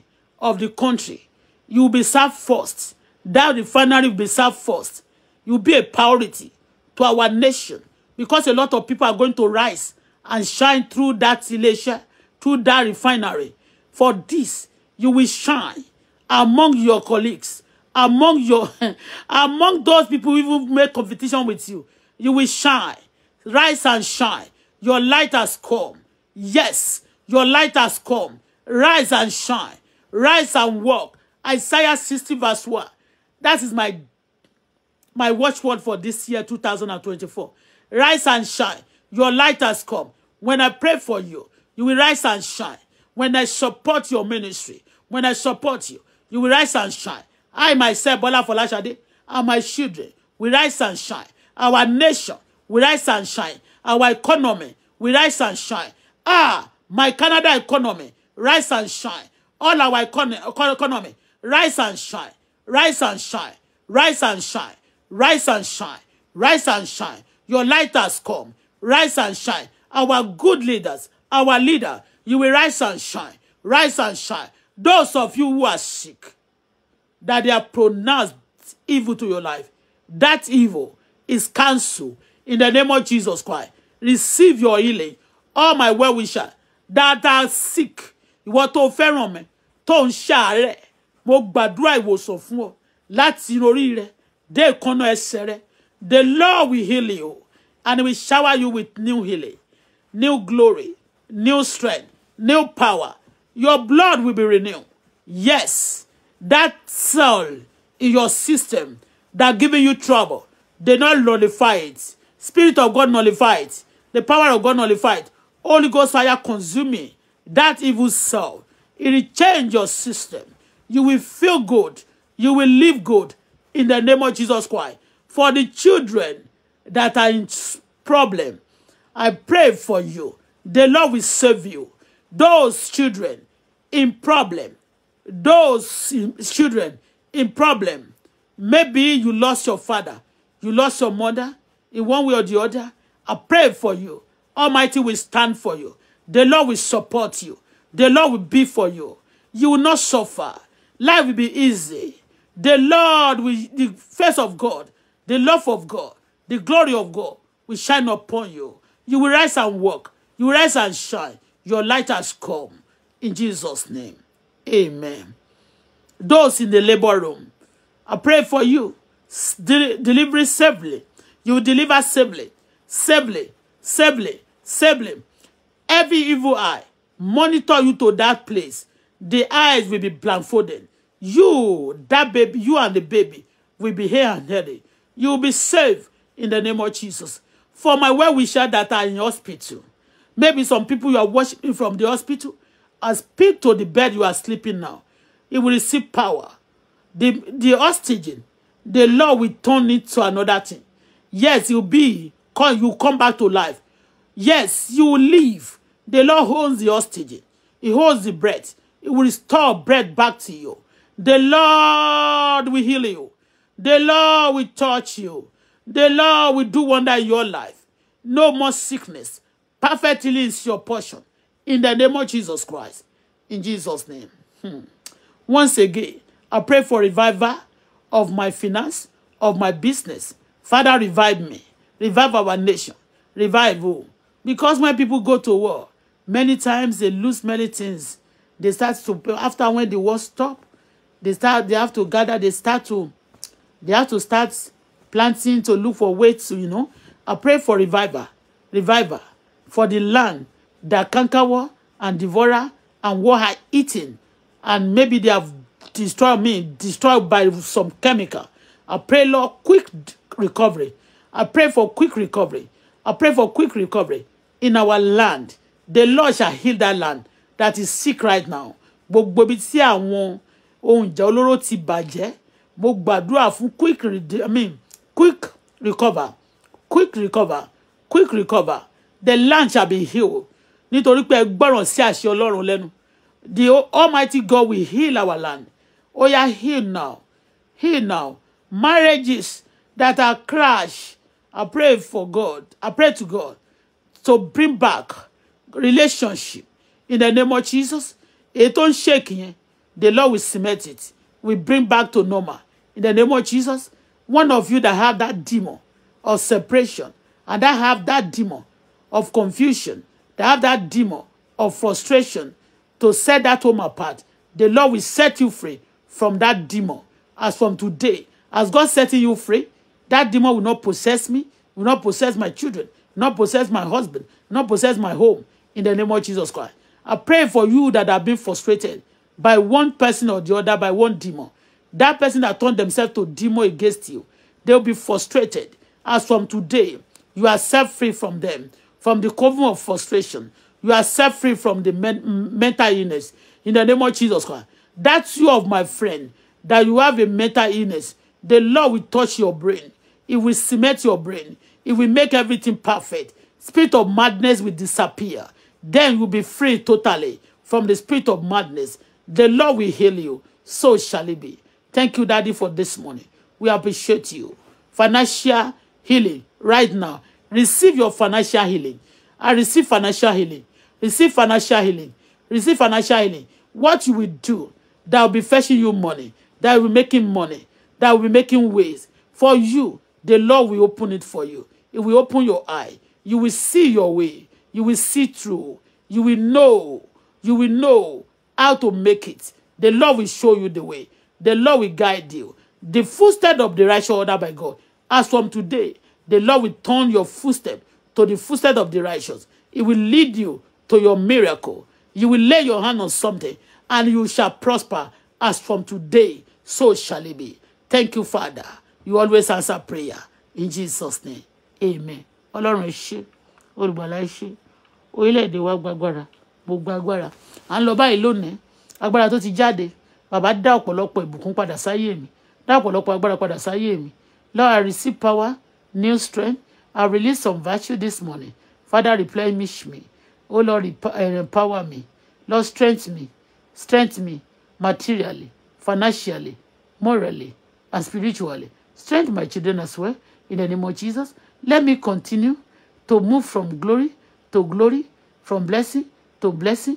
of the country you will be served first that refinery will be served first you will be a priority to our nation because a lot of people are going to rise and shine through that Ilesha, through that refinery. For this, you will shine among your colleagues, among your among those people who even make competition with you. You will shine. Rise and shine. Your light has come. Yes, your light has come. Rise and shine. Rise and walk. Isaiah 60 verse 1. That is my my watchword for this year 2024. Rise and shine. Your light has come. When I pray for you, you will rise and shine. When I support your ministry, when I support you, you will rise and shine. I myself, Bola Folashade, and my children will rise and shine. Our nation will rise and shine. Our economy will rise and shine. Ah, my Canada economy, rise and shine. All our economy, rise and shine. Rise and shine. Rise and shine. Rise and shine. Rise and shine. Your light has come. Rise and shine. Our good leaders, our leader, you will rise and shine. Rise and shine. Those of you who are sick, that they have pronounced evil to your life, that evil is cancelled in the name of Jesus Christ. Receive your healing. All my well wisher that are sick, ìwọ tó fẹ́ràn mi, tó ń ṣàárẹ̀, mo gbàdúrà ìwòsàn fún ọ láti orí rẹ̀ dé ìkúnnú ẹsẹ̀ rẹ the Lord will heal you and will shower you with new healing new glory new strength new power your blood will be renewed yes that cell in your system that giving you trouble they not nullify it spirit of God nullify it the power of God nullify it Holy Ghost fire consuming that evil cell it will change your system you will feel good you will live good in the name of Jesus Christ. For the children that are in problem, I pray for you. The Lord will save you. Those children in problem, those children in problem, maybe you lost your father, you lost your mother in one way or the other. I pray for you. Almighty will stand for you. The Lord will support you. The Lord will be for you. You will not suffer. Life will be easy. The Lord, will, the face of God, the love of God, the glory of God will shine upon you. You will rise and walk. You will rise and shine. Your light has come. In Jesus' name. Amen. Those in the labor room, I pray for you. De deliver safely. You will deliver safely. Safely. Safely. Safely. Every evil eye monitor you to that place. The eyes will be blindfolded you, that baby, you and the baby will be here and healthy. You will be saved in the name of Jesus. For my well-wisher that are in hospital, maybe some people you are worshiping from the hospital, I speak to the bed you are sleeping now. It will receive power. The, the oxygen, the Lord will turn it to another thing. Yes, you'll be, you'll come back to life. Yes, you will live. The Lord holds the oxygen. He holds the breath. He will restore breath back to you. The Lord will heal you. The Lord will touch you. The Lord will do wonder in your life. No more sickness. Perfect healing is your portion. In the name of Jesus Christ. In Jesus' name. Hmm. Once again, I pray for revival of my finance, of my business. Father, revive me. Revive our nation. Revive Because when people go to war, many times they lose many things. They start to, after when the war stops, they start they have to gather they start to they have to start planting to look for to you know i pray for revival revival for the land that Kankawa and devourer and what are eating and maybe they have destroyed me destroyed by some chemical i pray lord quick recovery i pray for quick recovery i pray for quick recovery in our land the lord shall heal that land that is sick right now gbogbo ibi tí àwọn ohun ìjà olóró ti bàjẹ́ mo gbàdúrà fún quick I mean, quick recover quick recover quick recover the land shall be healed nítorí pé ẹ gbọ́ràn sí àṣẹ ọlọ́run lẹ́nu the almighty God will heal our land oya heal now heal now marriages that are crash, I pray for God I pray to God to bring back relationship in the name of Jesus èyí tó ń ṣèkì The Lord will cement it. We bring back to normal. In the name of Jesus, one of you that have that demon of separation and that have that demon of confusion, that have that demon of frustration to set that home apart, the Lord will set you free from that demon. As from today, as God setting you free, that demon will not possess me, will not possess my children, not possess my husband, not possess my home. In the name of Jesus Christ. I pray for you that have been frustrated by one person or the other, by one demon. That person that turned themselves to demon against you, they'll be frustrated. As from today, you are set free from them, from the covenant of frustration. You are set free from the men mental illness. In the name of Jesus Christ. That's you of my friend, that you have a mental illness. The Lord will touch your brain. It will cement your brain. It will make everything perfect. Spirit of madness will disappear. Then you'll be free totally from the spirit of madness. The Lord will heal you. So shall it be. Thank you, Daddy, for this morning. We appreciate you. Financial healing right now. Receive your financial healing. I receive financial healing. Receive financial healing. Receive financial healing. What you will do that will be fetching you money, that will be making money, that will be making ways for you. The Lord will open it for you. It will open your eye. You will see your way. You will see through. You will know. You will know how to make it. The Lord will show you the way. The Lord will guide you. The footstep of the righteous order by God. As from today, the Lord will turn your footstep to the footstep of the righteous. It will lead you to your miracle. You will lay your hand on something and you shall prosper. As from today, so shall it be. Thank you, Father. You always answer prayer. In Jesus' name, amen. Ọlọ́run ẹ ṣé, olùgbàlà oile de orílẹ̀-èdè wa gbagbára, mo gbagbára à ń lọ báyìí lónìí agbára tó ti jáde bàbá dá ọ̀pọ̀lọpọ̀ ìbùkún padà sáyé mi dá ọ̀pọ̀lọpọ̀ agbára padà sáyé mi Lord I receive power new strength I release some virtue this morning Father replenish me O oh Lord eh, empower me Lord strengthen me strengthen me materially financially morally and spiritually strengthen my children as well in the name of Jesus let me continue to move from glory to glory from blessing to blessing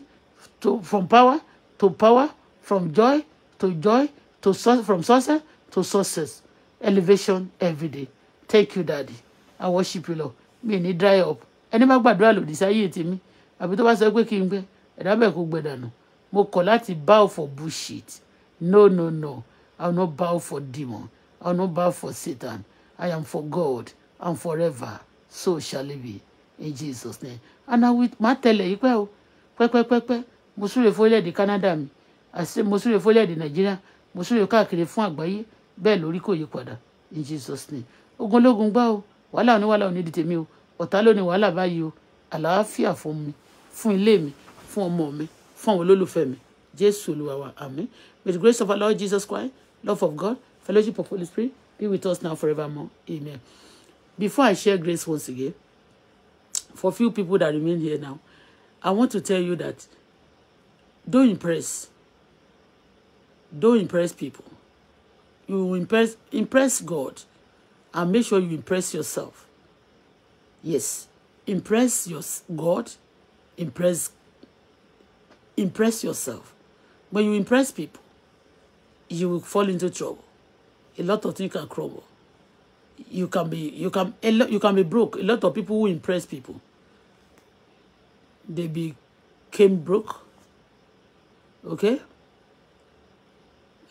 to from power to power, from joy to joy, to from success to success. Elevation every day. Thank you, Daddy. I worship you, Lord. Mi ní dry up. Ẹni bá gbàdúrà lòdì sáyé tèmi. Àbí tó bá sọ pé kí n gbé ẹ̀dá bẹ́ẹ̀ kó gbẹ dànù. Mo kọ̀ láti bow for bullshit. No, no, no. I will not bow for demon. I will not bow for Satan. I am for God and forever. So shall it be in Jesus' name. And I will máa tẹ̀lé yìí pẹ́ o pẹ́pẹ́pẹ́pẹ́ mo súre fórílẹ̀-èdè Canada mi àti mo súre fórílẹ̀-èdè Nàìjíríà mo súre káàkiri fún àgbáyé bẹ́ẹ̀ lórí kò yí padà in Jesus name ogunlógun gbá o wàhálà òní wàhálà òní di tèmi o ọ̀tá lónìí wàhálà báyìí o àlàáfíà fún mi fún ilé mi fún ọmọ mi fún àwọn olólùfẹ́ mi Jésù Olúwa wa àmín the grace of our Lord Jesus Christ love of God fellowship of Holy Spirit be with us now forevermore amen before I share grace once again for few people that remain here now I want to tell you that don't impress don't impress people you impress impress God and make sure you impress yourself yes impress your God impress impress yourself when you impress people you will fall into trouble a lot of things can crumble you can be you can a lot you can be broke a lot of people who impress people they became broke Okay?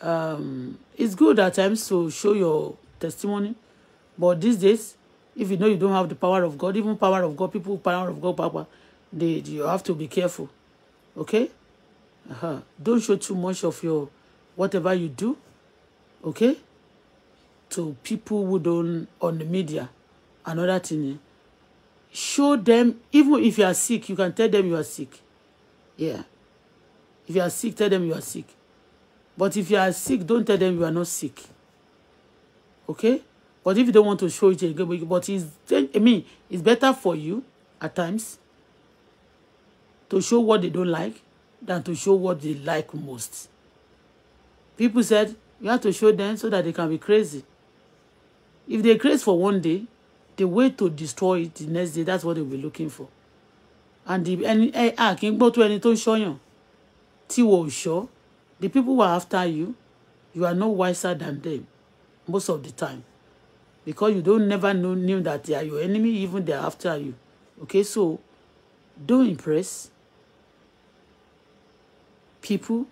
Um, it's good at times to show your testimony, but these days, if you know you don't have the power of God, even power of God, people power of God, Papa, they you have to be careful. Okay? Uh-huh. Don't show too much of your whatever you do. Okay? To people who don't on the media. Another thing. Eh, show them, even if you are sick, you can tell them you are sick. Yeah. If you are sick, tell them you are sick. But if you are sick, don't tell them you are not sick. Okay? But if you don't want to show it again, but it's, I mean, it's better for you at times to show what they don't like than to show what they like most. People said, you have to show them so that they can be crazy. If they crazy for one day, the way to destroy it the next day, that's what they'll be looking for. And the, and, eh, ah, kí n gbọ́ tó ẹni tó ń ṣọ́yàn tí wọ́n ò ṣọ́ the people who are after you you are no wiser than them most of the time because you don't never know knew that they are your enemy even they are after you okay so don't impress people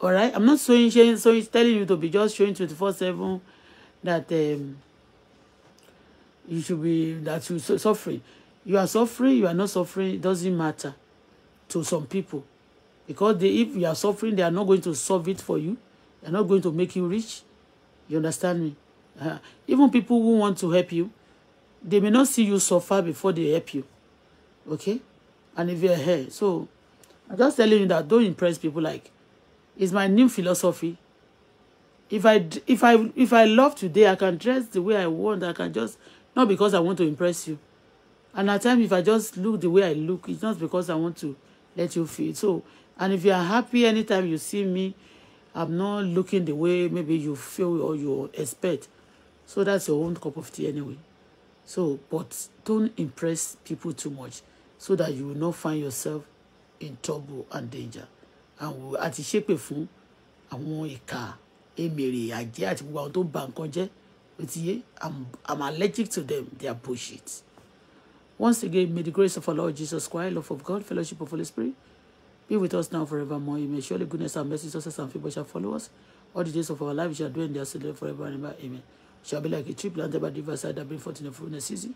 all right i'm not showing showing so he's telling you to be just showing twenty four seven that um you should be that you suffering you are suffering you are not suffering it doesn't matter to some people Because they, if you are suffering, they are not going to solve it for you. They are not going to make you rich. You understand me? Uh, even people who want to help you, they may not see you suffer before they help you. Okay? And if you're here, so I'm just telling you that don't impress people like it's my new philosophy. If I if I if I love today, I can dress the way I want. I can just not because I want to impress you. And at times, if I just look the way I look, it's not because I want to let you feel. So And if you are happy anytime you see me, I'm not looking the way maybe you feel or you expect. So that's your own cup of tea anyway. So, but don't impress people too much so that you will not find yourself in trouble and danger. And Àwọn àti ṣépè fún àwọn ìka èmèrè àjẹ́ àti gbogbo àwọn tó ba nǹkan jẹ́ òtíye I'm allergic to them they are bullshit. Once again may the grace of our Lord Jesus Christ love of God fellowship of Holy Spirit Be with us now forevermore. You may surely goodness and mercy, success and favor shall follow us. All the days of our life shall dwell in their city forever and ever. Amen. Shall be like a tree planted by the riverside that brings forth in the fullness season.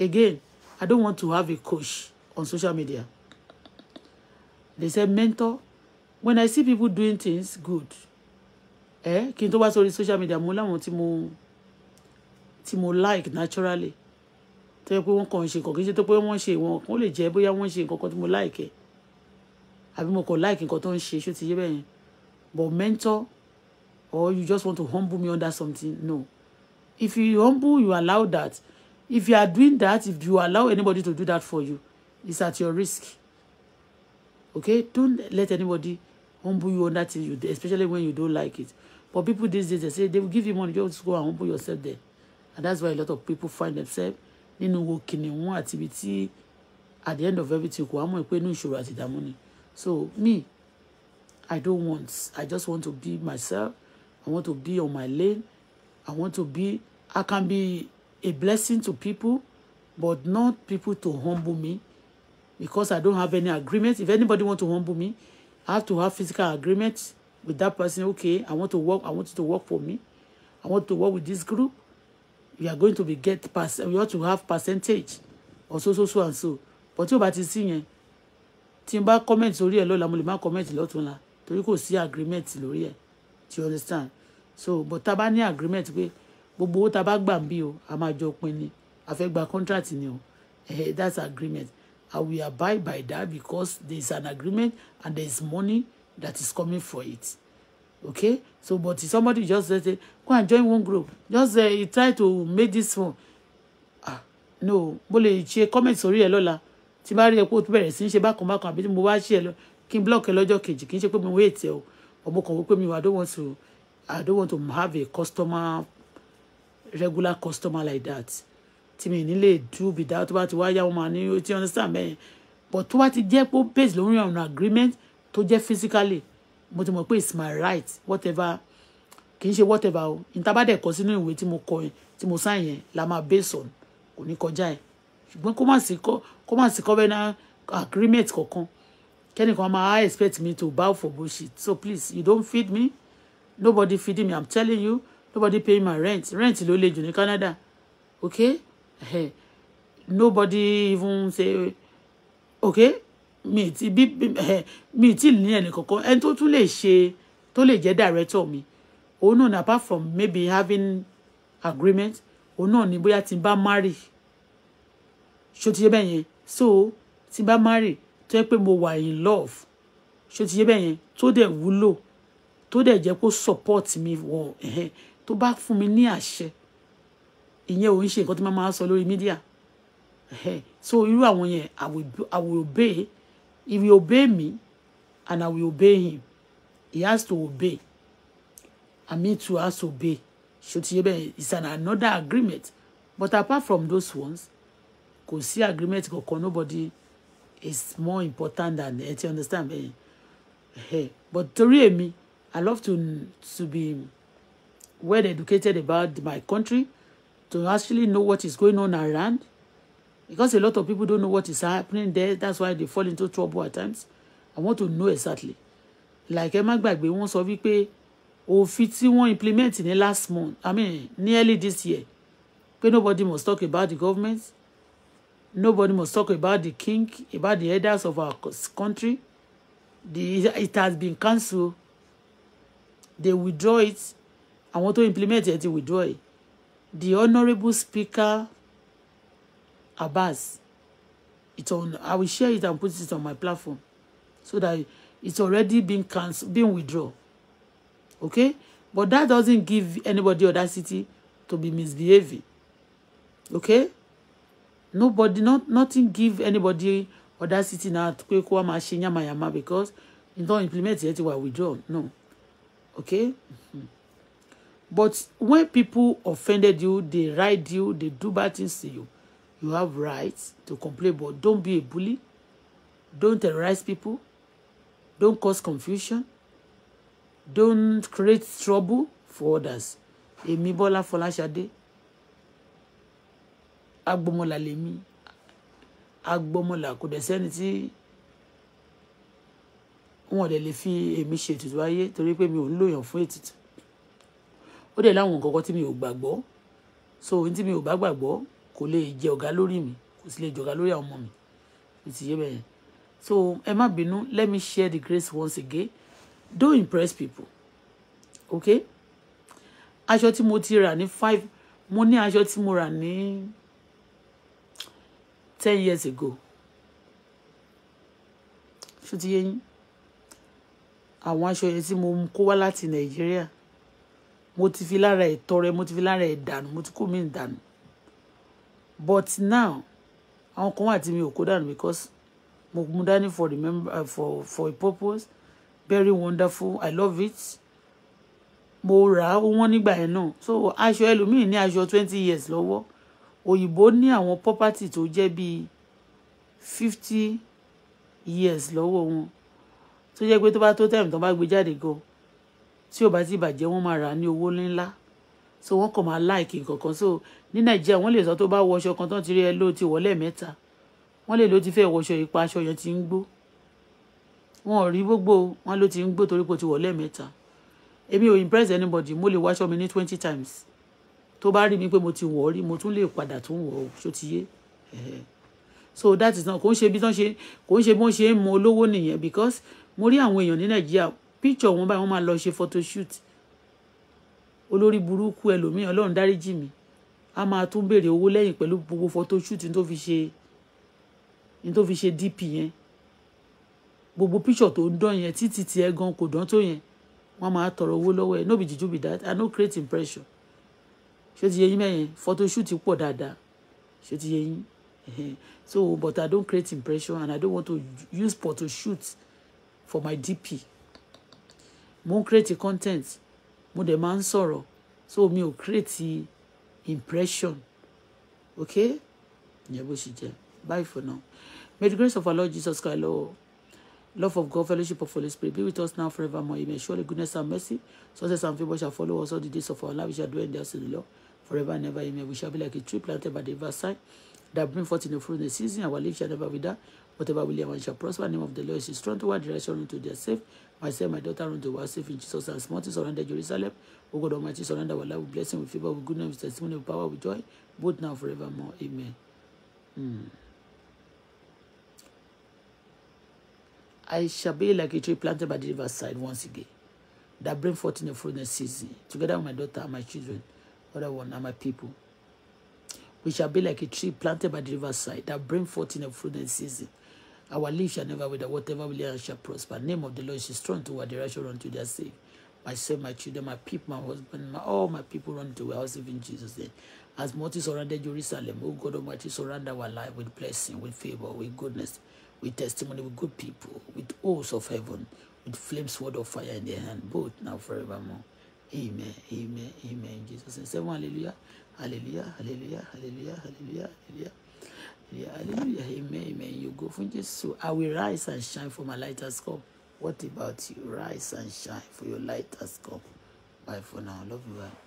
Again, I don't want to have a coach on social media. They say mentor. When I see people doing things good, eh, kí n tó social media, mula láwọn tí mo tí mo like naturally. Tó yẹ pé wọ́n kàn ń ṣe nǹkan kì í ṣe tó pé wọ́n ṣe like ẹ̀. Eh àbí mo kò like nǹkan tó ń ṣe ṣó ti yé bẹ́yẹn but mentor or you just want to humble me under something no if you humble you allow that if you are doing that if you allow anybody to do that for you it's at your risk okay don't let anybody humble you under till you especially when you don't like it but people these days they say they will give you money just go and humble yourself there and that's why a lot of people find themselves nínú wo kìnìún àti ibi tí at the end of everything kò wá mọ̀ pé inú ìṣòro àti ìdààmú ni So me, I don't want. I just want to be myself. I want to be on my lane. I want to be. I can be a blessing to people, but not people to humble me, because I don't have any agreement. If anybody want to humble me, I have to have physical agreement with that person. Okay, I want to work. I want you to work for me. I want to work with this group. We are going to be get percent. You have to have percentage, or so so so and so. But you about to see tí n bá comment lórí ẹ̀ lọ́la mo lè má comment lọ́túnla torí kò sí agreement lórí ẹ̀ do you understand so but tá a bá ní agreement pé gbogbo owó tá a bá gbà ń bí o a máa jọ pín ni a fẹ́ gba contract ni o eh, that's agreement I will abide by that because there is an agreement and there is money that is coming for it okay so but if somebody just say say go and join one group just uh, try to make this one ah no mo lè ṣe comment sórí ẹ̀ lọ́la tí bá rí ẹ pé o bẹ̀rẹ̀ sí ṣe bákan bákan àbí tí mo wá ṣe ẹ lọ kí n block lọ́jọ́ kejì kì í ṣe pé mo wé ètè o ọmọ kan wípé mi I don't want to have a customer regular customer like that tí mi ní lè do without tó bá ti wá yá wọn máa ní oh, o ti understand mẹ́yìn but tó bá ti jẹ́ pé based lórí ọ̀nà agreement tó jẹ́ physically mo ti mọ̀ pé it's my right whatever kì í ṣe whatever o ìtabádẹ̀ kọ sínú ìwé tí mo kọ yẹn tí mo sign yẹn la máa based on kò ní kọjá yẹn ṣùgbọ́n kó má sí kó má sí covenant agreement kankan kẹ́nìkan máa expect me to bow for bullshit so please you don't feed me nobody feeding me i'm telling you nobody pay my rent rent ló le jù ní Canada okay nobody even say okay mi ti bí mi ti ní ẹnì kankan ẹni tó tún lè ṣe tó lè jẹ́ director mi òun náà apart from maybe having agreement òun náà ni bóyá tí n bá marry ṣó ti yé bẹ́ẹ̀ yẹn so tí bá marry tó yẹ pé mo wà in love ṣó ti yé bẹ́ẹ̀ yẹn tó dẹ̀ wúlò tó dẹ̀ jẹ́ kó support mi wọ ẹ̀hẹ́n tó bá fún mi ní àṣẹ ìyẹn ò ń ṣe nǹkan tí máa máa sọ lórí mídíà so irú àwọn yẹn I will, I will obey he obey me and I will obey him he has to obey and me too has to obey ṣòtìyẹ bẹ́ẹ̀ it's an another agreement but apart from those ones kò sí agreement kankan nobody is more important than ẹ ti understand bẹ́ẹ̀ yẹn but torí èmi I love to to be well educated about my country to actually know what is going on around because a lot of people don't know what is happening there that's why they fall into trouble at times I want to know exactly like ẹ má gbàgbé wọ́n sọ wípé òfin tí wọ́n implement ní last month I mean nearly this year pé nobody must talk about the government Nobody must talk about the king, about the elders of our country. The, it has been cancelled. They withdraw it. and want to implement it, they withdraw it. The Honourable Speaker Abbas, it's on, I will share it and put it on my platform so that it's already been cancelled, been withdrawn. Okay? But that doesn't give anybody audacity to be misbehaving. Okay? nobody not nothing give anybody audacity na pé quick, wá máa ṣe yamayama because don't implement yẹn ti wà withdraw no okay mm-hmm. but when people offended you they ride you they do bad things to you you have rights to complain but don't be a bully don't terrorize people don't cause confusion don't create trouble for others èmi Bọ́lá Fọláṣadé agbọmọlà lèmi agbọmọlà kò dẹ̀ sẹ́ni tí wọn dẹ̀ lè fi èmi ṣe ètùtù ayé torí pé mi ò ń lòyàn fún ètùtù ó dẹ̀ láwọn nǹkan tí mi ò gbàgbọ́ so ohun tí mi ò bá gbàgbọ́ kò lè jẹ ọ̀gá lórí mi kò sì lè jọ̀gá lórí àwọn ọmọ mi kò sì yé bẹ́yẹn so ẹ má bínú let me share the grace once again don't impress people okay aṣọ tí mo ti rà ní five mo ní aṣọ tí mo rà ní. Ni ten years ago ṣó ti yé yín àwọn aṣọ yẹn tí mo kó wá láti nàìjíríà mo ti fi lára ẹ̀ tọrẹ mo ti fi lára ẹ̀ mo ti kó mi dànù but now àwọn kan wà tí mi ò kó dànù because mo mú dání for remember uh, for for a purpose very wonderful i love it mo rà á wọ́n nígbà yẹn náà so aṣọ ẹlòmíì ní aṣọ twenty years lọ́wọ́ òyìnbó ní àwọn property tó jẹ́ bíi fifty years lọ́wọ́ wọn tó jẹ́ pé tó bá tó tẹ̀mí tó bá gbé jáde gan tí ò bá ti bàjẹ́ wọ́n máa rà ní owó ńlá so wọ́n kàn máa láìkì kankan so ní nàìjíríà wọ́n lè sọ tó bá wọṣọ kan tán ti rí ẹ ló ti wọlé mẹ́ta wọ́n lè ló ti fẹ́ wọṣọ ipa aṣọ yẹn ti ń gbó wọn ò rí gbogbo wọn ló ti ń gbó torí pé ó ti wọlé mẹ́ta èmi ò impress anybody mo lè wáṣọ mi ní twenty times tó bá rí mi pé mo ti wọ̀ rí mo tún lè padà tún wọ̀ ṣó ti yé so that is not kò ń ṣe bí tán ṣe kò ń ṣe bí wọ́n ṣe ń mu olówó nìyẹn because mo rí àwọn èèyàn ní nàìjíríà picture wọn báyìí wọ́n máa lọ ṣe photoshoot olórí burúkú ẹlòmíràn ọlọ́run dáríjì mi a máa tún béèrè owó lẹ́yìn pẹ̀lú gbogbo photoshoot ní tó fi ṣe ní tó fi ṣe dp yẹn gbogbo picture tó ń dán yẹn títí tiẹ̀ gan kò dán tó yẹn wọ́n máa tọrọ owó lọ́wọ́ ẹ̀ no be juju be that i no create impression ṣé ti yẹ yín mẹ́yìn photoshoot pọ̀ dáadáa ṣé ti yẹ yín so but i don't create impression and i don't want to use photoshoot for my dp mo ń create content mo dẹ̀ máa ń sọ̀rọ̀ so mi ò create impression okay ìyẹn bó ṣe jẹ́ bye for now may the grace of our lord jesus christ lord love of God, fellowship of Holy Spirit be with us now forevermore. Amen. Surely goodness and mercy, success and favor shall follow us all the days of our life. We shall dwell in the house of the Lord forever and ever. Amen. We shall be like a tree planted by the riverside that bring forth in the fruit of the season. Our leaves shall never wither. Whatever we live and shall prosper. In The name of the Lord is strong toward direction unto their safe. Myself, my daughter, unto our safe in Jesus and small things Jerusalem. O God Almighty, surround our life with blessing, with favor, with goodness, with testimony, with power, with joy, both now forevermore. Amen. Mm. I shall be like a tree planted by the riverside once again, that bring forth in the fruit of the season, together with my daughter and my children. Other one are my people. We shall be like a tree planted by the riverside that bring forth in a fruitful season. Our leaf shall never wither, whatever we lay shall prosper. Name of the Lord is strong to our direction unto their sake. Myself, my children, my people, my husband, my, all my people run to our house, even Jesus' name. As multi surrounded Jerusalem, O God Almighty, surround our life with blessing, with favor, with goodness, with testimony, with good people, with oaths of heaven, with flames, sword of fire in their hand, both now forevermore. Amen. Amen. Amen. Jesus' name. Seven. Hallelujah. Hallelujah. Hallelujah. Hallelujah. Hallelujah. Hallelujah. Yeah, hallelujah. Amen. Amen. You go for Jesus. I will rise and shine for my light has come. What about you? Rise and shine for your light has come. Bye for now. Love you. All.